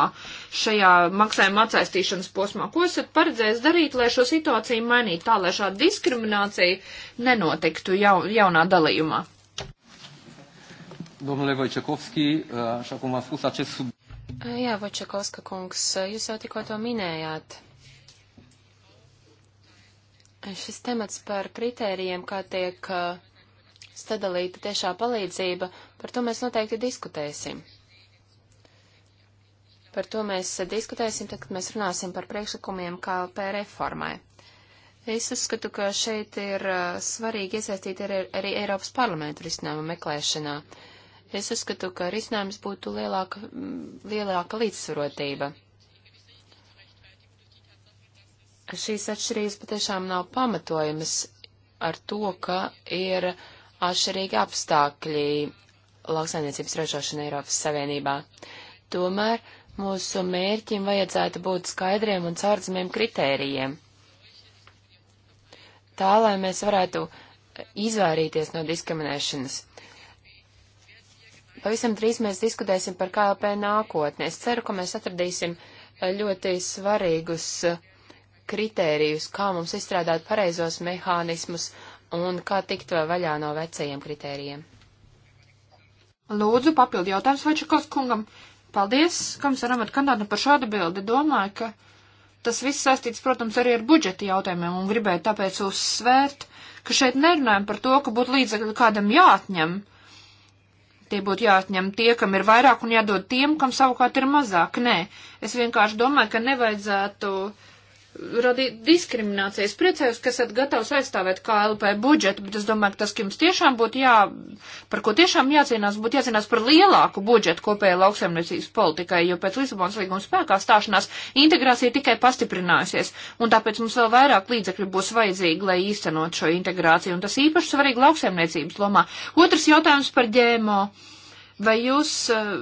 Speaker 4: šajā maksājuma atsaistīšanas posmā. Ko esat paredzējis darīt, lai šo situāciju mainītu tā, lai šāda diskriminācija nenotiktu jau, jaunā dalījumā?
Speaker 1: Domnule Vojčakovski, e, așa cum am spus, acest sub...
Speaker 2: E, Jā, Vojčakovska kungs, e, jūs jau tikko to minējāt. Šis temats par kritērijiem, kā tiek uh, sadalīta tiešā palīdzība, par to mēs noteikti diskutēsim. Par to mēs diskutēsim, tad, kad mēs runāsim par priekšlikumiem KLP reformai. Es uzskatu, ka šeit ir uh, svarīgi iesaistīt arī, arī Eiropas parlamentu risinājumu meklēšanā. Es uzskatu, ka risinājums būtu lielāka, lielāka līdzsvarotība šīs atšķirības patiešām nav pamatojamas ar to, ka ir atšķirīgi apstākļi lauksaimniecības ražošana Eiropas Savienībā. Tomēr mūsu mērķim vajadzētu būt skaidriem un caurdzamiem kritērijiem. Tā, lai mēs varētu izvairīties no diskriminēšanas. Pavisam drīz mēs diskutēsim par KLP nākotni. Es ceru, ka mēs atradīsim eh, ļoti svarīgus uh, kritērijus, kā mums izstrādāt pareizos mehānismus un kā tikt vaļā no vecajiem kritērijiem. Lūdzu, papildu jautājums Večakovs kungam. Paldies, komisaram Atkandātam par šādu bildi.
Speaker 4: Domāju, ka tas viss saistīts, protams, arī ar budžeta jautājumiem un gribēju tāpēc uzsvērt, ka šeit nerunājam par to, ka būtu līdzekļi kādam jāatņem tie būtu jāatņem tie, kam ir vairāk un jādod tiem, kam savukārt ir mazāk. Nē, es vienkārši domāju, ka nevajadzētu uh, radīt diskriminācijas. Priecājos, ka esat gatavs aizstāvēt KLP budžetu, bet es domāju, ka tas, ka jums tiešām būtu jā, par ko tiešām jācīnās, būtu jācīnās par lielāku budžetu kopējai lauksaimniecības politikai, jo pēc Lisabonas līguma spēkā stāšanās integrācija tikai pastiprinājusies, un tāpēc mums vēl vairāk līdzekļu būs vajadzīgi, lai īstenot šo integrāciju, un tas īpaši svarīgi lauksaimniecības lomā. Otrs jautājums par ģēmo. Vai jūs uh,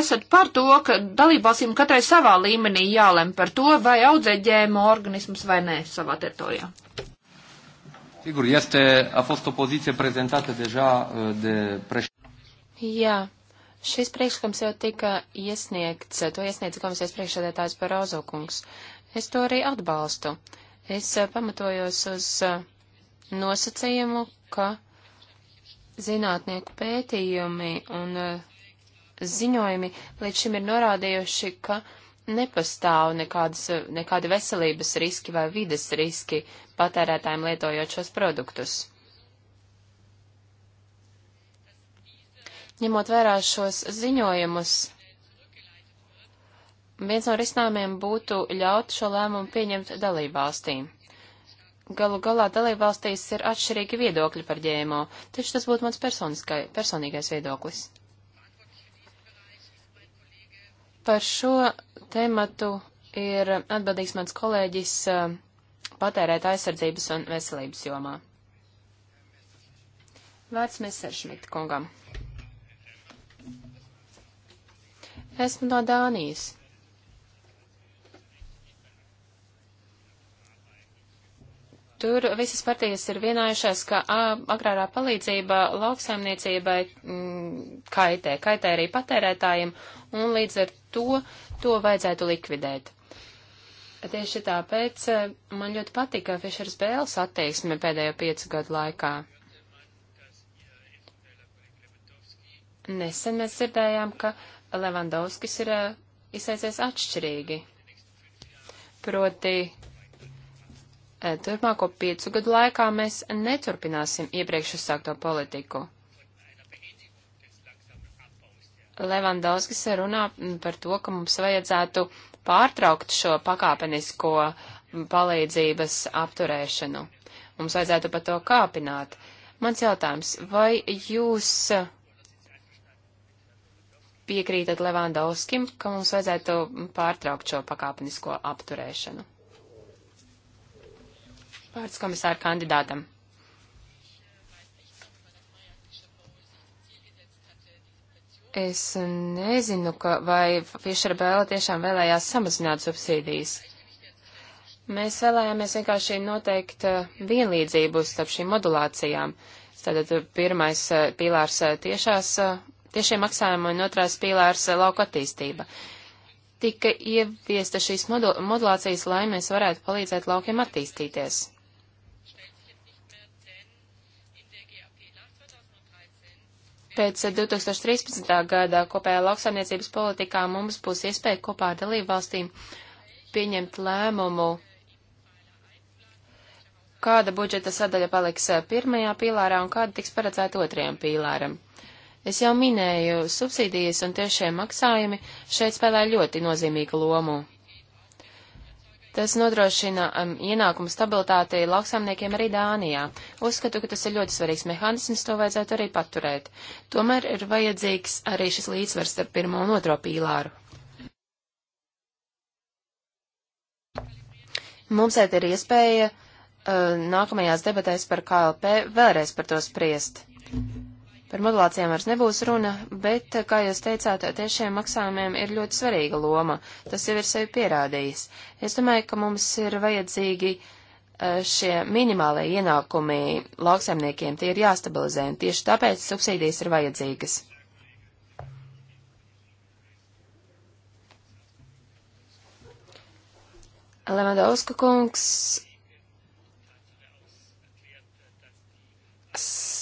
Speaker 4: esat par to, ka dalībvalstīm katrai savā līmenī jālem par to, vai audzēt ģēmo organismus vai nē savā teritorijā?
Speaker 1: Sigur, este, a fost o pozīcija prezentată deja uh, de președinte.
Speaker 2: Jā, šis priekšlikums jau tika iesniegts, to iesniedza komisijas priekšsēdētājs Barozo kungs. Es to arī atbalstu. Es uh, pamatojos uz uh, nosacījumu, ka zinātnieku pētījumi un uh, ziņojumi līdz šim ir norādījuši, ka nepastāv nekādas, nekādi veselības riski vai vides riski patērētājiem lietojot šos produktus. Ņemot vērā šos ziņojumus, viens no risinājumiem būtu ļaut šo lēmumu pieņemt dalībvalstīm. Galu galā dalībvalstīs ir atšķirīgi viedokļi par ģēmo, taču tas būtu mans personīgais viedoklis. Par šo tematu ir atbildīgs mans kolēģis eh, patērēt aizsardzības un veselības jomā. Vērts Messeršmita kungam. Esmu no Dānijas. Tur visas partijas ir vienojušās, ka agrārā palīdzība lauksaimniecībai mm, kaitē, kaitē arī patērētājiem, un līdz ar to, to vajadzētu likvidēt. Tieši tāpēc eh, man ļoti patika Fišers Bēls attieksme pēdējo piecu gadu laikā. Nesen mēs dzirdējām, ka Levandovskis ir eh, izsaicies atšķirīgi. Proti, eh, turpmāko piecu gadu laikā mēs neturpināsim iepriekš uzsākto politiku. Levandovskis runā par to, ka mums vajadzētu pārtraukt šo pakāpenisko palīdzības apturēšanu. Mums vajadzētu par to kāpināt. Mans jautājums, vai jūs piekrītat Levandovskim, ka mums vajadzētu pārtraukt šo pakāpenisko apturēšanu? Vārds komisāra kandidātam. Es nezinu, ka, vai Fišera Bēla tiešām vēlējās samazināt subsīdijas. Mēs vēlējāmies vienkārši noteikt eh, vienlīdzību starp šīm modulācijām. Tātad eh, pirmais eh, pīlārs tiešās, tiešie maksājumi un otrais pīlārs lauka attīstība tika ieviesta šīs modulācijas, lai mēs varētu palīdzēt laukiem attīstīties. Pēc 2013. Eh, gada kopējā lauksaimniecības politikā mums būs iespēja kopā ar dalību valstīm pieņemt lēmumu, kāda budžeta sadaļa paliks eh, pirmajā pīlārā un kāda tiks paredzēta otrajam pīlāram. Es jau minēju, subsīdijas un tiešie maksājumi šeit spēlē ļoti nozīmīgu lomu. Tas nodrošina um, ienākumu stabilitāti lauksaimniekiem arī Dānijā. Uzskatu, ka tas ir ļoti svarīgs mehānisms, to vajadzētu arī paturēt. Tomēr ir vajadzīgs arī šis līdzsvars starp pirmo un otro pīlāru. Mums šeit ir iespēja uh, nākamajās debatēs par KLP vēlreiz par to spriest. Par modulācijām vairs nebūs runa, bet, kā jūs teicāt, tiešiem maksājumiem ir ļoti svarīga loma. Tas jau ir sevi pierādījis. Es domāju, ka mums ir vajadzīgi e, šie minimālie ienākumi lauksaimniekiem, tie ir jāstabilizē, un tieši tāpēc subsīdijas ir vajadzīgas. Levandovska kungs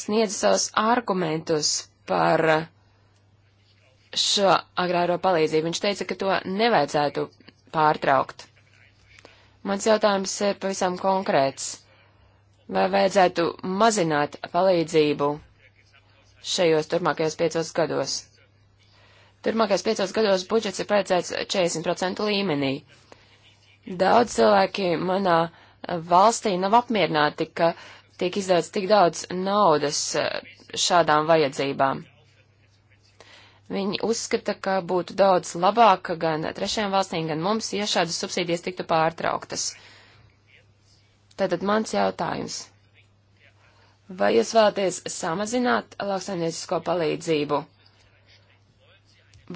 Speaker 2: sniedza savus argumentus par šo agrāro palīdzību. Viņš teica, ka to nevajadzētu pārtraukt. Mans jautājums ir pavisam konkrēts. Vai vajadzētu mazināt palīdzību šajos turpmākajos piecos gados? Turpmākajos piecos gados budžets ir paredzēts 40% līmenī. Daudz cilvēki manā valstī nav apmierināti, ka uh, tiek izdots tik daudz naudas eh, šādām vajadzībām. Viņi uzskata, ka būtu daudz labāk gan trešajām valstīm, gan mums, ja šādas subsīdijas tiktu pārtrauktas. Tātad mans jautājums. Vai jūs vēlaties samazināt lauksaimniecisko palīdzību?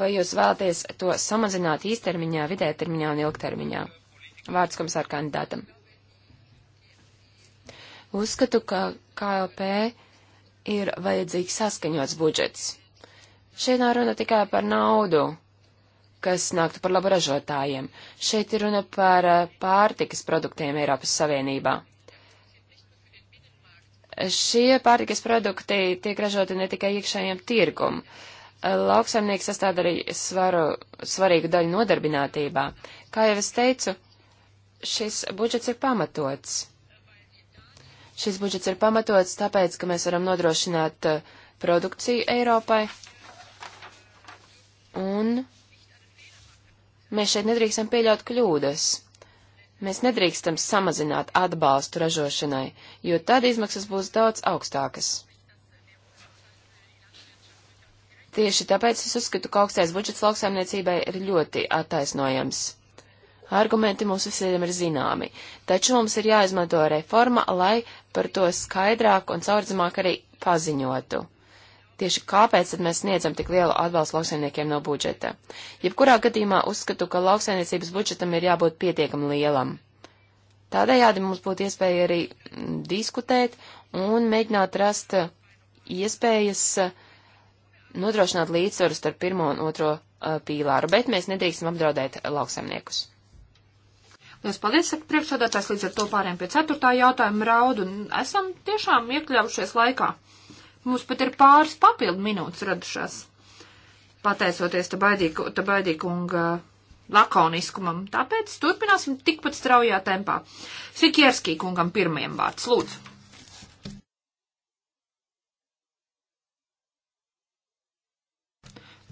Speaker 2: Vai jūs vēlaties to samazināt īstermiņā, vidētermiņā un ilgtermiņā? Vārds komisāra kandidātam. Uzskatu, ka KLP ir vajadzīgs saskaņots budžets. Šeit nav runa tikai par naudu, kas nāktu par labu ražotājiem. Šeit ir runa par eh, pārtikas produktiem Eiropas Savienībā. Šie pārtikas produkti tiek ražoti ne tikai iekšējiem tirgum. Eh, Lauksaimnieks sastāda arī svaru, svarīgu daļu nodarbinātībā. Kā jau es teicu, šis budžets ir pamatots. Šis budžets ir pamatots tāpēc, ka mēs varam nodrošināt uh, produkciju Eiropai. Un mēs šeit nedrīkstam pieļaut kļūdas. Mēs nedrīkstam samazināt atbalstu ražošanai, jo tad izmaksas būs daudz augstākas. Tieši tāpēc es uzskatu, ka augstais budžets lauksaimniecībai ir ļoti attaisnojams. Argumenti mums visiem ir zināmi, taču mums ir jāizmanto reforma, lai par to skaidrāk un caurdzamāk arī paziņotu. Tieši kāpēc tad mēs sniedzam tik lielu atbalstu lauksaimniekiem no budžeta? Jebkurā gadījumā uzskatu, ka lauksaimniecības budžetam ir jābūt pietiekam lielam. Tādējādi mums būtu iespēja arī mm, diskutēt un mēģināt rast iespējas mm, nodrošināt līdzsvaru starp pirmo un otro mm, pīlāru, bet mēs nedrīkstam apdraudēt lauksaimniekus.
Speaker 4: Liels paldies, saka priekšsādātājs, līdz ar to pārējiem pie ceturtā jautājuma raudu. Esam tiešām iekļaujušies laikā. Mums pat ir pāris papildu minūtes radušās. Pateicoties te baidīku, te baidīku un uh, lakoniskumam. Tāpēc turpināsim tikpat straujā tempā. Sikierskī kungam pirmajam vārds. Lūdzu.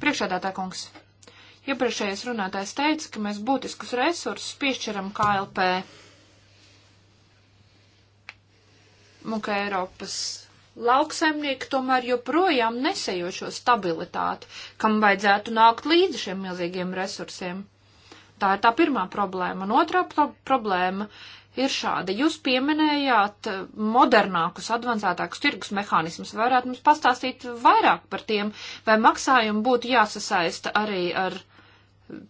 Speaker 4: Priekšādātā kungs. Iepriekšējais runātājs teica, ka mēs būtiskus resursus piešķiram KLP. Un ka Eiropas lauksaimnieki tomēr joprojām nesejo šo stabilitāti, kam vajadzētu nākt līdzi šiem milzīgiem resursiem. Tā ir tā pirmā problēma. Un otrā pro problēma ir šāda. Jūs pieminējāt eh, modernākus, advancētākus tirgus mehānismus. Varētu mums pastāstīt vairāk par tiem, vai maksājumi būtu jāsasaista arī ar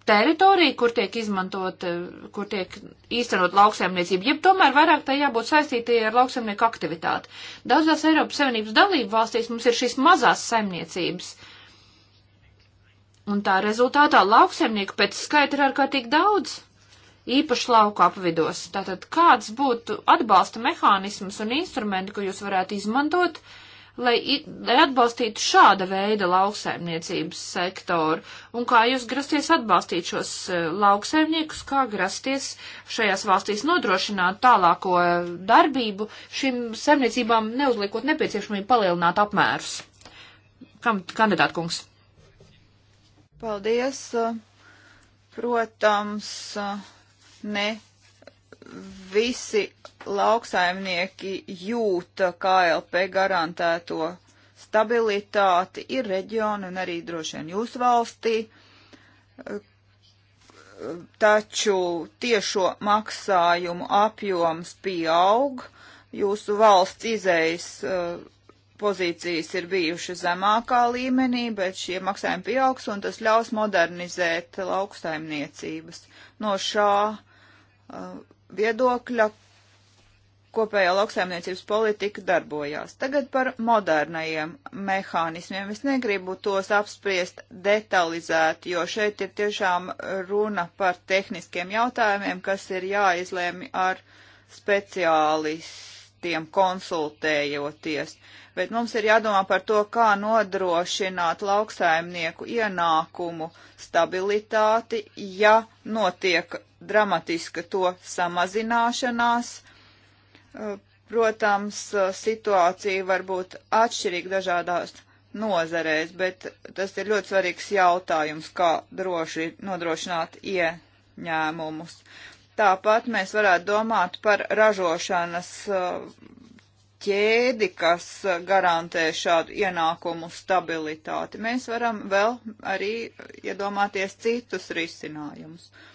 Speaker 4: teritorija, kur tiek izmantot, eh, kur tiek īstenot lauksaimniecību, jeb tomēr vairāk tā jābūt saistītai ar lauksaimnieku aktivitāti. Daudzās Eiropas Savienības dalību valstīs mums ir šīs mazās saimniecības. Un tā rezultātā lauksaimnieku pēc skaita ir ārkārtīgi daudz, īpaši lauku apvidos. Tātad kāds būtu atbalsta mehānisms un instrumenti, ko jūs varētu izmantot, uh, lai, lai atbalstītu šāda veida lauksaimniecības sektoru? Un kā jūs grasties atbalstīt šos e, lauksaimniekus, kā grasties šajās valstīs nodrošināt tālāko e, darbību šīm saimniecībām, neuzliekot nepieciešamību palielināt apmērus? Kam kandidāt kungs?
Speaker 3: Paldies. E, protams, ne visi lauksaimnieki jūta KLP garantēto stabilitāti, ir reģioni un arī droši vien jūsu valstī, taču tiešo maksājumu apjoms pieaug, jūsu valsts izējas eh, pozīcijas ir bijušas zemākā līmenī, bet šie maksājumi pieaugs un tas ļaus modernizēt lauksaimniecības. No šā eh, viedokļa kopējā lauksaimniecības politika darbojās. Tagad par modernajiem mehānismiem. Es negribu tos apspriest detalizēti, jo šeit ir tiešām runa par tehniskiem jautājumiem, kas ir jāizlēmi ar speciālistiem konsultējoties. Bet mums ir jādomā par to, kā nodrošināt lauksaimnieku ienākumu stabilitāti, ja notiek dramatiska to samazināšanās. Eh, protams, eh, situācija var būt atšķirīga dažādās nozarēs, bet tas ir ļoti svarīgs jautājums, kā droši nodrošināt ieņēmumus. Tāpat mēs varētu domāt par ražošanas eh, ķēdi, kas garantē šādu ienākumu stabilitāti. Mēs varam vēl arī iedomāties citus risinājumus. Uh,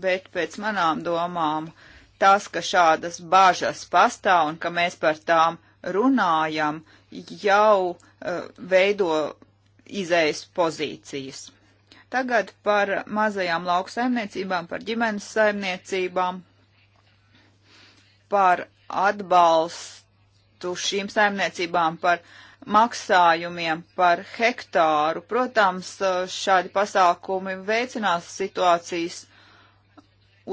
Speaker 3: bet pēc manām domām tas, ka šādas bažas pastāv un ka mēs par tām runājam, jau uh, veido izējas pozīcijas. Tagad par mazajām lauksaimniecībām, par ģimenes saimniecībām, par atbalstu šīm saimniecībām, par maksājumiem par hektāru. Protams, eh, šādi pasākumi veicinās situācijas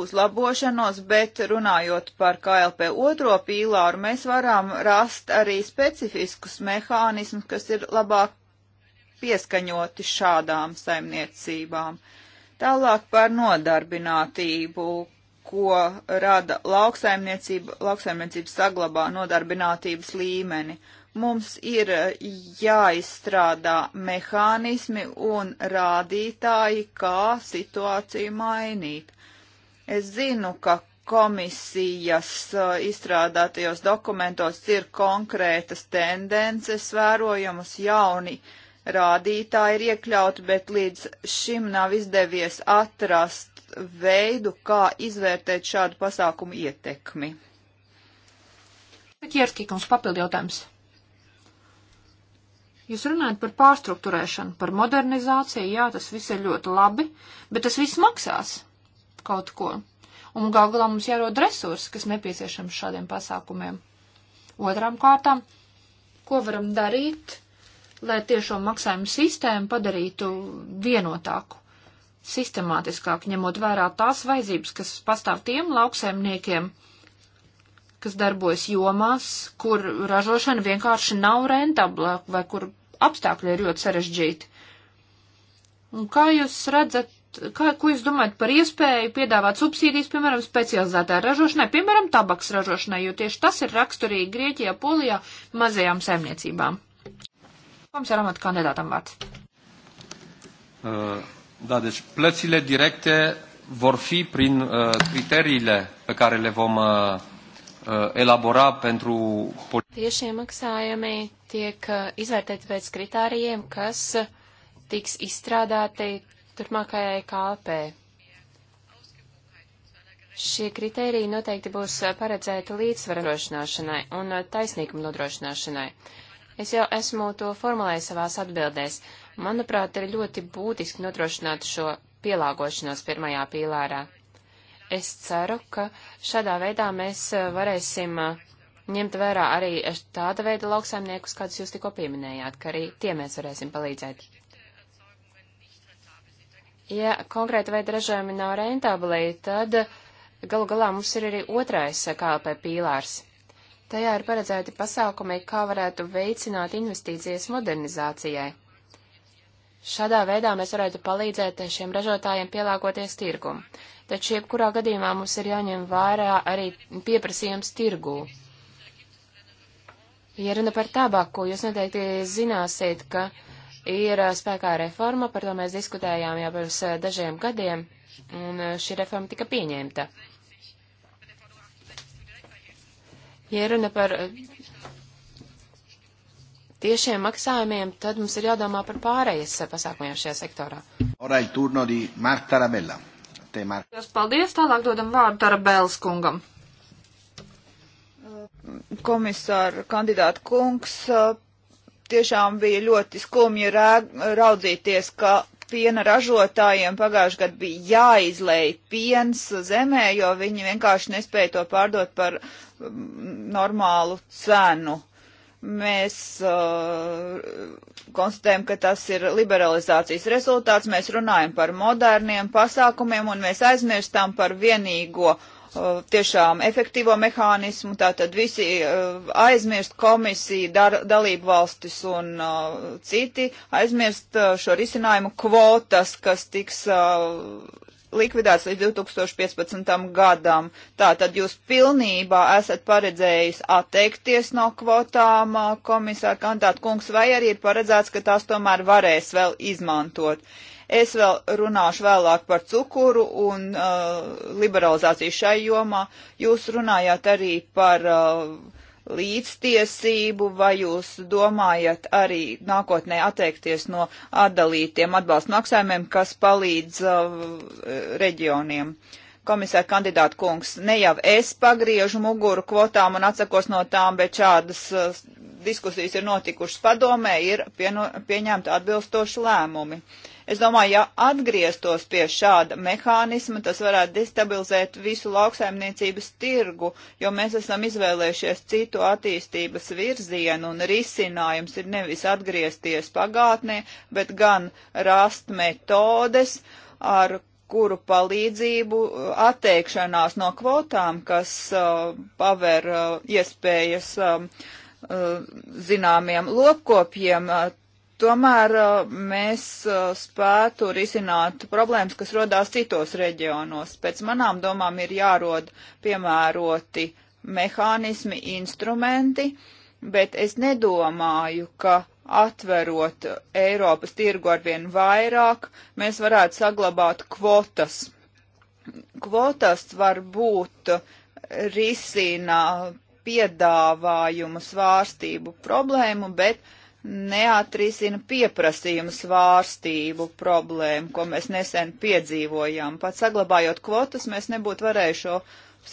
Speaker 3: uzlabošanos, bet runājot par KLP otro pīlāru, mēs varam rast arī specifiskus mehānismus, kas ir labāk pieskaņoti šādām saimniecībām. Tālāk par nodarbinātību, ko rada lauksaimniecība, lauksaimniecība saglabā nodarbinātības līmeni. Mums ir jāizstrādā mehānismi un rādītāji, kā situāciju mainīt Es zinu, ka komisijas uh, izstrādātajos dokumentos ir konkrētas tendences vērojamas jauni rādītāji ir iekļauti, bet līdz šim nav izdevies atrast veidu, kā izvērtēt šādu pasākumu ietekmi. Bet Jērskīkums
Speaker 4: papildi jautājums. Jūs runājat par pārstruktūrēšanu, par modernizāciju, jā, tas viss ir ļoti labi, bet tas viss maksās kaut ko. Un gal galā mums jārod resursi, kas nepieciešams šādiem pasākumiem. Otrām kārtām, ko varam darīt, lai tiešo maksājumu sistēmu padarītu vienotāku, sistemātiskāku, ņemot vērā tās vajadzības, kas pastāv tiem lauksaimniekiem, kas darbojas jomās, kur ražošana vienkārši nav rentabla vai kur apstākļi ir ļoti sarežģīti. Un kā jūs redzat kā, ko jūs domājat par iespēju piedāvāt subsīdijas, piemēram, specializētā ražošanai, piemēram, tabaks ražošanai, jo tieši tas ir raksturīgi Grieķijā, Polijā mazajām saimniecībām? Komisāram amat kandidātam vārds.
Speaker 1: Uh, da, deci plățile directe vor fi prin uh, criteriile pe care le vom uh, uh elabora pentru
Speaker 2: Tiešie maksājumi tiek uh, izvērtēti pēc kritērijiem, kas tiks izstrādāti turpmākajai kalpē. Šie kriteriji noteikti būs paredzēti līdzsvara nodrošināšanai un taisnīguma nodrošināšanai. Es jau esmu to formulējis savās atbildēs. Manuprāt, ir ļoti būtiski nodrošināt šo pielāgošanos pirmajā pīlārā. Es ceru, ka šādā veidā mēs varēsim uh, ņemt vērā arī tāda veida lauksaimniekus, kādus jūs tikko pieminējāt, ka arī tie mēs varēsim palīdzēt. Ja konkrēta veida ražojumi nav rentabli, tad eh, galu galā mums ir arī otrais eh, KLP pīlārs. Tajā ir paredzēti pasākumi, kā varētu veicināt investīcijas modernizācijai. Šādā veidā mēs varētu palīdzēt šiem ražotājiem pielāgoties tirgumu, taču jebkurā gadījumā mums ir jāņem vērā arī pieprasījums tirgū. Ja runa par tabaku, jūs noteikti zināsiet, ka uh, ir eh, spēkā reforma, par to mēs diskutējām jau pirms eh, dažiem gadiem, un eh, šī reforma tika pieņemta. Ja runa par tiešiem maksājumiem, tad mums ir jādomā par pārējas pasākumiem šajā sektorā.
Speaker 1: Orai turno di Marta Rabella. Te Marta.
Speaker 2: Jūs paldies, tālāk
Speaker 3: dodam vārdu Tarabels kungam. Komisāra kandidāta kungs tiešām bija ļoti skumji raudzīties, ka piena ražotājiem pagājuši gadu bija jāizlēj piens zemē, jo viņi vienkārši nespēja to pārdot par mm, normālu cenu. Mēs uh, konstatējam, ka tas ir liberalizācijas rezultāts, mēs runājam par moderniem pasākumiem un mēs aizmirstam par vienīgo uh, Uh, tiešām efektīvo mehānismu, tātad visi uh, aizmirst komisiju, dar, dalību valstis un uh, citi, aizmirst uh, šo risinājumu kvotas, kas tiks uh, likvidēts līdz 2015. gadam. Tātad jūs pilnībā esat paredzējis atteikties no kvotām, komisāra kandidāta kungs, vai arī ir paredzēts, ka tās tomēr varēs vēl izmantot. Uh, Es vēl runāšu vēlāk par cukuru un uh, liberalizāciju šai jomā. Jūs runājāt arī par uh, līdztiesību, vai jūs domājat arī nākotnē atteikties no atdalītiem atbalstu maksājumiem, kas palīdz uh, reģioniem? Komisāra kandidāta kungs, ne jau es pagriežu muguru kvotām un atsakos no tām, bet šādas uh, diskusijas ir notikušas padomē, ir pieno, pieņemta atbilstoši lēmumi. Uh, Es domāju, ja atgrieztos pie šāda mehānisma, tas varētu destabilizēt visu lauksaimniecības tirgu, jo mēs esam izvēlējušies citu attīstības virzienu un risinājums ir nevis atgriezties pagātnē, bet gan rast metodes, ar kuru palīdzību uh, atteikšanās no kvotām, kas uh, paver uh, iespējas um, uh, zināmiem lopkopiem uh, Tomēr uh, mēs uh, spētu risināt problēmas, kas rodās citos reģionos. Pēc manām domām ir jārod piemēroti mehānismi, instrumenti, bet es nedomāju, ka atverot Eiropas tirgu arvien vairāk, mēs varētu saglabāt kvotas. Kvotas var būt risina piedāvājumu svārstību problēmu, bet uh, neatrisina pieprasījumu svārstību problēmu, ko mēs nesen piedzīvojām. Pat saglabājot kvotas, mēs nebūtu varējuši šo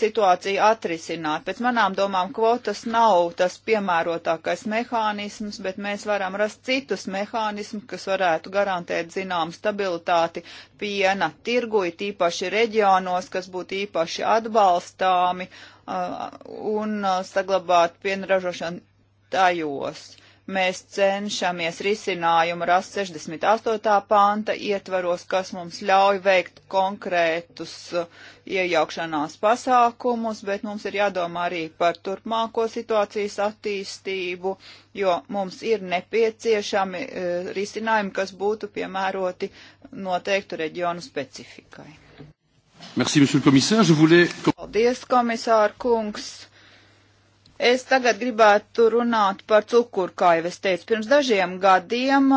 Speaker 3: situāciju atrisināt. Pēc manām domām, kvotas nav tas piemērotākais mehānisms, bet mēs varam rast citus mehānismus, kas varētu garantēt zinām stabilitāti piena tirgu, it īpaši reģionos, kas būtu īpaši atbalstāmi uh, un uh, saglabāt piena ražošanu tajos. Mēs cenšamies risinājumu rast 68. panta ietvaros, kas mums ļauj veikt konkrētus uh, iejaukšanās pasākumus, bet mums ir jādomā arī par turpmāko situācijas attīstību, jo mums ir nepieciešami uh, risinājumi, kas būtu piemēroti noteiktu reģionu specifikai. Merci, Paldies, komisāra kungs! Es tagad gribētu runāt par cukuru, kā jau es teicu. Pirms dažiem gadiem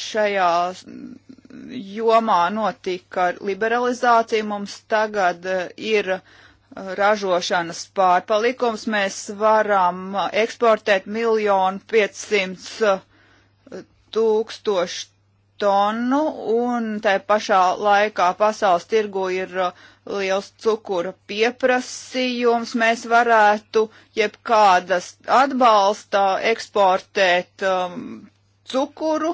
Speaker 3: šajā jomā notika liberalizācija. Mums tagad ir ražošanas pārpalikums. Mēs varam eksportēt miljonu 500 tūkstošu tonu un tai pašā laikā pasaules tirgu ir uh, liels cukura pieprasījums, mēs varētu jebkādas atbalsta eksportēt um, cukuru,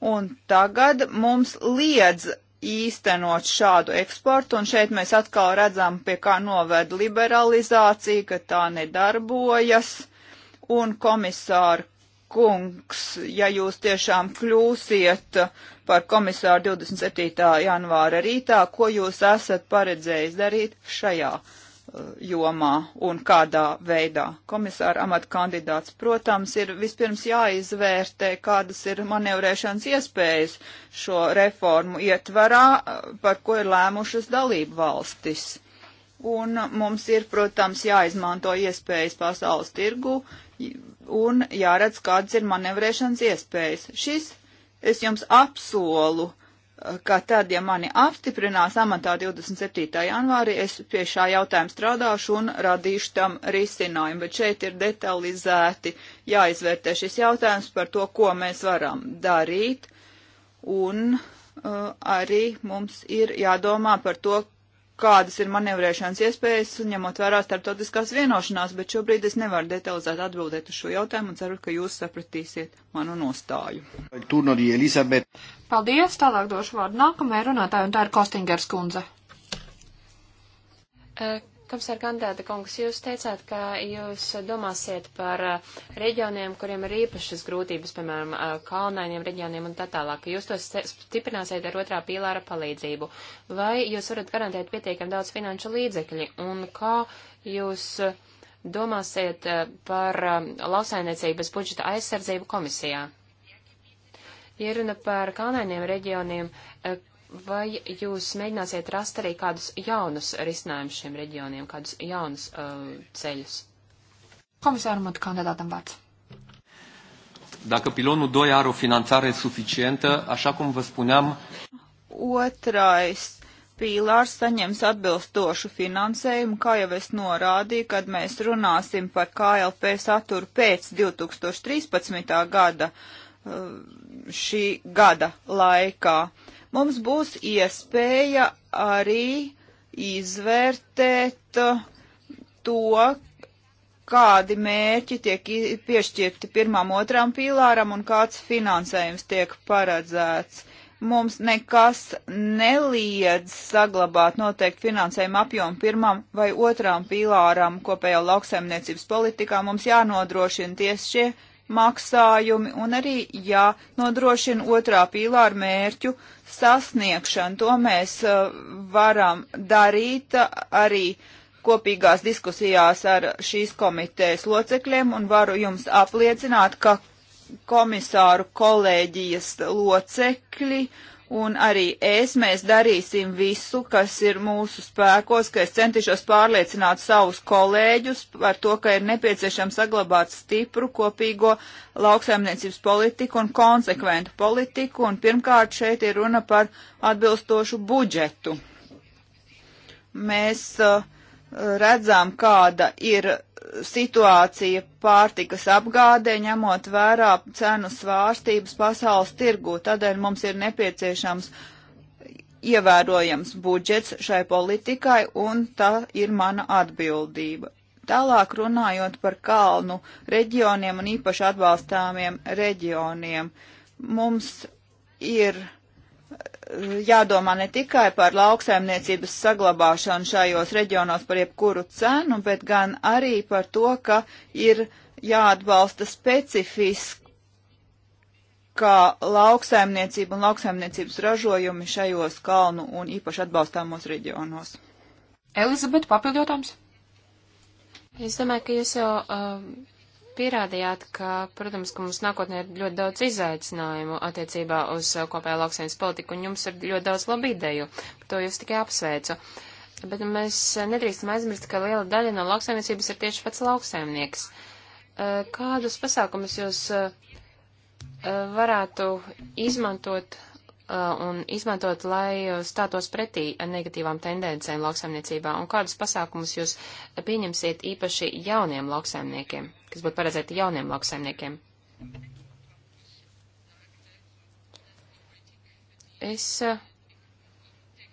Speaker 3: un tagad mums liedz īstenot šādu eksportu, un šeit mēs atkal redzam, pie kā noved liberalizācija, ka tā nedarbojas, un komisāra kungs, ja jūs tiešām kļūsiet uh, par komisāru 27. janvāra rītā, ko jūs esat paredzējis darīt šajā uh, jomā un kādā veidā. Komisāra amata kandidāts, protams, ir vispirms jāizvērtē, kādas ir manevrēšanas iespējas šo reformu ietvarā, uh, par ko ir lēmušas dalību valstis. Un mums ir, protams, jāizmanto iespējas pasaules tirgu un jāredz, kādas ir manevrēšanas iespējas. Šis Es jums apsolu, eh, ka tad, ja mani apstiprinās amatā 27. janvārī, es pie šā jautājuma strādāšu un radīšu tam risinājumu, bet šeit ir detalizēti jāizvērtē šis jautājums par to, ko mēs varam darīt, un uh, arī mums ir jādomā par to, kādas ir manevrēšanas iespējas, ņemot vērā starptautiskās vienošanās, bet šobrīd es nevaru detalizēt atbildēt uz šo jautājumu un ceru, ka jūs sapratīsiet manu nostāju.
Speaker 4: Paldies, tālāk došu vārdu nākamajai runātājai, un tā ir Kostingers kundze.
Speaker 2: Eh, Komisāra kandidāta kungs, jūs teicāt, ka jūs domāsiet par uh, reģioniem, kuriem ir īpašas grūtības, piemēram, uh, kalnainiem reģioniem un tā tālāk. Jūs tos stiprināsiet ar otrā pīlāra palīdzību. Vai jūs varat garantēt pietiekam daudz finanšu līdzekļi? Un kā jūs uh, domāsiet par um, lausainiecības budžeta aizsardzību komisijā? Ja runa par kalnainiem reģioniem, vai jūs mēģināsiet rast arī kādus jaunus risinājumus šiem reģioniem, kādus jaunus uh, ceļus? Komisāram
Speaker 3: un kandidātam vārds.
Speaker 1: Dacă pilonul 2 are o finanțare suficientă, așa cum vă spuneam...
Speaker 3: Otrais pīlārs saņems atbilstošu finansējumu, kā jau es norādīju, kad mēs runāsim par KLP saturu pēc 2013. gada uh, šī gada laikā. Mums būs iespēja arī izvērtēt uh, to, kādi mērķi tiek piešķirti pirmam, otram pīlāram un kāds finansējums tiek paredzēts. Mums nekas neliedz saglabāt noteikti finansējumu apjomu pirmam vai otram pīlāram kopējā lauksaimniecības politikā. Mums jānodrošina tieši šie maksājumi un arī jānodrošina otrā pīlāra mērķu sasniegšana. To mēs uh, varam darīt uh, arī kopīgās diskusijās ar šīs komitejas locekļiem un varu jums apliecināt, ka komisāru kolēģijas locekļi uh, un arī es, mēs darīsim visu, kas ir mūsu spēkos, ka es centīšos pārliecināt savus kolēģus par to, ka ir nepieciešams saglabāt stipru kopīgo lauksaimniecības politiku un konsekventu politiku, un pirmkārt šeit ir runa par atbilstošu budžetu. Mēs uh, redzam, kāda ir situācija pārtikas apgādē, ņemot vērā cenu svārstības pasaules tirgū. Tādēļ mums ir nepieciešams ievērojams budžets šai politikai, un tā ir mana atbildība. Tālāk runājot par kalnu reģioniem un īpaši atbalstāmiem reģioniem, mums ir jādomā ne tikai par lauksaimniecības saglabāšanu šajos reģionos par jebkuru cenu, bet gan arī par to, ka ir jāatbalsta specifiskā lauksaimniecība un lauksaimniecības ražojumi šajos kalnu un īpaši atbalstāmos reģionos. Elizabete, papildotājums?
Speaker 2: Es domāju, ka jūs jau uh, pierādījāt, ka, protams, ka mums nākotnē ir ļoti daudz izaicinājumu attiecībā uz kopējā lauksainas politiku, un jums ir ļoti daudz labu ideju. Par to jūs tikai apsveicu. Bet mēs nedrīkstam aizmirst, ka liela daļa no lauksaimniecības ir tieši pats lauksaimnieks. Eh, kādus pasākumus jūs eh, eh, varētu izmantot Uh, un izmantot, lai uh, stātos pretī negatīvām tendencēm lauksaimniecībā, un kādus pasākumus jūs pieņemsiet īpaši jauniem lauksaimniekiem, kas būtu paredzēti jauniem lauksaimniekiem? Es uh,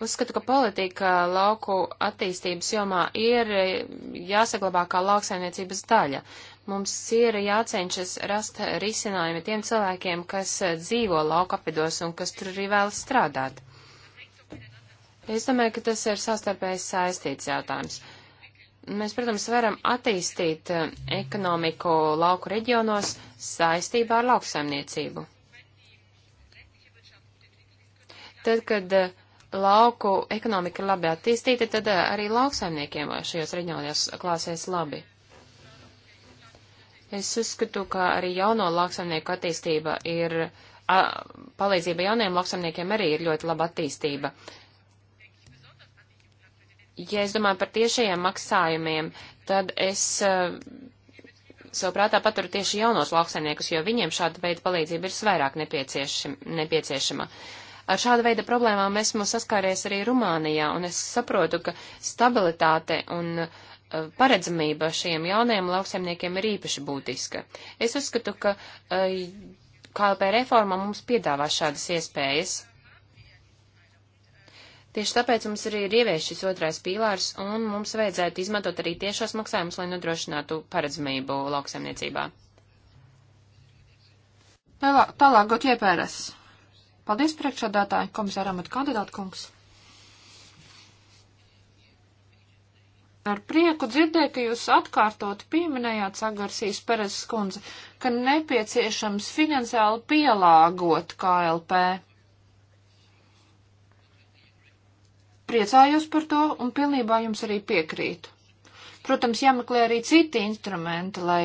Speaker 2: uzskatu, ka politika lauku attīstības jomā ir jāsaglabā kā lauksaimniecības daļa. Mums ir jācenšas rast risinājumi tiem cilvēkiem, kas eh, dzīvo laukapidos un kas tur arī vēl strādāt. Es domāju, ka tas ir sastarpēji saistīts jautājums. Mēs, protams, varam attīstīt eh, ekonomiku lauku reģionos saistībā ar lauksaimniecību. Tad, kad eh, lauku ekonomika ir labi attīstīta, tad arī lauksaimniekiem šajos reģionos klāsies labi. Es uzskatu, ka arī jauno lauksaimnieku attīstība ir, a, palīdzība jauniem lauksaimniekiem arī ir ļoti laba attīstība. Ja es domāju par tiešajiem maksājumiem, tad es sev prātā paturu tieši jaunos lauksaimniekus, jo viņiem šāda veida palīdzība ir svairāk nepieciešama. Ar šādu veidu problēmām esmu saskāries arī Rumānijā, un es saprotu, ka stabilitāte un uh, Eh, paredzamība šiem jaunajiem lauksaimniekiem ir īpaši būtiska. Es uzskatu, ka eh, KLP reforma mums piedāvā šādas iespējas. Tieši tāpēc mums arī ir ievies šis otrais pīlārs, un mums vajadzētu izmantot arī tiešos maksājumus, lai nodrošinātu paredzamību lauksaimniecībā.
Speaker 4: Tālāk, Gotjē Pēres. Paldies, priekšādātāji, komisāram at kandidātkungs. Ar prieku dzirdēju, ka jūs atkārtot pieminējāt Sagarsīs Peres kundze, ka nepieciešams finansiāli pielāgot KLP. Priecājos par to un pilnībā jums arī piekrītu. Protams, jāmeklē arī citi instrumenti, lai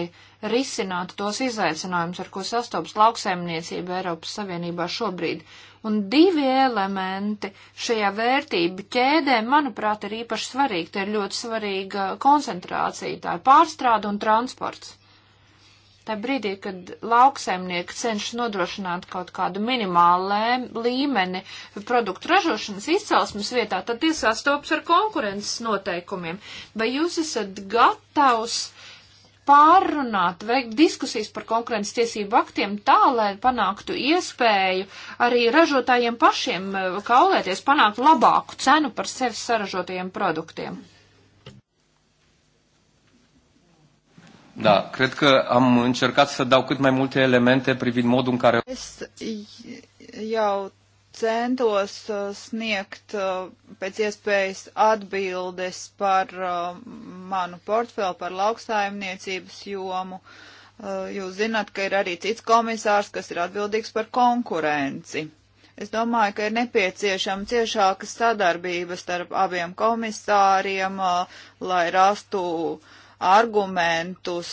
Speaker 4: risinātu tos izaicinājumus, ar ko sastopas lauksaimniecība Eiropas Savienībā šobrīd, Un divi elementi šajā vērtību ķēdē, manuprāt, ir īpaši svarīgi. Te ir ļoti svarīga koncentrācija, tā ir pārstrāde un transports. Tā brīdī, kad lauksaimnieki cenšas nodrošināt kaut kādu minimālu līmeni produktu ražošanas izcelsmes vietā, tad tie sastopas ar konkurences noteikumiem. Vai jūs esat gatavs pārrunāt, veikt diskusijas par konkurences tiesību aktiem tā, lai panāktu iespēju arī ražotājiem pašiem eh, kaulēties, panākt labāku cenu par sevi saražotajiem
Speaker 3: produktiem.
Speaker 1: Da, cred că am încercat să dau cât mai multe elemente privind modul în care...
Speaker 3: Es jau centos uh, sniegt uh, pēc iespējas atbildes par uh, manu portfeli, par lauksaimniecības jomu. Jūs zināt, ka ir arī cits komisārs, kas ir atbildīgs par konkurenci. Es domāju, ka ir nepieciešama ciešāka sadarbība starp abiem komisāriem, lai rastu argumentus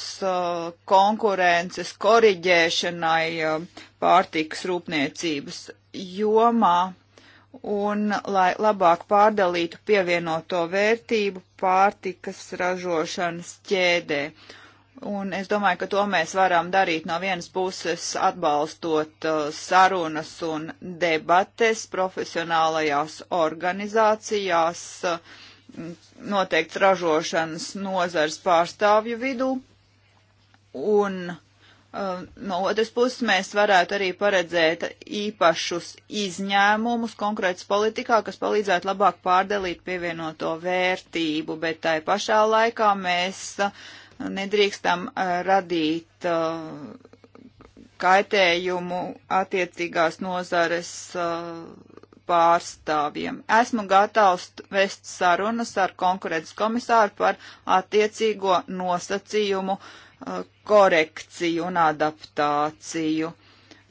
Speaker 3: konkurences koriģēšanai pārtikas rūpniecības jomā un lai labāk pārdalītu pievienoto vērtību pārtikas ražošanas ķēdē. Un es domāju, ka to mēs varam darīt no vienas puses atbalstot uh, sarunas un debates profesionālajās organizācijās, uh, noteikts ražošanas nozars pārstāvju vidū. Un uh, Uh, no otras puses, mēs varētu arī paredzēt īpašus izņēmumus konkrētas politikā, kas palīdzētu labāk pārdalīt pievienoto vērtību, bet tai pašā laikā mēs uh, nedrīkstam uh, radīt kaitējumu attiecīgās nozares pārstāvjiem. Esmu gatavs vest sarunas ar konkurences komisāru par attiecīgo nosacījumu uh, korekciju un adaptāciju.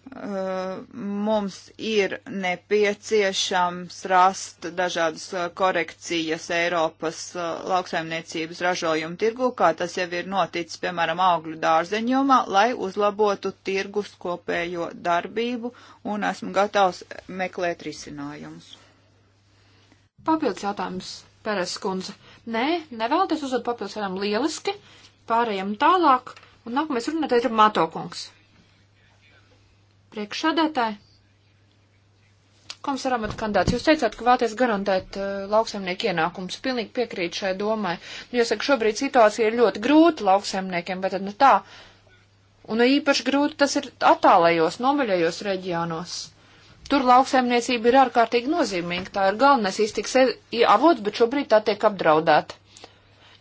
Speaker 3: Eh, mums ir nepieciešams rast dažādas eh, korekcijas Eiropas eh, lauksaimniecības ražojumu tirgu, kā tas jau ir noticis, piemēram, augļu dārzeņumā, lai uzlabotu tirgus kopējo darbību, un esmu gatavs meklēt risinājumus.
Speaker 4: Papildus jautājums, Peres kundze. Nē, nevēlaties uzdot papildus jautājumu lieliski. Pārējām tālāk, un nākamais runātājs ir Matokungs. Priekšsādātāji. Komisāram atkandāts, jūs teicāt, ka vēlaties garantēt uh, lauksaimnieku ienākumus. Pilnīgi piekrīt šai domai. Nu, jāsaka, šobrīd situācija ir ļoti grūta lauksaimniekiem, bet tad nu tā. Un īpaši grūti tas ir attālajos, nomaļajos reģionos. Tur lauksaimniecība ir ārkārtīgi nozīmīga. Tā ir galvenais iztiks e- avots, bet šobrīd tā tiek apdraudēta.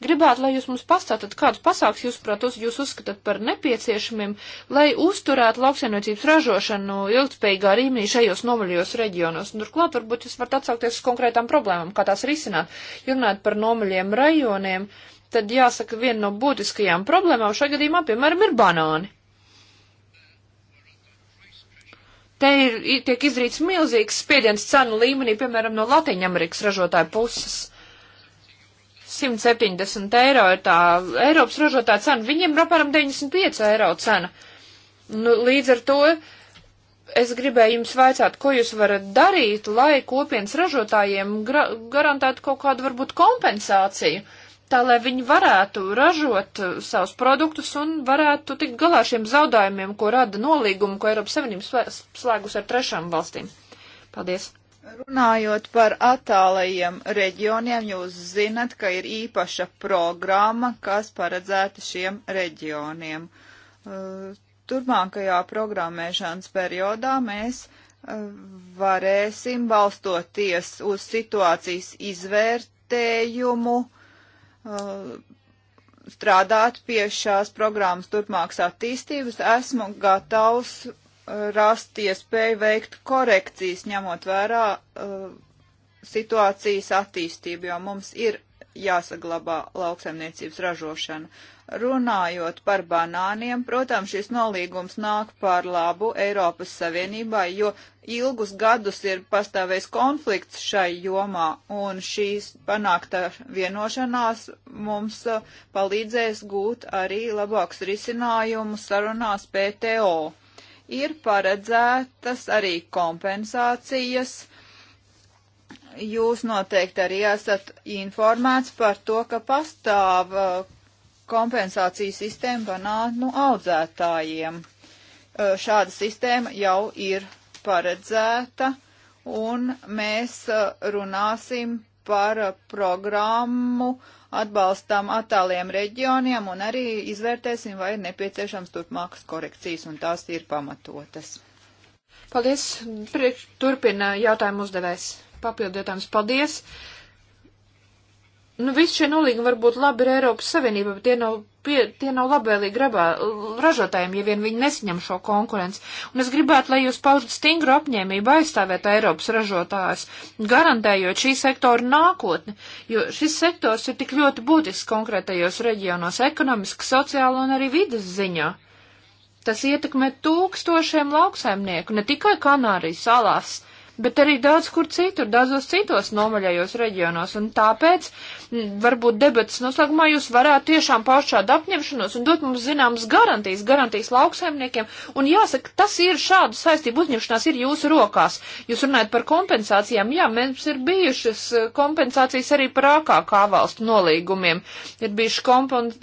Speaker 4: Gribētu, lai jūs mums pastāstat, kādus pasāks jūs, protams, jūs uzskatāt par nepieciešamiem, lai uzturētu lauksainiecības ražošanu ilgspējīgā rīmī šajos nomaļajos reģionos. Un turklāt, varbūt jūs varat atsaukties uz konkrētām problēmām, kā tās risināt. Runājot par nomaļiem rajoniem, tad jāsaka, viena no būtiskajām problēmām šajā gadījumā, piemēram, ir banāni. Te ir, tiek izrīts milzīgs spiediens cenu līmenī, piemēram, no Latvijas-Amerikas ražotāju puses. 170 eiro ir tā Eiropas ražotāja cena, viņiem ir apmēram 95 eiro cena. Nu, līdz ar to es gribēju jums vaicāt, ko jūs varat darīt, lai kopienas ražotājiem garantētu kaut kādu varbūt kompensāciju, tā lai viņi varētu ražot uh, savus produktus un varētu tikt galā šiem zaudējumiem, ko rada nolīgumu, ko Eiropas Savienības slēgus ar trešām valstīm.
Speaker 3: Paldies! Runājot par attālajiem reģioniem, jūs zinat, ka ir īpaša programma, kas paredzēta šiem reģioniem. Uh, turmākajā programmēšanas periodā mēs uh, varēsim balstoties uz situācijas izvērtējumu uh, strādāt pie šās programmas turpmākas attīstības. Esmu gatavs rast iespēju veikt korekcijas, ņemot vērā uh, situācijas attīstību, jo mums ir jāsaglabā lauksaimniecības ražošana. Runājot par banāniem, protams, šis nolīgums nāk par labu Eiropas Savienībai, jo ilgus gadus ir pastāvējis konflikts šai jomā, un šīs panāktā vienošanās mums uh, palīdzēs gūt arī labāks risinājumu sarunās PTO ir paredzētas arī kompensācijas. Jūs noteikti arī esat informēts par to, ka pastāv uh, kompensācijas sistēma banānu audzētājiem. Uh, šāda sistēma jau ir paredzēta, un mēs uh, runāsim par uh, programmu atbalstam attāliem reģioniem un arī izvērtēsim, vai ir nepieciešams turpmākas korekcijas un tās ir pamatotas. Paldies.
Speaker 4: Priekš turpina jautājumu uzdevējs. Papildu jautājums. Paldies. Nu, visi šie nolīgumi var būt labi ar Eiropas Savienību, bet tie nav pie, tie nav labvēlīgi grabā, ražotājiem, ja vien viņi nesaņem šo konkurenci. Un es gribētu, lai jūs paužat stingru apņēmību aizstāvēt Eiropas ražotājus, garantējot šī sektora nākotni, jo šis sektors ir tik ļoti būtisks konkrētajos reģionos ekonomiski, sociāli un arī vidas ziņā. Tas ietekmē tūkstošiem lauksaimnieku, ne tikai Kanārijas salās, bet arī daudz kur citur, daudzos citos nomaļajos reģionos. Un tāpēc varbūt debatas noslēgumā jūs varētu tiešām paust šādu apņemšanos un dot mums zināmas garantijas, garantijas lauksaimniekiem. Un jāsaka, tas ir šādu saistību uzņemšanās ir jūsu rokās. Jūs runājat par kompensācijām. Jā, mums ir bijušas eh, kompensācijas arī par AKK valstu nolīgumiem. Ir bijušas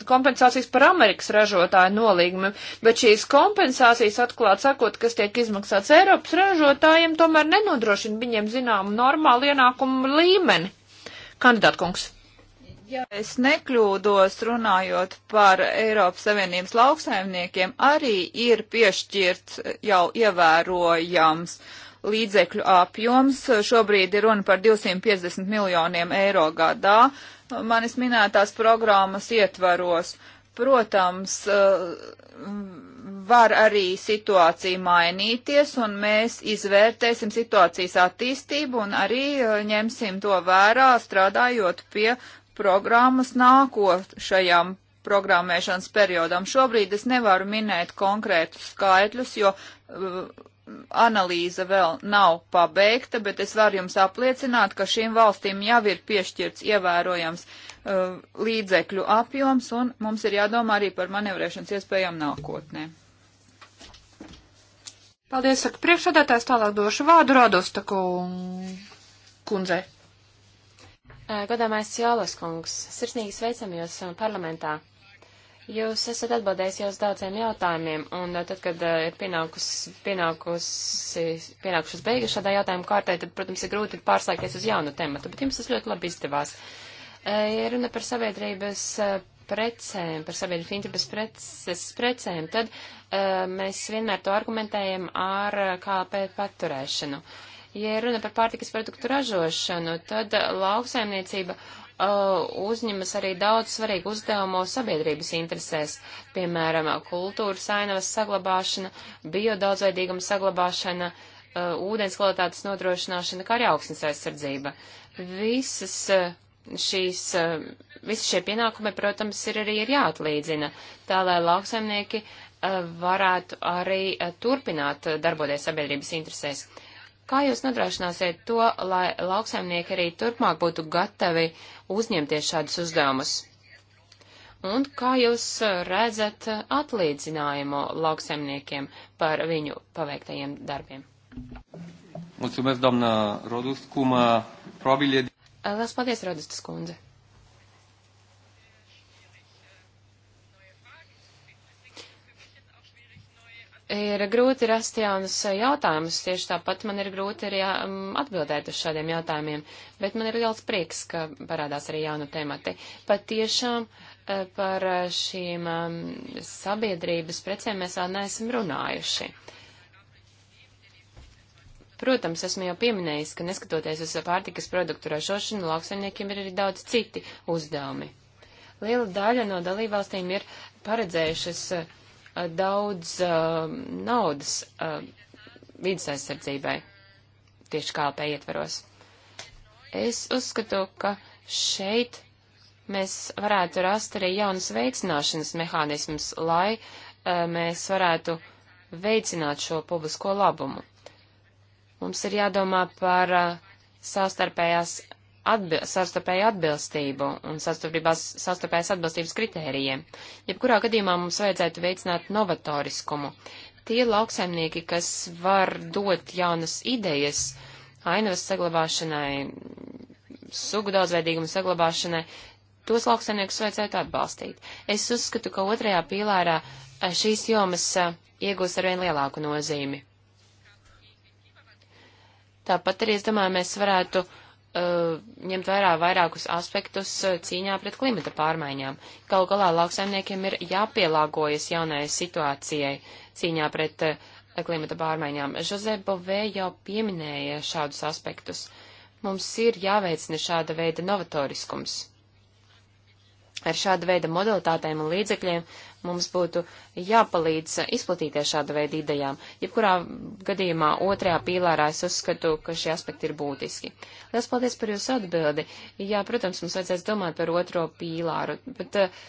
Speaker 4: kompensācijas par Amerikas ražotāju nolīgumiem, bet šīs kompensācijas atklāt sakot, kas tiek izmaksāts Eiropas ražotājiem, tomēr nenodrošina jānodrošina viņiem zinām normālu ienākumu līmeni. Kandidāt kungs.
Speaker 3: Ja es nekļūdos runājot par Eiropas Savienības lauksaimniekiem, arī ir piešķirts jau ievērojams līdzekļu apjoms. Šobrīd ir runa par 250 miljoniem eiro gadā manis minētās programmas ietvaros. Protams, var arī situācija mainīties, un mēs izvērtēsim situācijas attīstību un arī uh, ņemsim to vērā, strādājot pie programmas nākošajam programmēšanas periodam. Šobrīd es nevaru minēt konkrētus skaitļus, jo uh, analīze vēl nav pabeigta, bet es varu jums apliecināt, ka šīm valstīm jau ir piešķirts ievērojams uh, līdzekļu apjoms, un mums ir jādomā arī par manevrēšanas iespējām nākotnē.
Speaker 4: Paldies, saka priekšsādātājs, tālāk došu vārdu Radosta kundzei.
Speaker 2: Godāmais Jālas kungs, sirsnīgi sveicam jūs um, parlamentā. Jūs esat atbildējis jau uz daudziem jautājumiem, un tad, kad ir pienākus, pienākus, pienākušas beigas šādā jautājuma kārtē, tad, protams, ir grūti pārslēgties uz jaunu tematu, bet jums tas ļoti labi izdevās. Ja runa par sabiedrības precēm, par sabiedrību intereses preces, precēm, tad uh, mēs vienmēr to argumentējam ar uh, eh, KLP paturēšanu. Ja runa par pārtikas produktu ražošanu, tad uh, lauksaimniecība uzņemas arī daudz svarīgu uzdevumu sabiedrības interesēs, piemēram, kultūras ainavas saglabāšana, biodaudzveidīguma saglabāšana, ūdens kvalitātes nodrošināšana, kā arī augsnes aizsardzība. Visas šīs, eh, visi šie pienākumi, protams, ir arī ir jāatlīdzina, tā lai lauksaimnieki eh, varētu arī eh, turpināt darboties sabiedrības interesēs. Kā jūs nodrošināsiet to, lai lauksaimnieki arī turpmāk būtu gatavi uzņemties šādus uzdevumus? Un kā jūs redzat atlīdzinājumu lauksaimniekiem par viņu paveiktajiem darbiem?
Speaker 1: Mulțumesc, doamnă Rodus. Cum probabil e
Speaker 2: Eh, Lielas paldies, Rodistas kundze! ir grūti rast jaunus jautājumus, tieši tāpat man ir grūti arī mm, atbildēt uz šādiem jautājumiem, bet man ir liels prieks, ka parādās arī jauni temati. Pat tiešām eh, par šīm mm, sabiedrības precēm mēs vēl neesam runājuši. Protams, esmu jau pieminējis, ka neskatoties uz pārtikas produktu ražošanu, lauksaimniekiem ir arī daudz citi uzdevumi. Liela daļa no dalībvalstīm ir paredzējušas uh, daudz uh, naudas uh, vidas aizsardzībai tieši KLP ietvaros. Es uzskatu, ka šeit mēs varētu rast arī jaunas veicināšanas mehānismus, lai uh, mēs varētu veicināt šo publisko labumu. Mums ir jādomā par uh, sastarpējās atbil sastarpēju atbilstību un sastarpējās atbilstības kritērijiem. Jebkurā gadījumā mums vajadzētu veicināt novatoriskumu. Tie lauksaimnieki, kas var dot jaunas idejas ainavas saglabāšanai, sugu daudzveidīgumu saglabāšanai, tos lauksaimniekus vajadzētu atbalstīt. Es uzskatu, ka otrajā pīlārā eh, šīs jomas eh, iegūs arvien lielāku nozīmi. Tāpat arī, es domāju, mēs varētu uh, ņemt vērā vairākus aspektus uh, cīņā pret klimata pārmaiņām. Galu galā lauksaimniekiem ir jāpielāgojas jaunajai situācijai cīņā pret uh, klimata pārmaiņām. Žozē Bovē jau pieminēja šādus aspektus. Mums ir jāveicina šāda veida novatoriskums. Ar šāda veida modalitātēm un līdzekļiem Mums būtu jāpalīdz izplatīties šāda veida idejām. Jebkurā gadījumā otrajā pīlārā es uzskatu, ka šie aspekti ir būtiski. Lielas paldies par jūsu atbildi. Jā, protams, mums vajadzēs domāt par otro pīlāru, bet uh,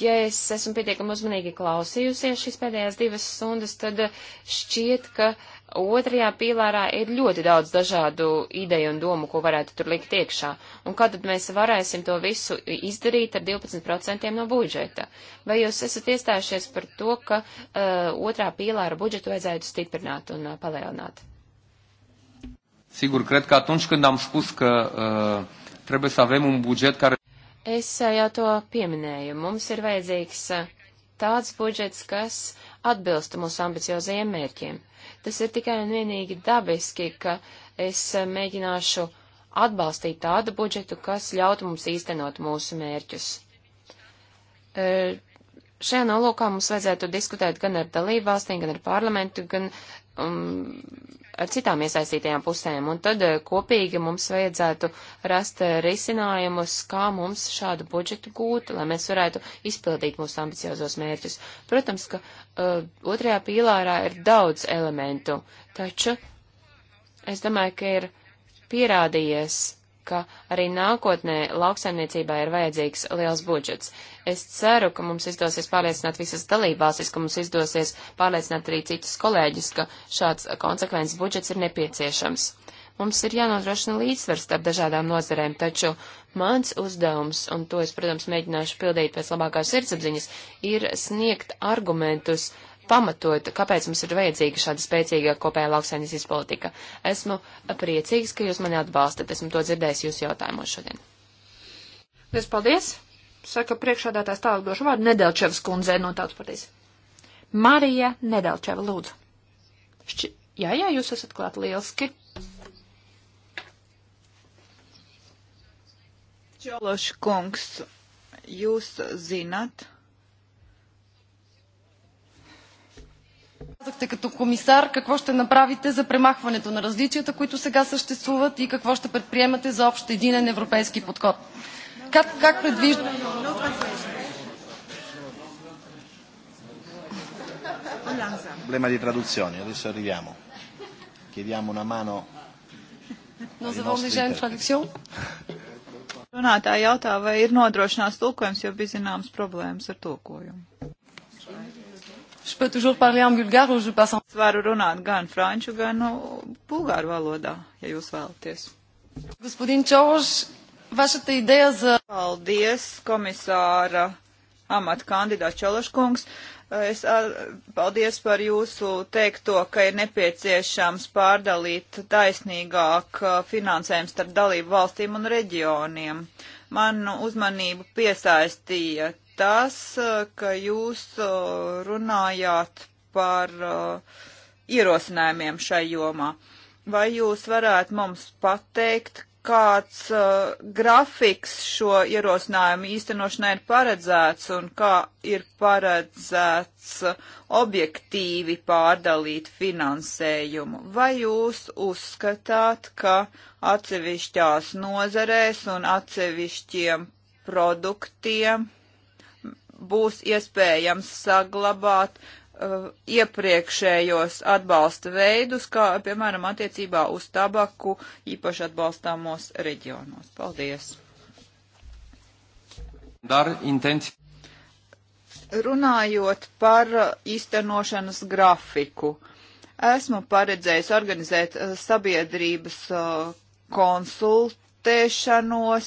Speaker 2: Ja es esmu pietiekami uzmanīgi klausījusies šīs pēdējās divas stundas, tad šķiet, ka otrajā pīlārā ir ļoti daudz dažādu ideju un domu, ko varētu tur likt iekšā. Un kā tad mēs varēsim to visu izdarīt ar 12% no budžeta? Vai jūs esat iestājušies par to, ka uh, otrā pīlāra budžetu vajadzētu stiprināt un uh, palielināt?
Speaker 1: Sigur, cred că atunci când am spus că uh, trebuie să avem un buget care
Speaker 2: Es jau to pieminēju. Mums ir vajadzīgs tāds budžets, kas atbilstu mūsu ambiciozajiem mērķiem. Tas ir tikai un vienīgi dabiski, ka es mēģināšu atbalstīt tādu budžetu, kas ļautu mums īstenot mūsu mērķus. E, šajā nolūkā mums vajadzētu diskutēt gan ar dalību valstīm, gan ar parlamentu, gan um, ar citām iesaistītajām pusēm, un tad uh, kopīgi mums vajadzētu rast uh, risinājumus, kā mums šādu budžetu gūt, lai mēs varētu izpildīt mūsu ambiciozos mērķus. Protams, ka uh, otrajā pīlārā ir daudz elementu, taču es domāju, ka ir pierādījies, ka arī nākotnē lauksaimniecībā ir vajadzīgs liels budžets. Es ceru, ka mums izdosies pārliecināt visas dalībvalstis, ka mums izdosies pārliecināt arī citus kolēģus, ka šāds konsekvences budžets ir nepieciešams. Mums ir jānodrošina līdzsvars starp dažādām nozarēm, taču mans uzdevums, un to es, protams, mēģināšu pildīt pēc labākās sirdsapziņas, ir sniegt argumentus, pamatot, kāpēc mums ir vajadzīga šāda spēcīga kopējā lauksainisīs politika. Esmu priecīgs, ka jūs mani atbalstat. Esmu to dzirdējis jūsu jautājumos šodien.
Speaker 4: Lies paldies! saka priekšādātājs tālāk došu vārdu Nedelčevas kundzei no tautas partijas. Marija Nedelčeva, lūdzu. Šķi... Jā, jā, jūs esat klāt
Speaker 3: lieliski. Čološi kungs, jūs zinat. Казахте като комисар какво ще направите за премахването
Speaker 4: на различията, които сега съществуват и какво ще предприемате за общ единен европейски подход
Speaker 3: как, как предвижда...
Speaker 1: Problema di traduzione, adesso arriviamo. Chiediamo
Speaker 3: una mano. Nous avons déjà une traduction. Runātāja jautā, vai ir nodrošināts tulkojums, jo bija zināmas problēmas ar tulkojumu. Es varu runāt gan franču, gan nu, bulgāru valodā, ja jūs vēlaties. Господин Чорж, Vaša ideja za. Paldies, komisāra amata kandidāts Čološkungs. Es ar, paldies par jūsu teikto, ka ir nepieciešams pārdalīt taisnīgāk finansējums starp dalību valstīm un reģioniem. Man uzmanību piesaistīja tas, ka jūs runājāt par ierosinājumiem šai jomā. Vai jūs varētu mums pateikt, kāds uh, grafiks šo ierosinājumu īstenošanai ir paredzēts un kā ir paredzēts uh, objektīvi pārdalīt finansējumu? Vai jūs uzskatāt, ka atsevišķās nozarēs un atsevišķiem produktiem būs iespējams saglabāt uh, uh, iepriekšējos atbalsta veidus, kā, piemēram, attiecībā uz tabaku īpaši atbalstāmos reģionos. Paldies!
Speaker 1: Dar intensi.
Speaker 3: Runājot par īstenošanas grafiku, esmu paredzējis organizēt uh, sabiedrības uh, konsultēšanos,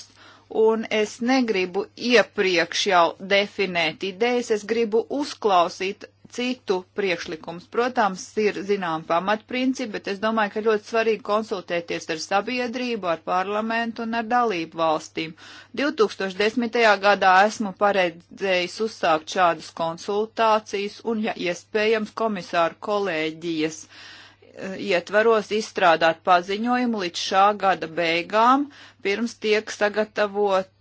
Speaker 3: un es negribu iepriekš jau definēt idejas, es gribu uzklausīt citu priekšlikums. Protams, ir zinām pamatprincipi, bet es domāju, ka ļoti svarīgi konsultēties ar sabiedrību, ar parlamentu un ar dalību valstīm. 2010. gadā esmu paredzējis uzsākt šādas konsultācijas un, ja iespējams, komisāru kolēģijas eh, ietvaros izstrādāt paziņojumu līdz šā gada beigām, pirms tiek sagatavoti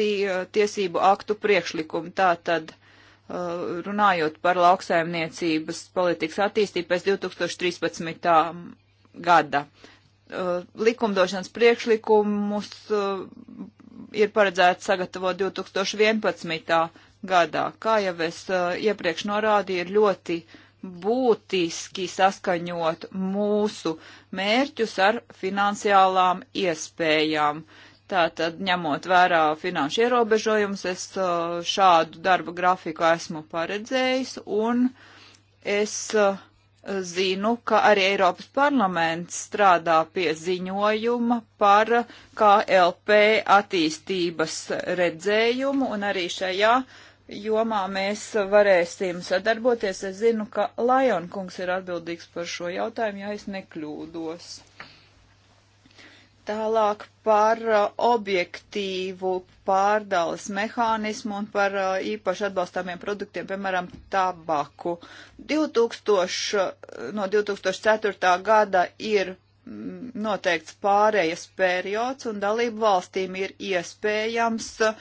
Speaker 3: eh, tiesību aktu priekšlikumi. Tātad, uh, Uh, runājot par lauksaimniecības politikas attīstību pēc 2013. gada. Uh, likumdošanas priekšlikumus uh, ir paredzēts sagatavot 2011. gadā. Kā jau es iepriekš norādīju, ir ļoti būtiski saskaņot mūsu mērķus ar finansiālām iespējām. Uh, Tātad, ņemot vērā finanšu ierobežojumus, es uh, šādu darba grafiku esmu paredzējis, un es uh, zinu, ka arī Eiropas parlaments strādā pie ziņojuma par KLP attīstības redzējumu, un arī šajā jomā mēs varēsim sadarboties. Es zinu, ka Lajonkungs ir atbildīgs par šo jautājumu, ja es nekļūdos. Tālāk par uh, objektīvu pārdales mehānismu un par uh, īpaši atbalstāmiem produktiem, piemēram, tabaku. 2000, uh, no 2004. gada ir mm, noteikts pārējas periods un dalību valstīm ir iespējams uh,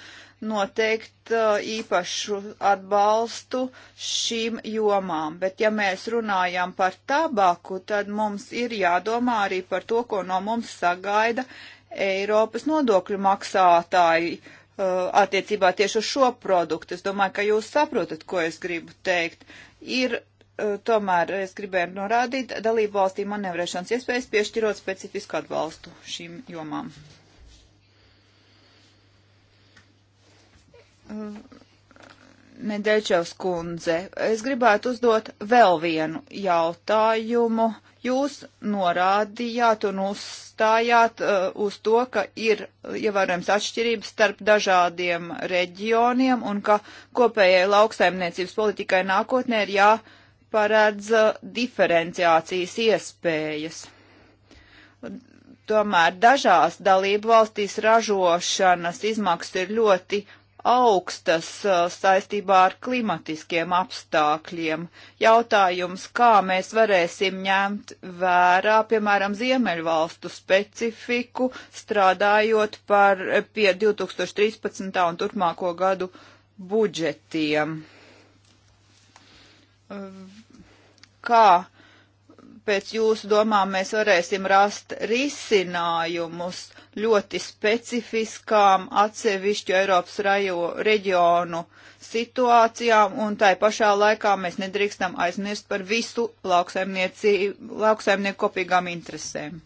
Speaker 3: noteikt uh, īpašu atbalstu šīm jomām. Bet ja mēs runājam par tabaku, tad mums ir jādomā arī par to, ko no mums sagaida Eiropas nodokļu maksātāji uh, attiecībā tieši uz šo produktu. Es domāju, ka jūs saprotat, ko es gribu teikt. Ir uh, tomēr, es gribēju norādīt, dalību valstīm manevrēšanas iespējas piešķirot specifisku atbalstu šīm jomām. Medečevs kundze, es gribētu uzdot vēl vienu jautājumu. Jūs norādījāt un uzstājāt uh, uz to, ka ir ievērojams atšķirības starp dažādiem reģioniem un ka kopējai lauksaimniecības politikai nākotnē ir jāparedz uh, diferenciācijas iespējas. Tomēr dažās dalību valstīs ražošanas izmaksas ir ļoti augstas saistībā ar klimatiskiem apstākļiem. Jautājums, kā mēs varēsim ņemt vērā, piemēram, Ziemeļvalstu specifiku, strādājot par pie 2013. un turpmāko gadu budžetiem. Kā pēc jūsu domām mēs varēsim rast risinājumus? ļoti specifiskām atsevišķu Eiropas rajo, reģionu situācijām, un tai pašā laikā mēs nedrīkstam aizmirst par visu lauksaimnieku kopīgām interesēm.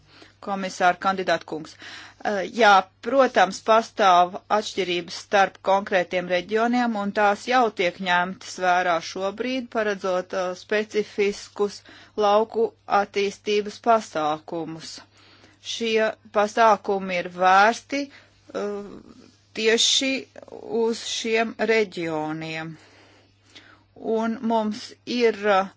Speaker 3: Komisāra kandidāta kungs. Eh, jā, protams, pastāv atšķirības starp konkrētiem reģioniem, un tās jau tiek ņemtas vērā šobrīd, paredzot uh, specifiskus lauku attīstības pasākumus šie pasākumi ir vērsti uh, tieši uz šiem reģioniem. Un mums ir uh,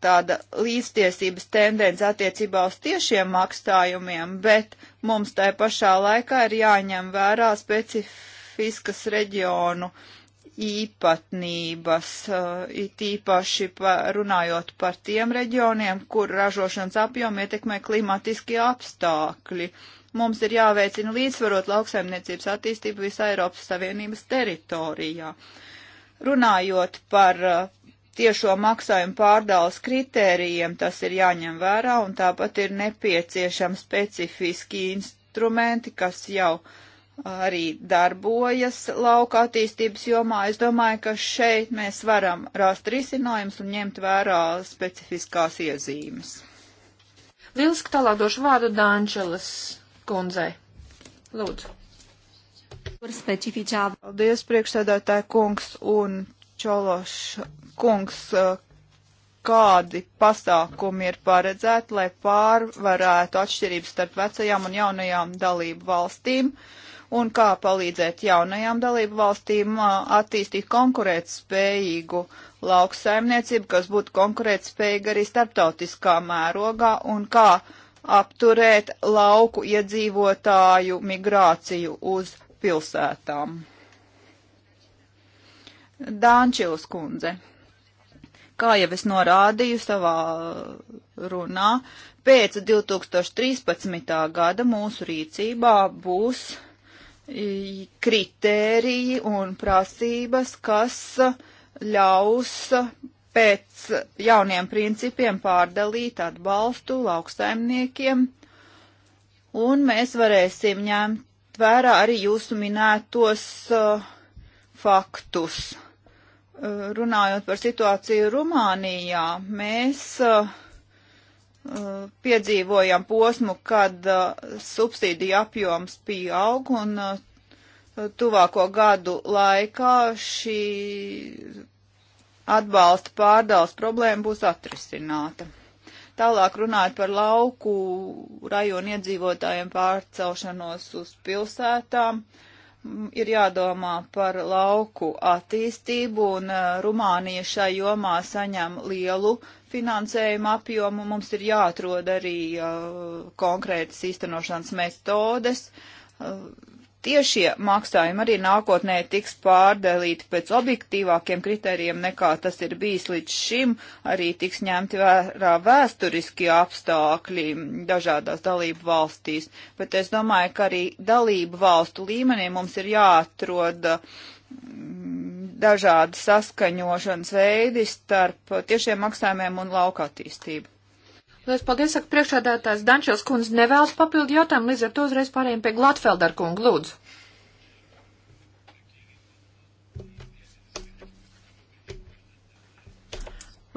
Speaker 3: tāda līdztiesības tendence attiecībā uz tiešiem makstājumiem, bet mums tai pašā laikā ir jāņem vērā specifiskas reģionu uh, īpatnības, uh, it īpaši runājot par tiem reģioniem, kur ražošanas apjomu ietekmē klimatiskie apstākļi. Mums ir jāveicina līdzsvarot lauksaimniecības attīstību visā Eiropas Savienības teritorijā. Runājot par uh, tiešo maksājumu pārdales kritērijiem, tas ir jāņem vērā un tāpat ir nepieciešami specifiski instrumenti, kas jau uh, arī darbojas lauka attīstības jomā. Es domāju, ka šeit mēs varam rast risinājumus un ņemt vērā specifiskās iezīmes. Lieliski tālāk došu vārdu Dāņšelas kundzei. Lūdzu. Paldies, priekšsēdētāji kungs un Čološa kungs, eh, kādi pasākumi ir paredzēti, lai pārvarētu atšķirības starp vecajām un jaunajām dalību valstīm. Uh, un kā palīdzēt jaunajām dalību valstīm attīstīt konkurētspējīgu lauksaimniecību, kas būtu konkurētspējīga arī starptautiskā mērogā, un kā apturēt lauku iedzīvotāju migrāciju uz pilsētām. Dānčils kundze, kā jau es norādīju savā runā, pēc 2013. gada mūsu rīcībā būs kritēriji un prasības, kas ļaus pēc jauniem principiem pārdalīt atbalstu lauksaimniekiem, un mēs varēsim ņemt vērā arī jūsu minētos uh, faktus. Uh, runājot par situāciju Rumānijā, mēs uh, Uh, piedzīvojam posmu, kad uh, subsīdija apjoms pieaug un uh, tuvāko gadu laikā šī atbalsta pārdals problēma būs atrisināta. Tālāk runājot par lauku rajonu iedzīvotājiem pārcelšanos uz pilsētām. Uh, ir jādomā par lauku attīstību, un uh, Rumānija šai jomā saņem lielu finansējumu apjomu. Mums ir jāatrod arī uh, konkrētas īstenošanas metodes. Uh, tiešie maksājumi arī nākotnē tiks pārdalīti pēc objektīvākiem kritērijiem nekā tas ir bijis līdz šim, arī tiks ņemti vērā vēsturiskie apstākļi dažādās dalību valstīs, bet es domāju, ka arī dalību valstu līmenī mums ir jāatrod mm, dažādi saskaņošanas veidi starp tiešiem maksājumiem un lauka attīstību. Lielas nu,
Speaker 4: paldies, saka priekšādātājs Dančils kundze nevēlas papildu jautājumu, līdz ar to uzreiz pārējiem pie Glatfelder kunga lūdzu.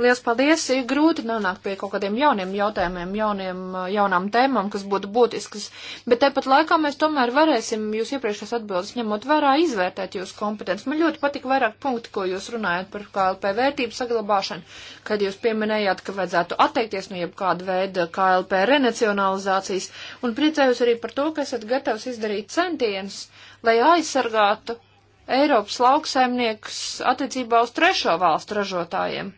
Speaker 4: Liels paldies! Ir grūti nonākt pie kaut kādiem jauniem jautājumiem, jauniem, jaunām tēmām, kas būtu būtiskas, bet tepat laikā mēs tomēr varēsim jūs iepriekšējās atbildes ņemot vērā izvērtēt jūsu kompetenci. Man ļoti patika vairāk punkti, ko jūs runājat par KLP vērtību saglabāšanu, kad jūs pieminējāt, ka vajadzētu atteikties no nu, jebkāda veida KLP renacionalizācijas, un priecājos arī par to, ka esat gatavs izdarīt centienus, lai aizsargātu Eiropas lauksaimniekus attiecībā uz trešo valstu ražotājiem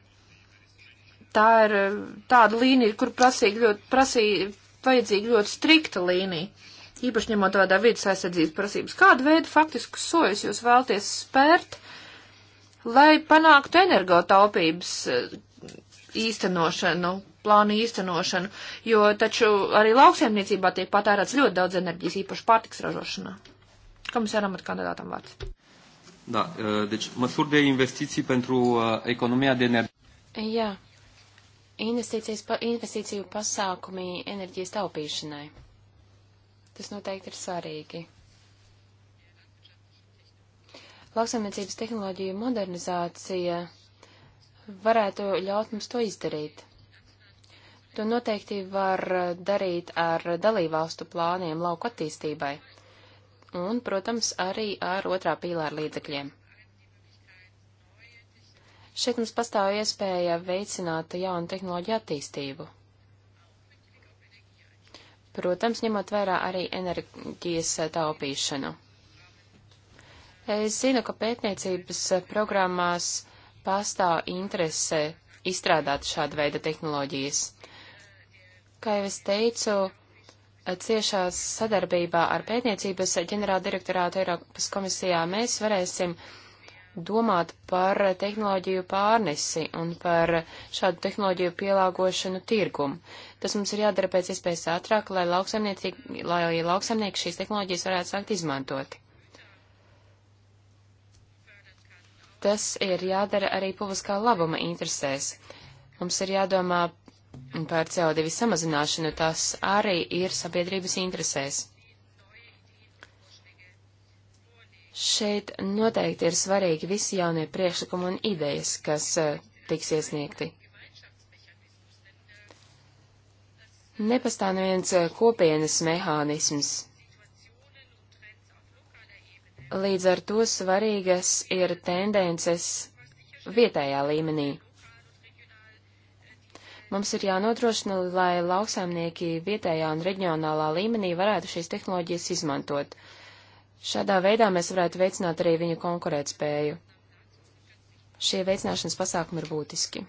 Speaker 4: tā ir eh, tāda līnija, kur prasīja ļoti, prasīja, vajadzīga ļoti strikta līnija. Īpaši ņemot vērā vidas aizsardzības prasības. Kādu veidu faktiskus sojas jūs vēlties spērt, lai panāktu energotaupības eh, īstenošanu, plānu īstenošanu, jo taču arī lauksiemniecībā tiek patērēts ļoti daudz enerģijas, īpaši pārtiks ražošanā.
Speaker 2: Komisāram ar kandidātam vārds.
Speaker 1: Da, eh, deci măsuri de investiții pentru economia de energie.
Speaker 2: Jā, investīcijas, investīciju pasākumi enerģijas taupīšanai. Tas noteikti ir svarīgi. Lauksaimniecības tehnoloģiju modernizācija varētu ļaut mums to izdarīt. To noteikti var darīt ar dalībvalstu plāniem lauku attīstībai un, protams, arī ar otrā pīlāra līdzekļiem. Šeit mums pastāv iespēja veicināt jaunu tehnoloģiju attīstību. Protams, ņemot vērā arī enerģijas eh, taupīšanu. Es zinu, ka pētniecības eh, programmās pastāv interese izstrādāt šādu veidu tehnoloģijas. Kā jau es teicu, eh, ciešā sadarbībā ar pētniecības ģenerāldirektorātu Eiropas komisijā mēs varēsim uh, domāt par tehnoloģiju pārnesi un par šādu tehnoloģiju pielāgošanu tirgumu. Tas mums ir jādara pēc iespējas ātrāk, lai lauksaimnieki, lai lauksaimnieki šīs tehnoloģijas varētu sākt izmantot. Tas ir jādara arī publiskā labuma interesēs. Mums ir jādomā par CO2 samazināšanu, tas arī ir sabiedrības interesēs. Šeit noteikti ir svarīgi visi jaunie priekšlikumi un idejas, kas e, tiks iesniegti. Nepastāv neviens e, kopienas mehānisms. Līdz ar to svarīgas ir tendences vietējā līmenī. Mums ir jānodrošina, lai lauksaimnieki vietējā un reģionālā līmenī varētu šīs tehnoloģijas izmantot. Uh, Šādā veidā mēs varētu veicināt arī viņu konkurētspēju. Šie veicināšanas pasākumi ir būtiski.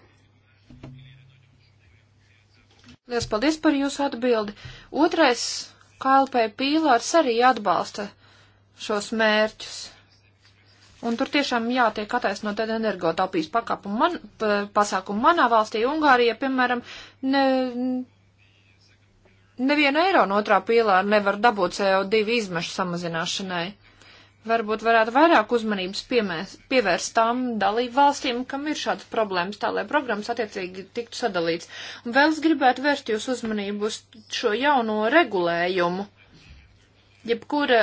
Speaker 4: Lielas paldies par jūsu atbildi. Otrais KLP pīlārs arī atbalsta šos mērķus. Un tur tiešām jātiek attaisnot energotaupības pakāpumu man, pasākumu manā valstī, Ungārijā, piemēram, ne, Nevienu eiro no otrā pīlāra nevar dabūt CO2 izmešu samazināšanai. Varbūt varētu vairāk uzmanības piemēs, pievērst tām dalību valstīm, kam ir šādas problēmas, tā lai programmas attiecīgi tiktu sadalīts. Un vēl es gribētu vērst jūs uzmanību uz šo jauno regulējumu. Jebkura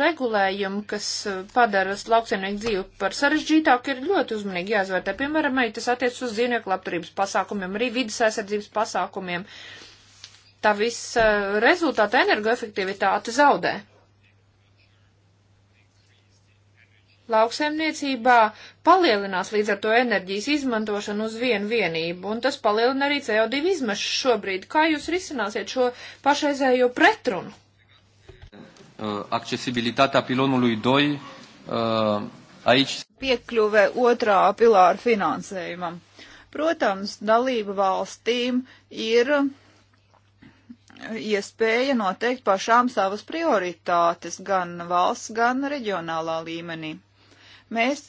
Speaker 4: regulējuma, kas eh, padara lauksaimnieku dzīvi par sarežģītāku, ir ļoti uzmanīgi jāizvērtē. Piemēram, ja tas attiec uz dzīvnieku labturības pasākumiem, arī vidas aizsardzības pasākumiem. Uh, tā visa rezultāta energoefektivitāte zaudē. Lauksaimniecībā palielinās līdz ar to enerģijas izmantošanu uz vienu vienību, un tas palielina arī CO2 izmešas šobrīd. Kā jūs risināsiet šo pašreizējo pretrunu?
Speaker 1: Uh, Accesibilitātā pilonului 2 uh, aici.
Speaker 3: Piekļuve otrā pilāra finansējumam. Protams, dalību valstīm ir iespēja noteikt pašām savas prioritātes gan valsts, gan reģionālā līmenī. Mēs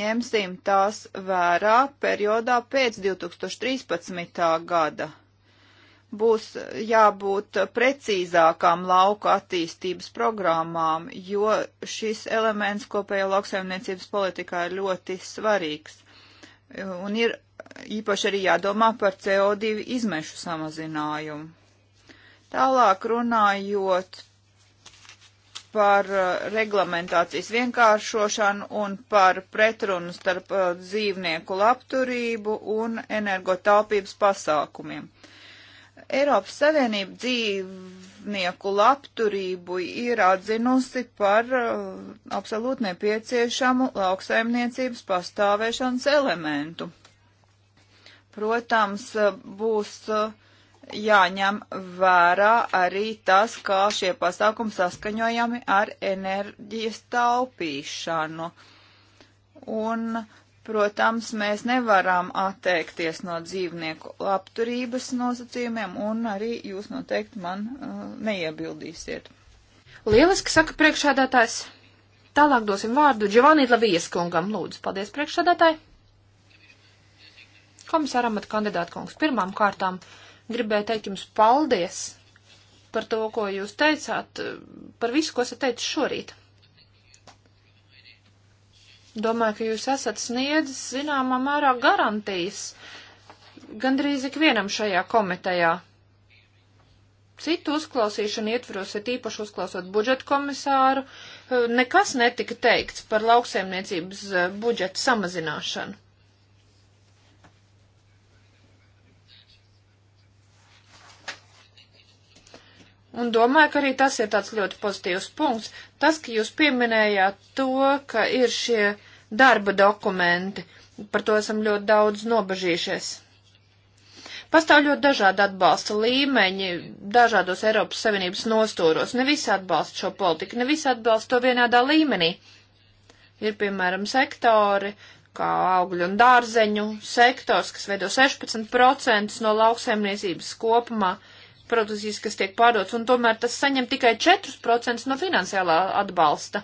Speaker 3: ņemsim tās vērā periodā pēc 2013. gada. Būs jābūt precīzākām lauka attīstības programmām, jo šis elements kopējā lauksaimniecības politikā ir ļoti svarīgs. Un ir īpaši arī jādomā par CO2 izmešu samazinājumu. Tālāk runājot par uh, reglamentācijas vienkāršošanu un par pretrunu starp uh, dzīvnieku labturību un energotaupības pasākumiem. Eiropas Savienība dzīvnieku labturību ir atzinusi par uh, absolūti nepieciešamu lauksaimniecības pastāvēšanas elementu. Protams, būs uh, jāņem vērā arī tas, kā šie pasākumi saskaņojami ar enerģijas taupīšanu. Un, protams, mēs nevaram atteikties no dzīvnieku labturības nosacījumiem, un arī jūs noteikti man uh, neiebildīsiet.
Speaker 4: Lieliski saka priekšādātājs. Tālāk dosim vārdu Giovanni Lavijas kungam. Lūdzu, paldies priekšādātāji. Komisāram at kandidātkungs pirmām kārtām. Uh, Gribēju teikt jums paldies par to, ko jūs teicāt, par visu, ko esat teicis šorīt. Domāju, ka jūs esat sniedzis zināmā mērā garantijas gandrīz ikvienam šajā komitejā. Citu uzklausīšanu ietvaros, ir īpaši uzklausot budžetu komisāru, nekas netika teikts par lauksaimniecības eh, budžetu samazināšanu. Un domāju, ka arī tas ir tāds ļoti pozitīvs punkts. Tas, ka jūs pieminējāt to, ka ir šie darba dokumenti, par to esam ļoti daudz nobežījušies. Pastāv ļoti dažādi atbalsta līmeņi dažādos Eiropas Savienības nostūros. Ne visi atbalsta šo politiku, ne visi atbalsta to vienādā līmenī. Ir, piemēram, sektori, kā augļu un dārzeņu sektors, kas veido 16% no lauksaimniecības kopumā. Uh, produkcijas, kas tiek pārdots, un tomēr tas saņem tikai 4% no finansiālā atbalsta,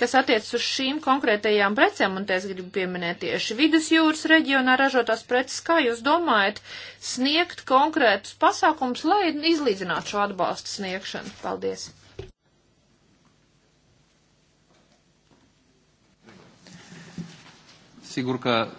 Speaker 4: kas attiec uz šīm konkrētajām precēm, un te es gribu pieminēt tieši vidusjūras reģionā ražotās preces, kā jūs domājat, sniegt konkrētus pasākums, lai izlīdzinātu šo atbalstu sniegšanu. Paldies!
Speaker 1: Sigur că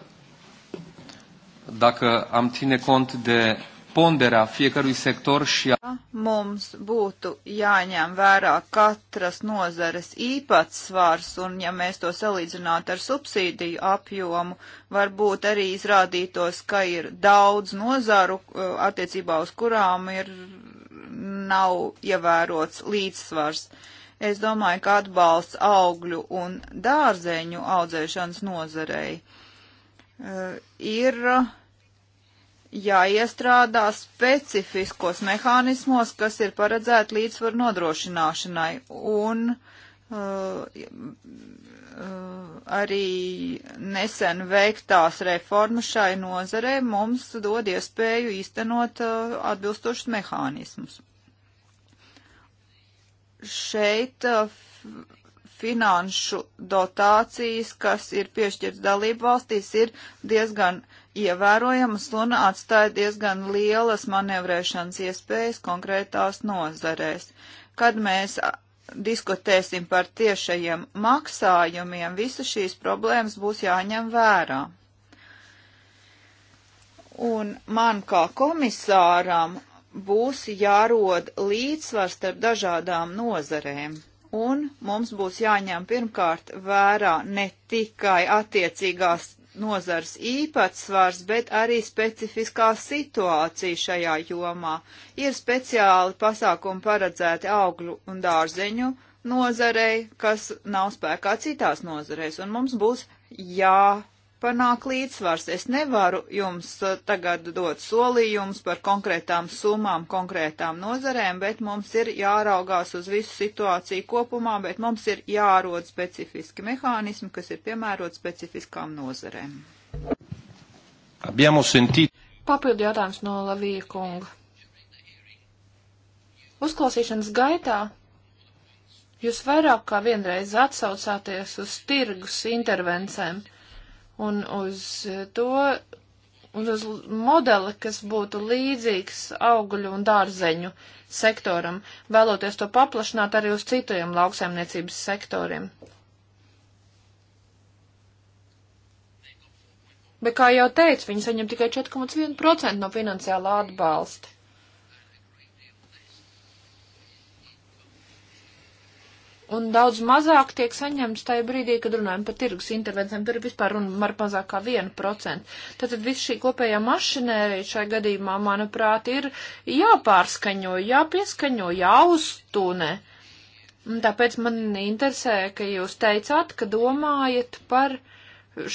Speaker 1: dacă am ține cont de ponderā fiecărui sector și...
Speaker 3: Mums būtu jāņem vērā katras nozares īpatsvars, un ja mēs to salīdzinātu ar subsīdiju apjomu, varbūt arī izrādītos, ka ir daudz nozaru, eh, attiecībā uz kurām ir nav ievērots līdzsvars. Es domāju, ka atbalsts augļu un dārzeņu audzēšanas nozarei eh, ir jāiestrādā specifiskos mehānismos, kas ir paredzēti līdzsvaru nodrošināšanai. Un uh, uh, arī nesen veiktās reformas šai nozarē mums dod iespēju īstenot uh, atbilstošus mehānismus. Šeit uh, finanšu dotācijas, kas ir piešķirts dalību valstīs, ir diezgan uh, ievērojamas un atstāja diezgan lielas manevrēšanas iespējas konkrētās nozarēs. Kad mēs diskutēsim par tiešajiem maksājumiem, visas šīs problēmas būs jāņem vērā. Un man kā komisāram būs jārod līdzsvars starp dažādām nozarēm. Un mums būs jāņem pirmkārt vērā ne tikai attiecīgās nozars īpatsvars, bet arī specifiskā situācija šajā jomā. Ir speciāli pasākumi paredzēti augļu un dārzeņu nozarei, kas nav spēkā citās nozarēs, un mums būs jā jāpanāk līdzsvars. Es nevaru jums uh, tagad dot solījums par konkrētām summām, konkrētām nozarēm, bet mums ir jāraugās uz visu situāciju kopumā, bet mums ir jārod specifiski mehānismi, kas ir piemērot specifiskām nozarēm.
Speaker 4: Papildu jautājums no Lavija kunga. Uzklausīšanas gaitā Jūs vairāk kā vienreiz atsaucāties uz tirgus intervencēm, un uz to, un uz modeli, kas būtu līdzīgs augļu un dārzeņu sektoram, vēloties to paplašināt arī uz citiem lauksaimniecības sektoriem. Bet, kā jau teicu, viņi saņem tikai 4,1% no finansiālā atbalsta. Un daudz mazāk tiek saņemts tajā brīdī, kad runājam par tirgus intervencijām. Tur ir vispār runa par mazāk kā 1%. Tātad viss šī kopējā mašinērija šai gadījumā, manuprāt, ir jāpārskaņo, jāpieskaņo, jāuztūnē. Un tāpēc man interesē, ka jūs teicāt, ka domājat par uh,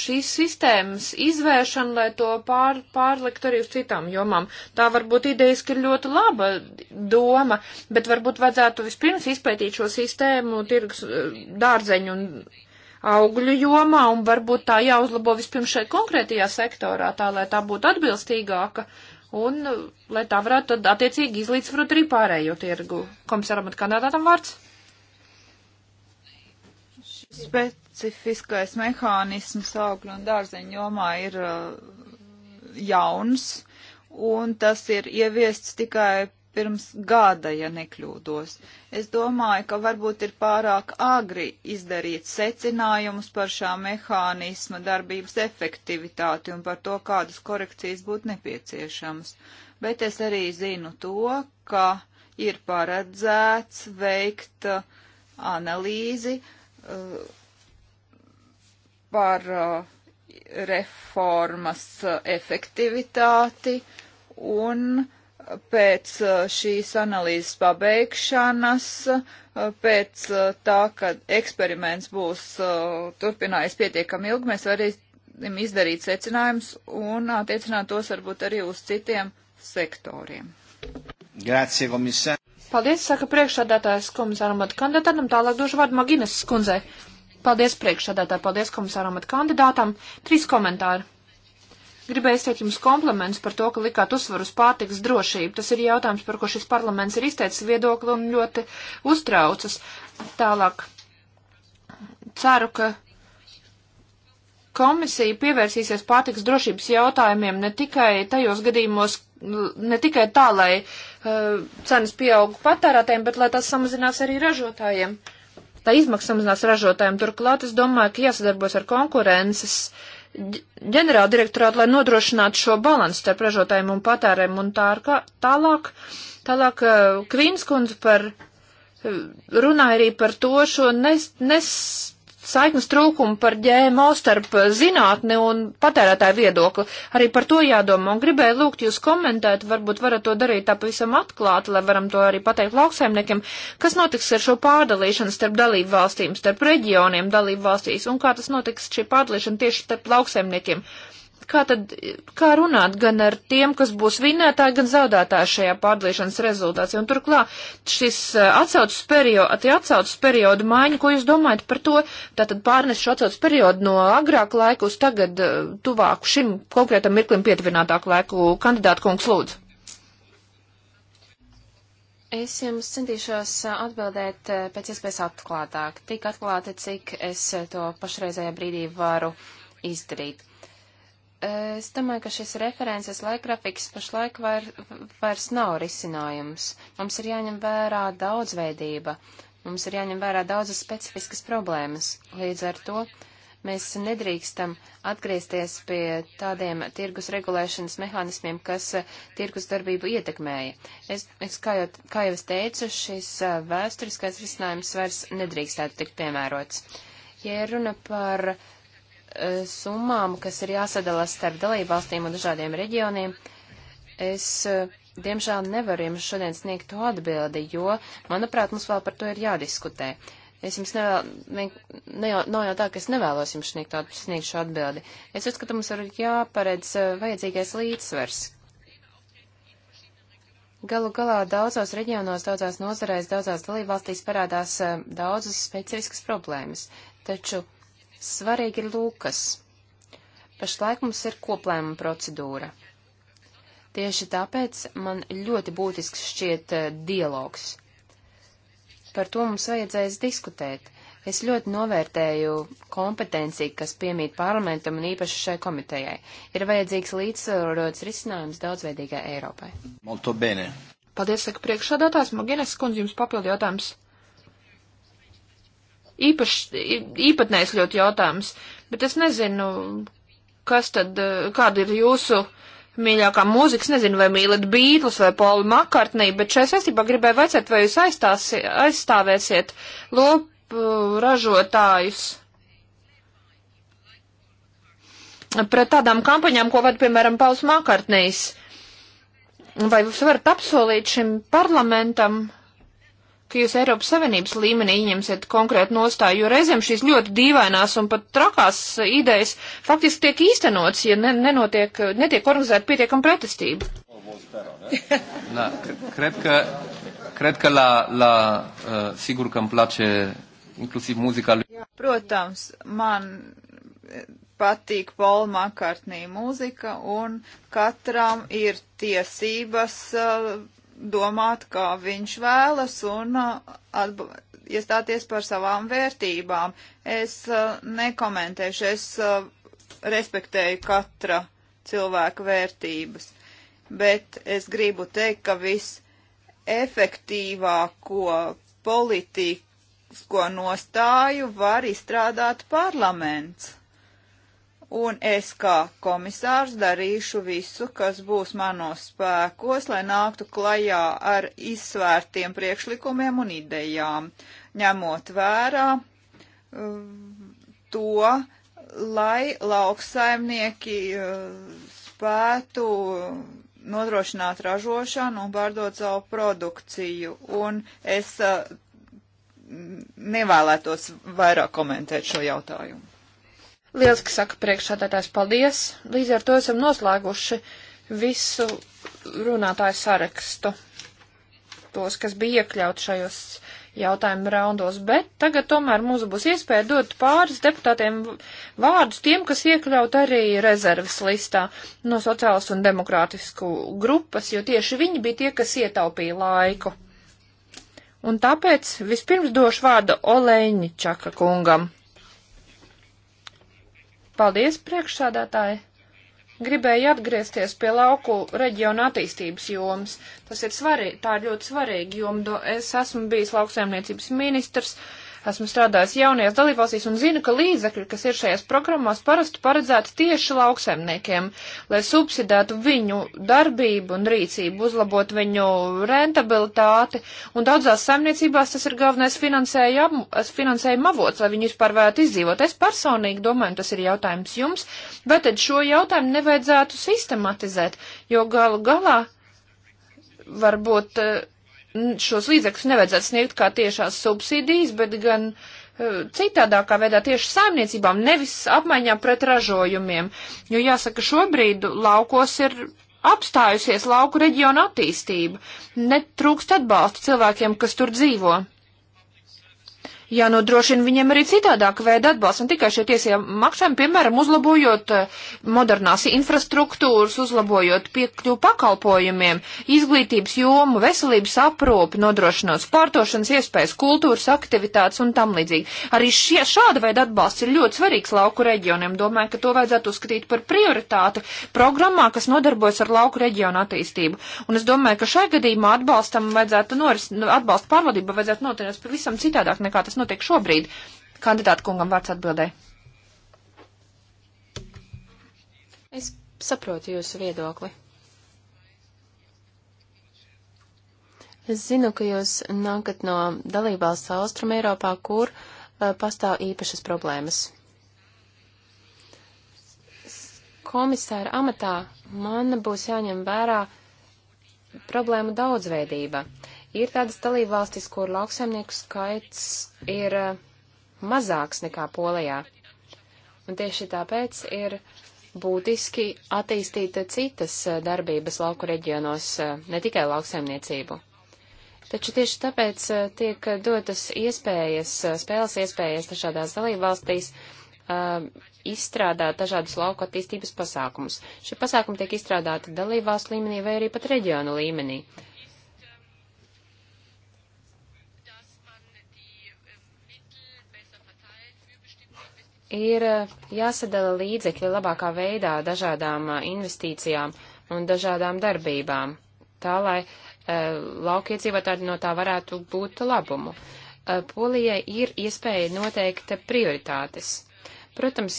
Speaker 4: šīs sistēmas izvēršana, lai to pār, pārlikt arī uz citām jomām. Tā varbūt idejaski ir ļoti laba doma, bet varbūt vajadzētu vispirms izpētīt šo sistēmu tirgus eh, dārzeņu un augļu jomā, un varbūt tā jāuzlabo vispirms šai konkrētajā sektorā, tā lai tā būtu atbilstīgāka, un eh, lai tā varētu tad attiecīgi
Speaker 3: izlīdzvarot arī pārējo tirgu. Komisaram atkandātātam vārds. Specifiskais mehānisms augļu un dārzeņu jomā ir uh, jauns, un tas ir ieviests tikai pirms gada, ja nekļūdos. Es domāju, ka varbūt ir pārāk agri izdarīt secinājumus par šā mehānisma darbības efektivitāti un par to, kādas korekcijas būtu nepieciešamas. Bet es arī zinu to, ka ir paredzēts veikt uh, analīzi Uh, par uh, reformas uh, efektivitāti un pēc šīs analīzes pabeigšanas, pēc tā, kad eksperiments būs turpinājies pietiekami ilgi, mēs varēsim izdarīt secinājumus un attiecināt tos varbūt arī uz citiem sektoriem. Grazie, komisār.
Speaker 4: Paldies, saka priekšsādātājs komisāram at kandidātam, tālāk došu vārdu Maginas skundzei. Paldies priekšsādātāji, paldies komisāram at kandidātam. Trīs komentāri. Gribēju izteikt jums komplements par to, ka likāt uzsvaru uz pārtiks drošību. Tas ir jautājums, par ko šis parlaments ir izteicis viedokli un ļoti uztraucas. Tālāk. Ceru, ka komisija pievērsīsies pārtiks drošības jautājumiem ne tikai tajos gadījumos, ne tikai tā, lai Eh, cenas pieaugu patērētājiem, bet lai tas samazinās arī ražotājiem. Tā izmaksas samazinās ražotājiem. Turklāt es domāju, ka jāsadarbos ar konkurences ģenerāla direktorātu, lai nodrošinātu šo balansu starp ražotājiem un patērēm un tā kā, tālāk. Tālāk eh, Kvīnskundze par eh, runāja arī par to šo nes, nes, saiknes trūkumu par ģēmo starp zinātni un patērētāju viedokli. Arī par to jādomā un gribēju lūgt jūs komentēt, varbūt varat to darīt tā pavisam atklāti, lai varam to arī pateikt lauksaimniekiem, kas notiks ar šo pārdalīšanu starp dalību valstīm, starp reģioniem dalību valstīs un kā tas notiks šī pārdalīšana tieši starp lauksaimniekiem. Uh, kā tad, kā runāt gan ar tiem, kas būs vinētāji, gan zaudētāji šajā pārdalīšanas rezultācijā. Un turklāt šis eh, atsaucas periodu, atsaucas periodu maiņa, ko jūs domājat par to, tātad pārnes šo atsaucas periodu no agrāk laika uz tagad eh, tuvāku šim konkrētam mirklim pietuvinātāku laiku kandidātu kungs lūdzu.
Speaker 2: Es jums centīšos eh, atbildēt pēc iespējas atklātāk, tik atklāti, cik es to pašreizējā brīdī varu izdarīt. Es domāju, ka šis references laikrafiks pašlaik vair, vairs nav risinājums. Mums ir jāņem vērā daudzveidība, mums ir jāņem vērā daudzas specifiskas problēmas. Līdz ar to mēs nedrīkstam atgriezties pie tādiem tirgus regulēšanas mehānismiem, kas eh, tirgus darbību ietekmēja. Es, es kā, jau, kā jau es teicu, šis eh, vēsturiskais risinājums vairs nedrīkstētu tikt piemērots. Ja runa par uh, summām, kas ir jāsadalās starp dalībvalstīm un dažādiem reģioniem, es eh, diemžēl nevaru jums šodien sniegt to atbildi, jo, manuprāt, mums vēl par to ir jādiskutē. Es jums nevēlu, ne, ne, nav jau tā, ka es nevēlos jums sniegt, sniegt šo atbildi. Es uzskatu, mums ir jāparedz eh, vajadzīgais līdzsvers. Galu galā daudzos reģionos, daudzās nozarēs, daudzās dalībvalstīs parādās eh, daudzas specifiskas problēmas, taču Svarīgi ir lūkas. Pašlaik mums ir koplēma procedūra. Tieši tāpēc man ļoti būtisks šķiet eh, dialogs. Par to mums vajadzēs diskutēt. Es ļoti novērtēju kompetenciju, kas piemīt parlamentam un īpaši šai komitejai. Ir vajadzīgs līdzsvarots risinājums daudzveidīgai Eiropai.
Speaker 1: Paldies,
Speaker 4: saka priekšādātājs. Magines kundze, jums papildu jautājums īpašs, īpatnējs ļoti jautājums, bet es nezinu, kas tad, kāda ir jūsu mīļākā mūzikas, nezinu, vai mīlat Beatles vai Paulu Makartnī, bet šajā saistībā gribēju vaicāt, vai jūs aizstāsi, aizstāvēsiet lopu ražotājus pret tādām kampaņām, ko vada, piemēram, Pauls Makartnīs. Vai jūs varat apsolīt šim parlamentam, ka jūs Eiropas Savienības līmenī ieņemsiet konkrētu nostāju, jo reizēm šīs ļoti dīvainās un pat trakās idejas faktiski tiek īstenots, ja ne, nenotiek, netiek organizēta pietiekama pretestība.
Speaker 1: Na, cred că, cred că la, la uh, sigur că îmi place inclusiv muzica lui. Jā,
Speaker 3: protams, man patīk Paul McCartney mūzika un katram ir tiesības uh, domāt, kā viņš vēlas un uh, iestāties par savām vērtībām. Es uh, nekomentēšu, es uh, respektēju katra cilvēka vērtības, bet es gribu teikt, ka visefektīvāko politiku ko nostāju var izstrādāt parlaments un es kā komisārs darīšu visu, kas būs manos spēkos, lai nāktu klajā ar izsvērtiem priekšlikumiem un idejām, ņemot vērā uh, to, lai lauksaimnieki uh, spētu nodrošināt ražošanu un pārdot savu produkciju. Un es uh, nevēlētos vairāk komentēt šo jautājumu.
Speaker 4: Lieliski saka priekšsādātājs, paldies! Līdz ar to esam noslēguši visu runātāju sarakstu. Tos, kas bija iekļaut šajos jautājumu raundos, bet tagad tomēr mums būs iespēja dot pāris deputātiem vārdus tiem, kas iekļaut arī rezerves listā no sociālas un demokrātisku grupas, jo tieši viņi bija tie, kas ietaupīja laiku. Un tāpēc vispirms došu vārdu Oleņķaka kungam. Paldies, priekšsādātāji! Gribēju atgriezties pie lauku reģiona attīstības jomas. Tas ir svarīgi, tā ir ļoti svarīga joma, jo es esmu bijis lauksaimniecības ministrs. Uh, Esmu strādājis jaunajās dalībvalstīs un zinu, ka līdzekļi, kas ir šajās programmās, parasti paredzēti tieši lauksaimniekiem, lai subsidētu viņu darbību un rīcību, uzlabot viņu rentabilitāti. Un daudzās saimniecībās tas ir galvenais finansējuma avots, lai viņi vispār varētu izdzīvot. Es personīgi domāju, tas ir jautājums jums, bet tad šo jautājumu nevajadzētu sistematizēt, jo galu galā varbūt eh, šos līdzekļus nevajadzētu sniegt kā tiešās subsīdijas, bet gan e, citādākā veidā tieši saimniecībām, nevis apmaiņā pret ražojumiem. Jo jāsaka, šobrīd laukos ir apstājusies lauku reģiona attīstība. Netrūkst atbalsta cilvēkiem, kas tur dzīvo jānodrošina viņiem arī citādāk veida atbalsts, ne tikai šie tiesie maksājumi, piemēram, uzlabojot eh, modernās infrastruktūras, uzlabojot piekļuvu pakalpojumiem, izglītības jomu, veselības aprūpi, nodrošinot sportošanas iespējas, kultūras aktivitātes un tam līdzīgi. Arī šie, šāda veida atbalsts ir ļoti svarīgs lauku reģioniem. Domāju, ka to vajadzētu uzskatīt par prioritāti programmā, kas nodarbojas ar lauku reģionu attīstību. Un es domāju, ka šai gadījumā atbalstam vajadzētu noris, atbalsta pārvaldība vajadzētu notiekties pavisam citādāk nekā tas kas notiek šobrīd. Kandidāta kungam vārds atbildē.
Speaker 2: Es saprotu jūsu viedokli. Es zinu, ka jūs nākat no dalībvalsts Austrum Eiropā, kur uh, pastāv īpašas problēmas. Komisāra amatā man būs jāņem vērā problēmu daudzveidība. Uh, Ir tādas dalībvalstis, kur lauksaimnieku skaits ir eh, mazāks nekā Polijā. Un tieši tāpēc ir būtiski attīstīt citas eh, darbības lauku reģionos, eh, ne tikai lauksaimniecību. Taču tieši tāpēc tiek dotas iespējas, spēles iespējas dažādās dalībvalstīs uh, izstrādāt dažādus lauku attīstības pasākumus. Šie pasākumi tiek izstrādāti dalībvalstu līmenī vai arī pat reģionu līmenī. ir eh, jāsadala līdzekļi labākā veidā dažādām eh, investīcijām un dažādām darbībām, tā lai eh, laukiedzīvotāji no tā varētu būt labumu. Polijai ir iespēja noteikt prioritātes. Protams,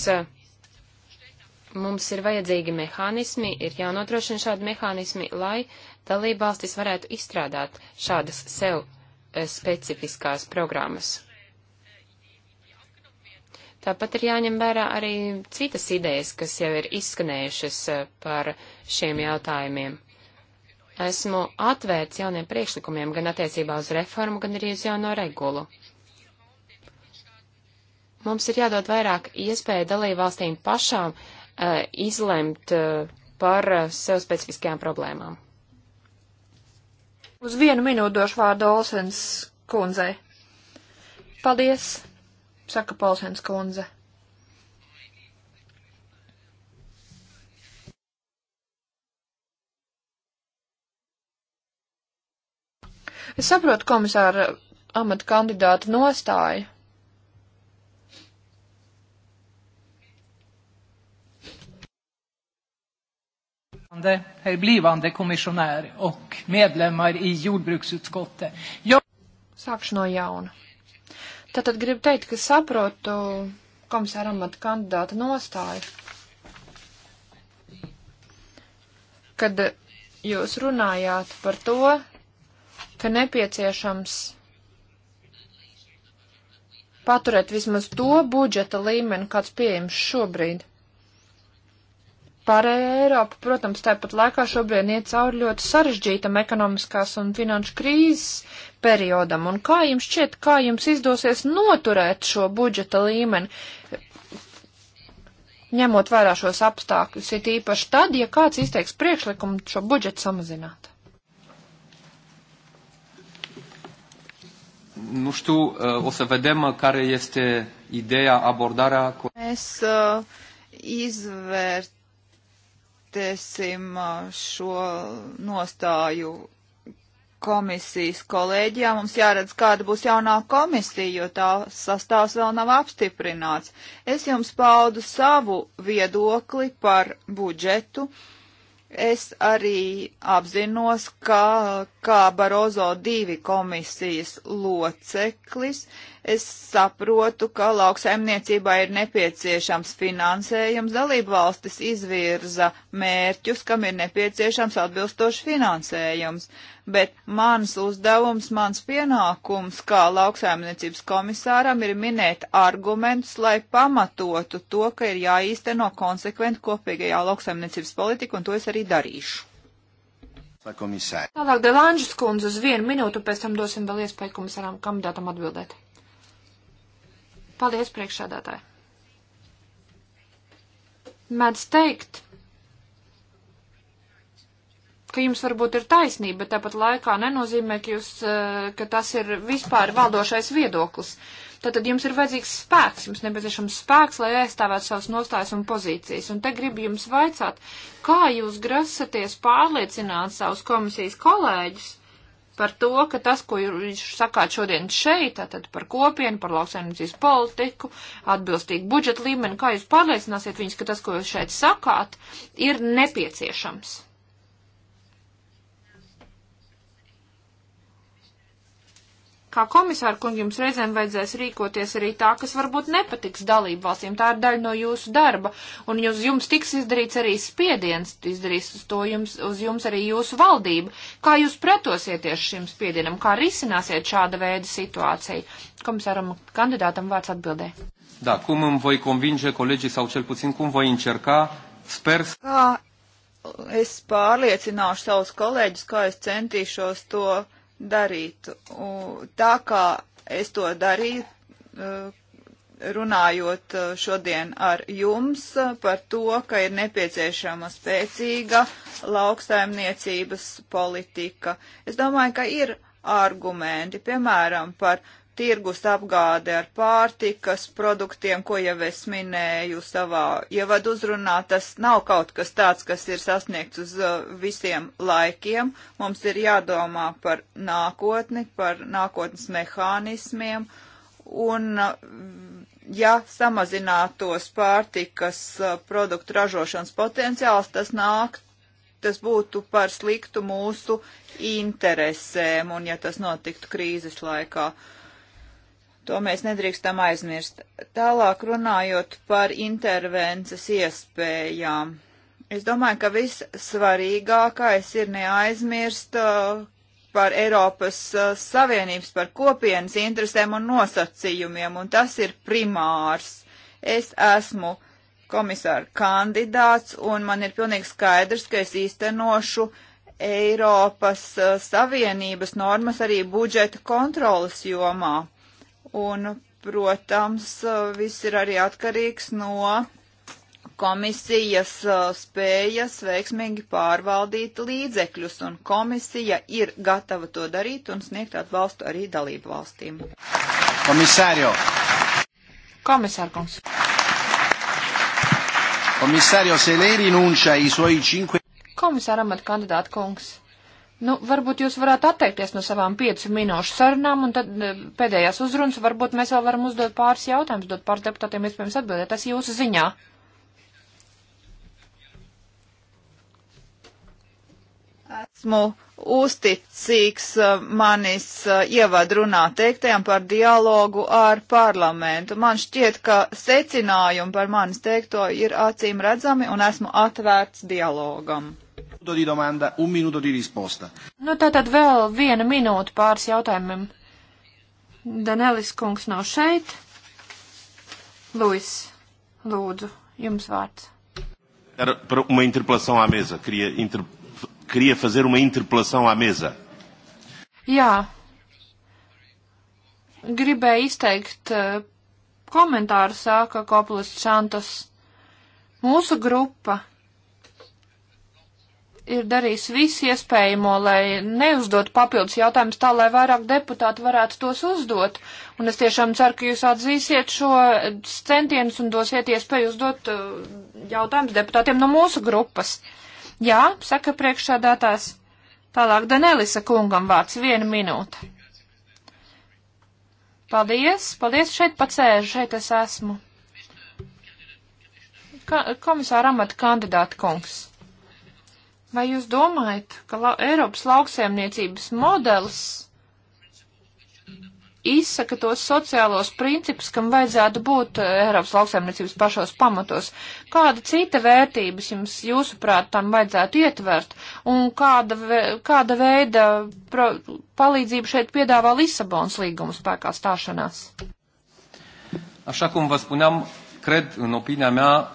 Speaker 2: mums ir vajadzīgi mehānismi, ir jānodrošina šādi mehānismi, lai dalībvalstis varētu izstrādāt šādas sev specifiskās programmas. Tāpat ir jāņem vērā arī citas idejas, kas jau ir izskanējušas eh, par šiem jautājumiem. Esmu atvērts jauniem priekšlikumiem gan attiecībā uz reformu, gan arī uz jauno regulu. Mums ir jādod vairāk iespēju dalībvalstīm pašām uh, izlemt uh, par uh, sev specifiskajām problēmām.
Speaker 4: Uz vienu minūtu došu vārdu Olsens kundzei. Paldies! saka Polsens kundze. Es saprotu komisāra amata kandidāta nostāju.
Speaker 1: blivande kommissionär och medlemmar i
Speaker 4: jordbruksutskottet. Jag... Sākšu no jauna. Tātad gribu teikt, ka saprotu komisāra amata kandidāta nostāju, kad jūs runājāt par to, ka nepieciešams paturēt vismaz to budžeta līmeni, kāds pieejams šobrīd. Pārējā Eiropa, protams, tāpat laikā šobrīd iet cauri ļoti sarežģītam ekonomiskās un finanšu krīzes periodam. Un kā jums šķiet, kā jums izdosies noturēt šo budžeta līmeni, ņemot vērā šos apstākļus, it īpaši tad, ja kāds izteiks priekšlikumu šo budžetu samazināt?
Speaker 1: Nu știu, uh, o să vedem uh, care este ideea, abordarea.
Speaker 3: Mēs uh, izvērt prezentēsim šo nostāju komisijas kolēģijā. Mums jāredz, kāda būs jaunā komisija, jo tā sastāvs vēl nav apstiprināts. Es jums paudu savu viedokli par budžetu. Es arī apzinos, ka kā Barozo divi komisijas loceklis Es saprotu, ka lauksaimniecībā ir nepieciešams finansējums. Dalību valstis izvirza mērķus, kam ir nepieciešams atbilstošs finansējums. Bet mans uzdevums, mans pienākums kā lauksaimniecības komisāram ir minēt argumentus, lai pamatotu to, ka ir jāīsteno konsekventi kopīgajā lauksaimniecības politika, un to es arī darīšu.
Speaker 1: Tālāk
Speaker 3: Delanžas kundze uz vienu
Speaker 4: minūtu, pēc tam dosim vēl iespēju komisāram kandidātam atbildēt. Paldies, priekšsēdētāji. Mēdz teikt, ka jums varbūt ir taisnība, bet tāpat laikā nenozīmē, ka, jūs, eh, ka tas ir vispār valdošais viedoklis. Tātad jums ir vajadzīgs spēks, jums nepieciešams spēks, lai aizstāvētu savas nostājas un pozīcijas. Un te gribu jums vaicāt, kā jūs grasaties pārliecināt savus komisijas kolēģus, par to, ka tas, ko jūs sakāt šodien šeit, tātad par kopienu, par lauksaimniecības politiku, atbilstīgu budžeta līmeni, kā jūs pārliecināsiet viņus, ka tas, ko jūs šeit sakāt, ir nepieciešams. Kā komisāra kungi jums reizēm vajadzēs rīkoties arī tā, kas varbūt nepatiks dalību valstīm. Tā ir daļa no jūsu darba, un jūs, jums tiks izdarīts arī spiediens, izdarīs uz to jums, uz jums arī jūsu valdība. Kā jūs pretosieties šim spiedienam, kā risināsiet šāda veida situāciju? Komisāram kandidātam vārds atbildē.
Speaker 1: Da, cum îmi voi convinge colegii sau cel puțin cum voi încerca, sper să...
Speaker 3: Kā es pārliecināšu savus kolēģus, kā es centīšos to darīt. Un tā kā es to darīju, runājot šodien ar jums par to, ka ir nepieciešama spēcīga lauksaimniecības politika. Es domāju, ka ir argumenti, piemēram, par tirgus apgāde ar pārtikas produktiem, ko jau es minēju savā ievadu ja uzrunā, tas nav kaut kas tāds, kas ir sasniegts uz uh, visiem laikiem. Mums ir jādomā par nākotni, par nākotnes mehānismiem, un uh, ja samazinātos pārtikas uh, produktu ražošanas potenciāls, tas nākt tas būtu par sliktu mūsu interesēm, un ja tas notiktu krīzes laikā. Uh, To mēs nedrīkstam aizmirst. Tālāk runājot par intervences iespējām. Es domāju, ka vissvarīgākais ir neaizmirst uh, par Eiropas uh, Savienības, par kopienas interesēm un nosacījumiem, un tas ir primārs. Es esmu komisāra kandidāts, un man ir pilnīgi skaidrs, ka es īstenošu Eiropas uh, Savienības normas arī budžeta kontrolas jomā Un, protams, viss ir arī atkarīgs no komisijas uh, spējas veiksmīgi pārvaldīt līdzekļus, un komisija ir gatava to darīt un sniegt atbalstu arī dalību valstīm.
Speaker 1: Komisārio.
Speaker 3: Komisārkungs.
Speaker 1: Komisārio Selē rinuncia ai suoi 5.
Speaker 4: Komisāra amata kandidāta kungs. Nu, varbūt jūs varētu atteikties no savām piecu minūšu sarunām, un tad eh, pēdējās uzrunas varbūt mēs vēl varam uzdot pāris jautājumus, dot pāris deputātiem iespējams atbildēt. Tas jūsu ziņā.
Speaker 3: Esmu uzticīgs eh, manis eh, ievadrunā teiktajam par dialogu ar parlamentu. Man šķiet, ka secinājumi par manis teikto ir acīm redzami, un esmu atvērts dialogam minuto di domanda, un minuto di risposta. Nu, tātad vēl viena minūte
Speaker 4: pāris jautājumiem. Danelis kungs nav šeit. Luis, lūdzu, jums vārds.
Speaker 1: Era para uma interpelação à mesa. Queria, inter... Queria fazer uma interpelação à mesa.
Speaker 4: Jā. Gribēju izteikt eh, komentāru, sāka Koplis Čantas. Mūsu grupa ir darījis visu iespējamo, lai neuzdot papildus jautājumus tā, lai vairāk deputāti varētu tos uzdot. Un es tiešām ceru, ka jūs atzīsiet šo centienus un dosiet iespēju uzdot uh, jautājumus deputātiem no mūsu grupas. Jā, saka priekšsādātājs. Tālāk Danelisa kungam vārds viena minūte. Paldies, paldies, šeit pacēžu, šeit es esmu. Ka komisāra amata kandidāta kungs. Vai jūs domājat, ka la Eiropas lauksēmniecības modelis izsaka tos sociālos principus, kam vajadzētu būt eh, Eiropas lauksaimniecības pašos pamatos. Kāda cita vērtības jums, jūsuprāt, tam vajadzētu ietvert un kāda, ve kāda veida pro, palīdzību šeit piedāvā Lisabonas līguma spēkā stāšanās?
Speaker 1: Așa cum vă spuneam, cred în opinia mea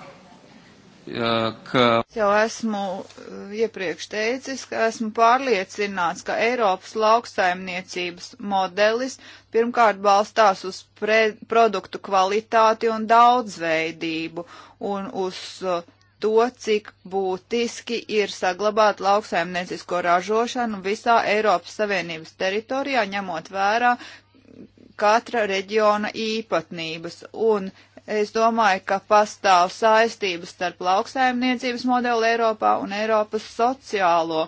Speaker 1: ka.
Speaker 3: Jau esmu uh, iepriekš teicis, ka esmu pārliecināts, ka Eiropas lauksaimniecības modelis pirmkārt balstās uz pre, produktu kvalitāti un daudzveidību un uz uh, to, cik būtiski ir saglabāt lauksaimniecisko ražošanu visā Eiropas Savienības teritorijā, ņemot vērā katra reģiona īpatnības. Un Es domāju, ka pastāv saistības starp lauksaimniecības modeli Eiropā un Eiropas sociālo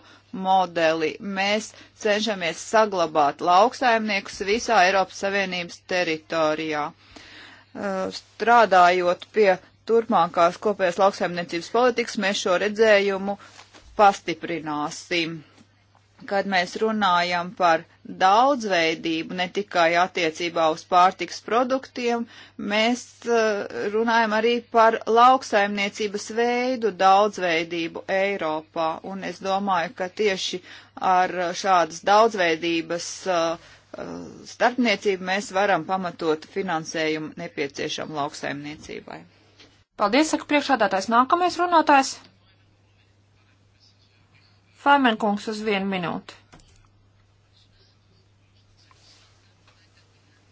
Speaker 3: modeli. Mēs cenšamies saglabāt lauksaimniekus visā Eiropas Savienības teritorijā. Uh, strādājot pie turpmākās kopējās lauksaimniecības politikas, mēs šo redzējumu pastiprināsim kad mēs runājam par daudzveidību, ne tikai attiecībā uz pārtiks produktiem, mēs eh, runājam arī par lauksaimniecības veidu daudzveidību Eiropā. Un es domāju, ka tieši ar šādas daudzveidības eh, starpniecību mēs varam pamatot finansējumu nepieciešam lauksaimniecībai. Paldies, saka priekšādātājs. Nākamais runātājs.
Speaker 4: Faimenkungs uz vienu minūti.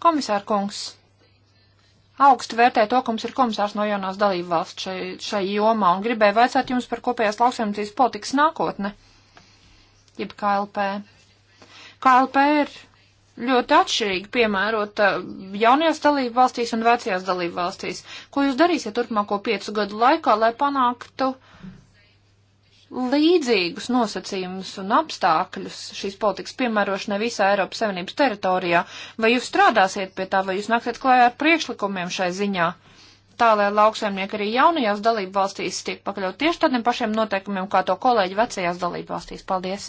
Speaker 4: Komisār kungs, augstu vērtē to, ka mums ir komisārs no jaunās dalību valsts šai, šai jomā un gribēju vaicāt jums par kopējās lauksaimniecības politikas nākotne, jeb KLP. KLP ir ļoti atšķirīgi piemērota eh, jaunajās dalību valstīs un vecajās dalību valstīs. Ko jūs darīsiet turpmāko piecu gadu laikā, lai panāktu uh, līdzīgus nosacījumus un apstākļus šīs politikas piemērošanai visā Eiropas Savienības teritorijā? Vai jūs strādāsiet pie tā, vai jūs nāksiet klājā ar priekšlikumiem šai ziņā? Tā, lai lauksaimnieki arī jaunajās dalību valstīs tiek pakļaut tieši tādiem pašiem noteikumiem, kā to kolēģi vecajās dalību valstīs. Paldies!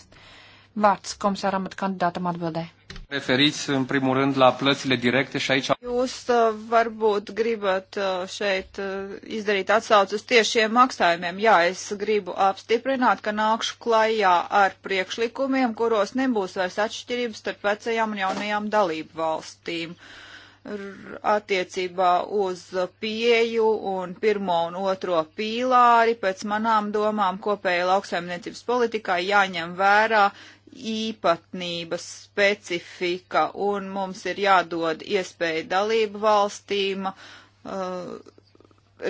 Speaker 4: Vārds komisāram at kandidātam atbildēja
Speaker 1: referiți în primul rând la plățile directe și aici...
Speaker 3: Jūs uh, varbūt gribat uh, šeit uh, izdarīt atsaucas tiešiem maksājumiem. Jā, es gribu apstiprināt, ka nākšu klajā ar priekšlikumiem, kuros nebūs vairs atšķirības starp vecajām un jaunajām dalību valstīm attiecībā uz pieju un pirmo un otro pīlāri. Pēc manām domām kopēja lauksaimniecības politikā jāņem vērā īpatnības specifika un mums ir jādod iespēja dalību valstīm uh,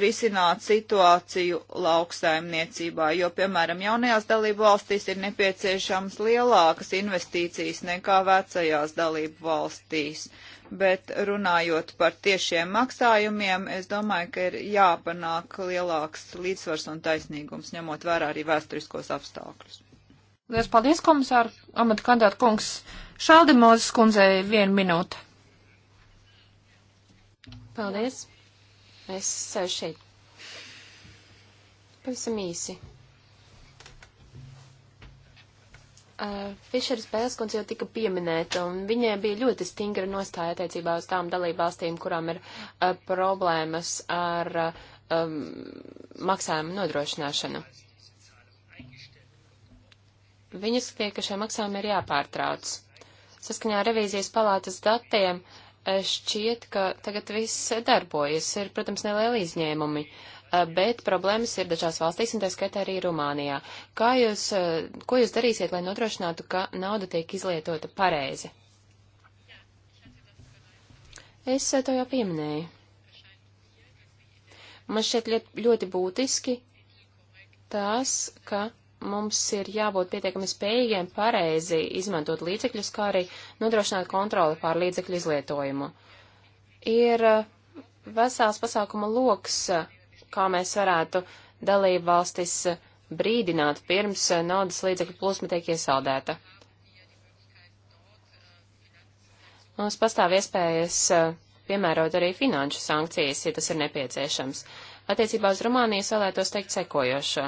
Speaker 3: risināt situāciju lauksaimniecībā, jo, piemēram, jaunajās dalību valstīs ir nepieciešams lielākas investīcijas nekā vecajās dalību valstīs. Bet runājot par tiešiem maksājumiem, es domāju, ka ir jāpanāk lielāks līdzsvars un taisnīgums, ņemot vērā arī vēsturiskos apstākļus.
Speaker 4: Lielas paldies, komisāra amata kandidāta kungs. Šaldi Mozes kundzei vienu minūti.
Speaker 2: Paldies. Es sēžu šeit. Pavisam īsi. Uh, Fišeras Pēlskundze jau tika pieminēta, un viņai bija ļoti stingra nostāja attiecībā uz tām dalībvalstīm, kurām ir uh, problēmas ar uh, um, maksājumu nodrošināšanu. Uh, Viņi uzskatīja, ka šie maksājumi ir jāpārtrauc. Saskaņā ar revīzijas palātas datiem eh, šķiet, ka tagad viss darbojas. Ir, protams, nelieli izņēmumi, eh, bet problēmas ir dažās valstīs, un tā skaitā arī Rumānijā. Kā jūs, eh, ko jūs darīsiet, lai nodrošinātu, ka nauda tiek izlietota pareizi? Es to jau pieminēju. Man šķiet ļoti būtiski tās, ka mums ir jābūt pietiekami spējīgiem pareizi izmantot līdzekļus, kā arī nodrošināt kontroli pār līdzekļu izlietojumu. Ir uh, vesels pasākuma loks, uh, kā mēs varētu dalību valstis uh, brīdināt pirms naudas līdzekļu plūsma tiek iesaldēta. Mums pastāv iespējas piemērot arī finanšu sankcijas, ja tas ir nepieciešams. Attiecībā uz Rumāniju vēlētos teikt sekojošo.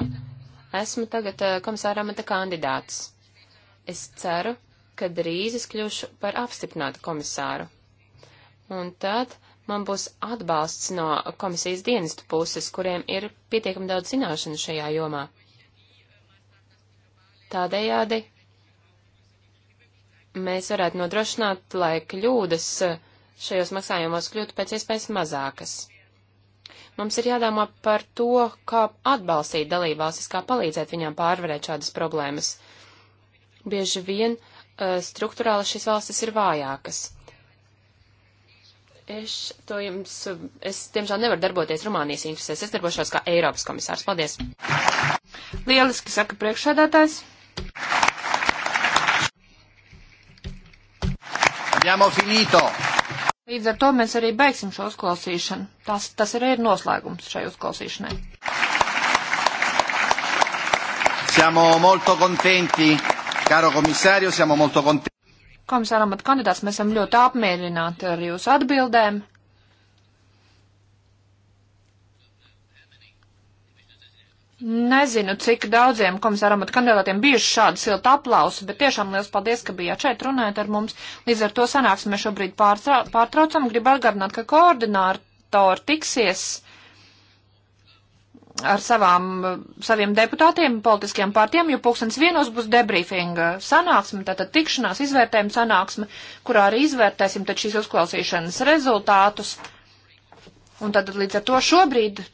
Speaker 2: Esmu tagad eh, komisārā mata kandidāts. Es ceru, ka drīz es kļūšu par apstiprinātu komisāru. Un tad man būs atbalsts no komisijas dienestu puses, kuriem ir pietiekami daudz zināšanu šajā jomā. Tādējādi mēs varētu nodrošināt, lai kļūdas eh, šajos maksājumos kļūtu pēc iespējas mazākas. Mums ir jādomā par to, kā atbalstīt dalībvalstis, kā palīdzēt viņām pārvarēt šādas problēmas. Bieži vien eh, struktūrāli šīs valstis ir vājākas. Es to jums, es tiemžēl nevaru darboties Rumānijas interesēs, es darbošos kā Eiropas komisārs. Paldies! Lieliski saka priekšsēdētājs.
Speaker 4: Abbiamo finito. Līdz ar to mēs arī beigsim šo uzklausīšanu. Tas, tas arī ir noslēgums šai uzklausīšanai.
Speaker 1: Siamo molto contenti, caro komisārio, siamo molto contenti.
Speaker 4: Komisāram at kandidāts, mēs esam ļoti apmierināti ar jūsu atbildēm. Nezinu, cik daudziem komisāram un kandidātiem bijuši šādi silti aplausi, bet tiešām liels paldies, ka bijāt šeit runājot ar mums. Līdz ar to sanāksmi mēs šobrīd pārtraucam. Gribu atgādināt, ka koordinātori tiksies ar savām, saviem deputātiem, politiskajām partijām, jo pulkstens vienos būs debriefinga sanāksme, tātad tikšanās izvērtējuma sanāksme, kurā arī izvērtēsim tad šīs uzklausīšanas rezultātus. Un tad līdz ar to šobrīd